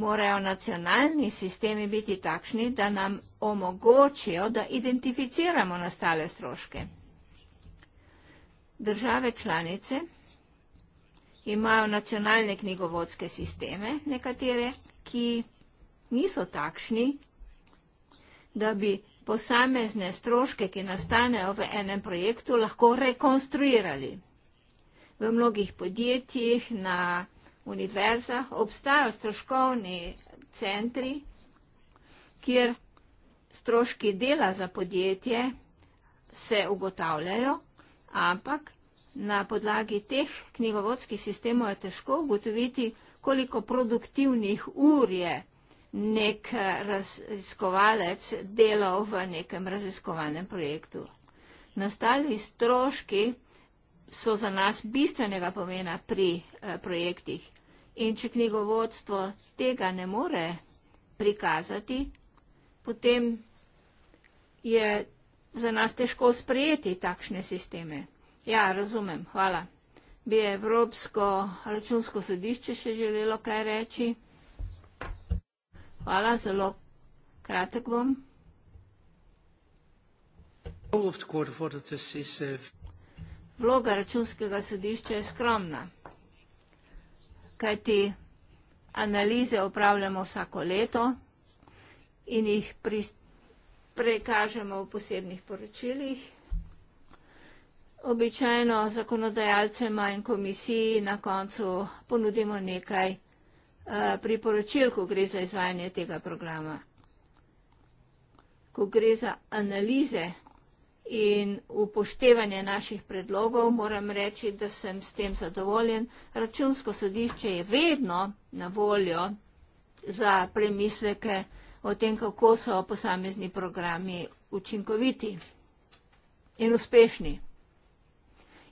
morajo nacionalni sistemi biti takšni, da nam omogočijo, da identificiramo nastale stroške. Države članice imajo nacionalne knjigovodske sisteme, nekatere, ki niso takšni, da bi posamezne stroške, ki nastanejo v enem projektu, lahko rekonstruirali v mnogih podjetjih, na univerzah obstajajo stroškovni centri, kjer stroški dela za podjetje se ugotavljajo, ampak na podlagi teh knjigovodskih sistemov je težko ugotoviti, koliko produktivnih ur je nek raziskovalec delal v nekem raziskovalnem projektu. Nastali stroški, so za nas bistvenega pomena pri eh, projektih. In če knjigovodstvo tega ne more prikazati, potem je za nas težko sprejeti takšne sisteme. Ja, razumem, hvala. Bi Evropsko računsko sodišče še želelo kaj reči? Hvala, zelo kratek bom. Of course, for this is, uh vloga računskega sodišča je skromna, kajti analize opravljamo vsako leto in jih prekažemo v posebnih poročilih. Običajno zakonodajalcem in komisiji na koncu ponudimo nekaj eh, priporočil, ko gre za izvajanje tega programa. Ko gre za analize, ki jih vloga računskega sodišča je skromna, in upoštevanje naših predlogov, moram reči, da sem s tem zadovoljen. Računsko sodišče je vedno na voljo za premisleke o tem, kako so posamezni programi učinkoviti in uspešni.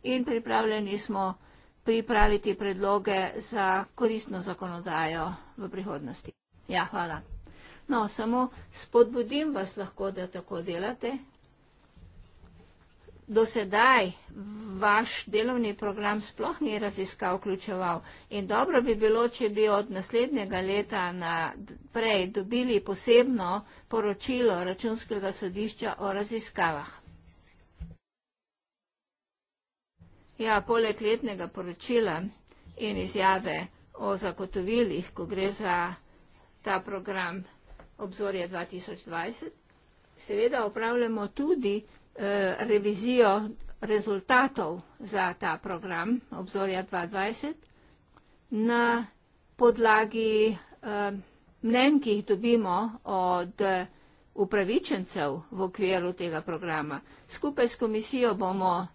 In pripravljeni smo pripraviti predloge za koristno zakonodajo v prihodnosti. Ja, hvala. No, samo spodbudim vas lahko, da tako delate do sedaj vaš delovni program sploh ni raziskav vključeval in dobro bi bilo, če bi od naslednjega leta naprej dobili posebno poročilo računskega sodišča o raziskavah. Ja, poleg letnega poročila in izjave o zagotovilih, ko gre za ta program Obzorje dva tisoč dvajset, seveda opravljamo tudi Eh, revizijo rezultatov za ta program obzorja 2020 na podlagi eh, mnen, ki jih dobimo od upravičencev v okviru tega programa. Skupaj s komisijo bomo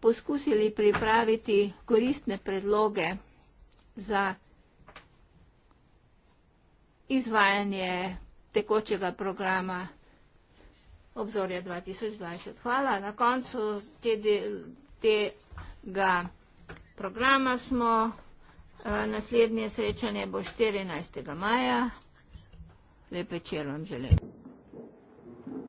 poskusili pripraviti koristne predloge za izvajanje tekočega programa 2020 obzorja 2020. Hvala. Na koncu te del, tega programa smo. E, naslednje srečanje bo 14. maja. Lep večer vam želim.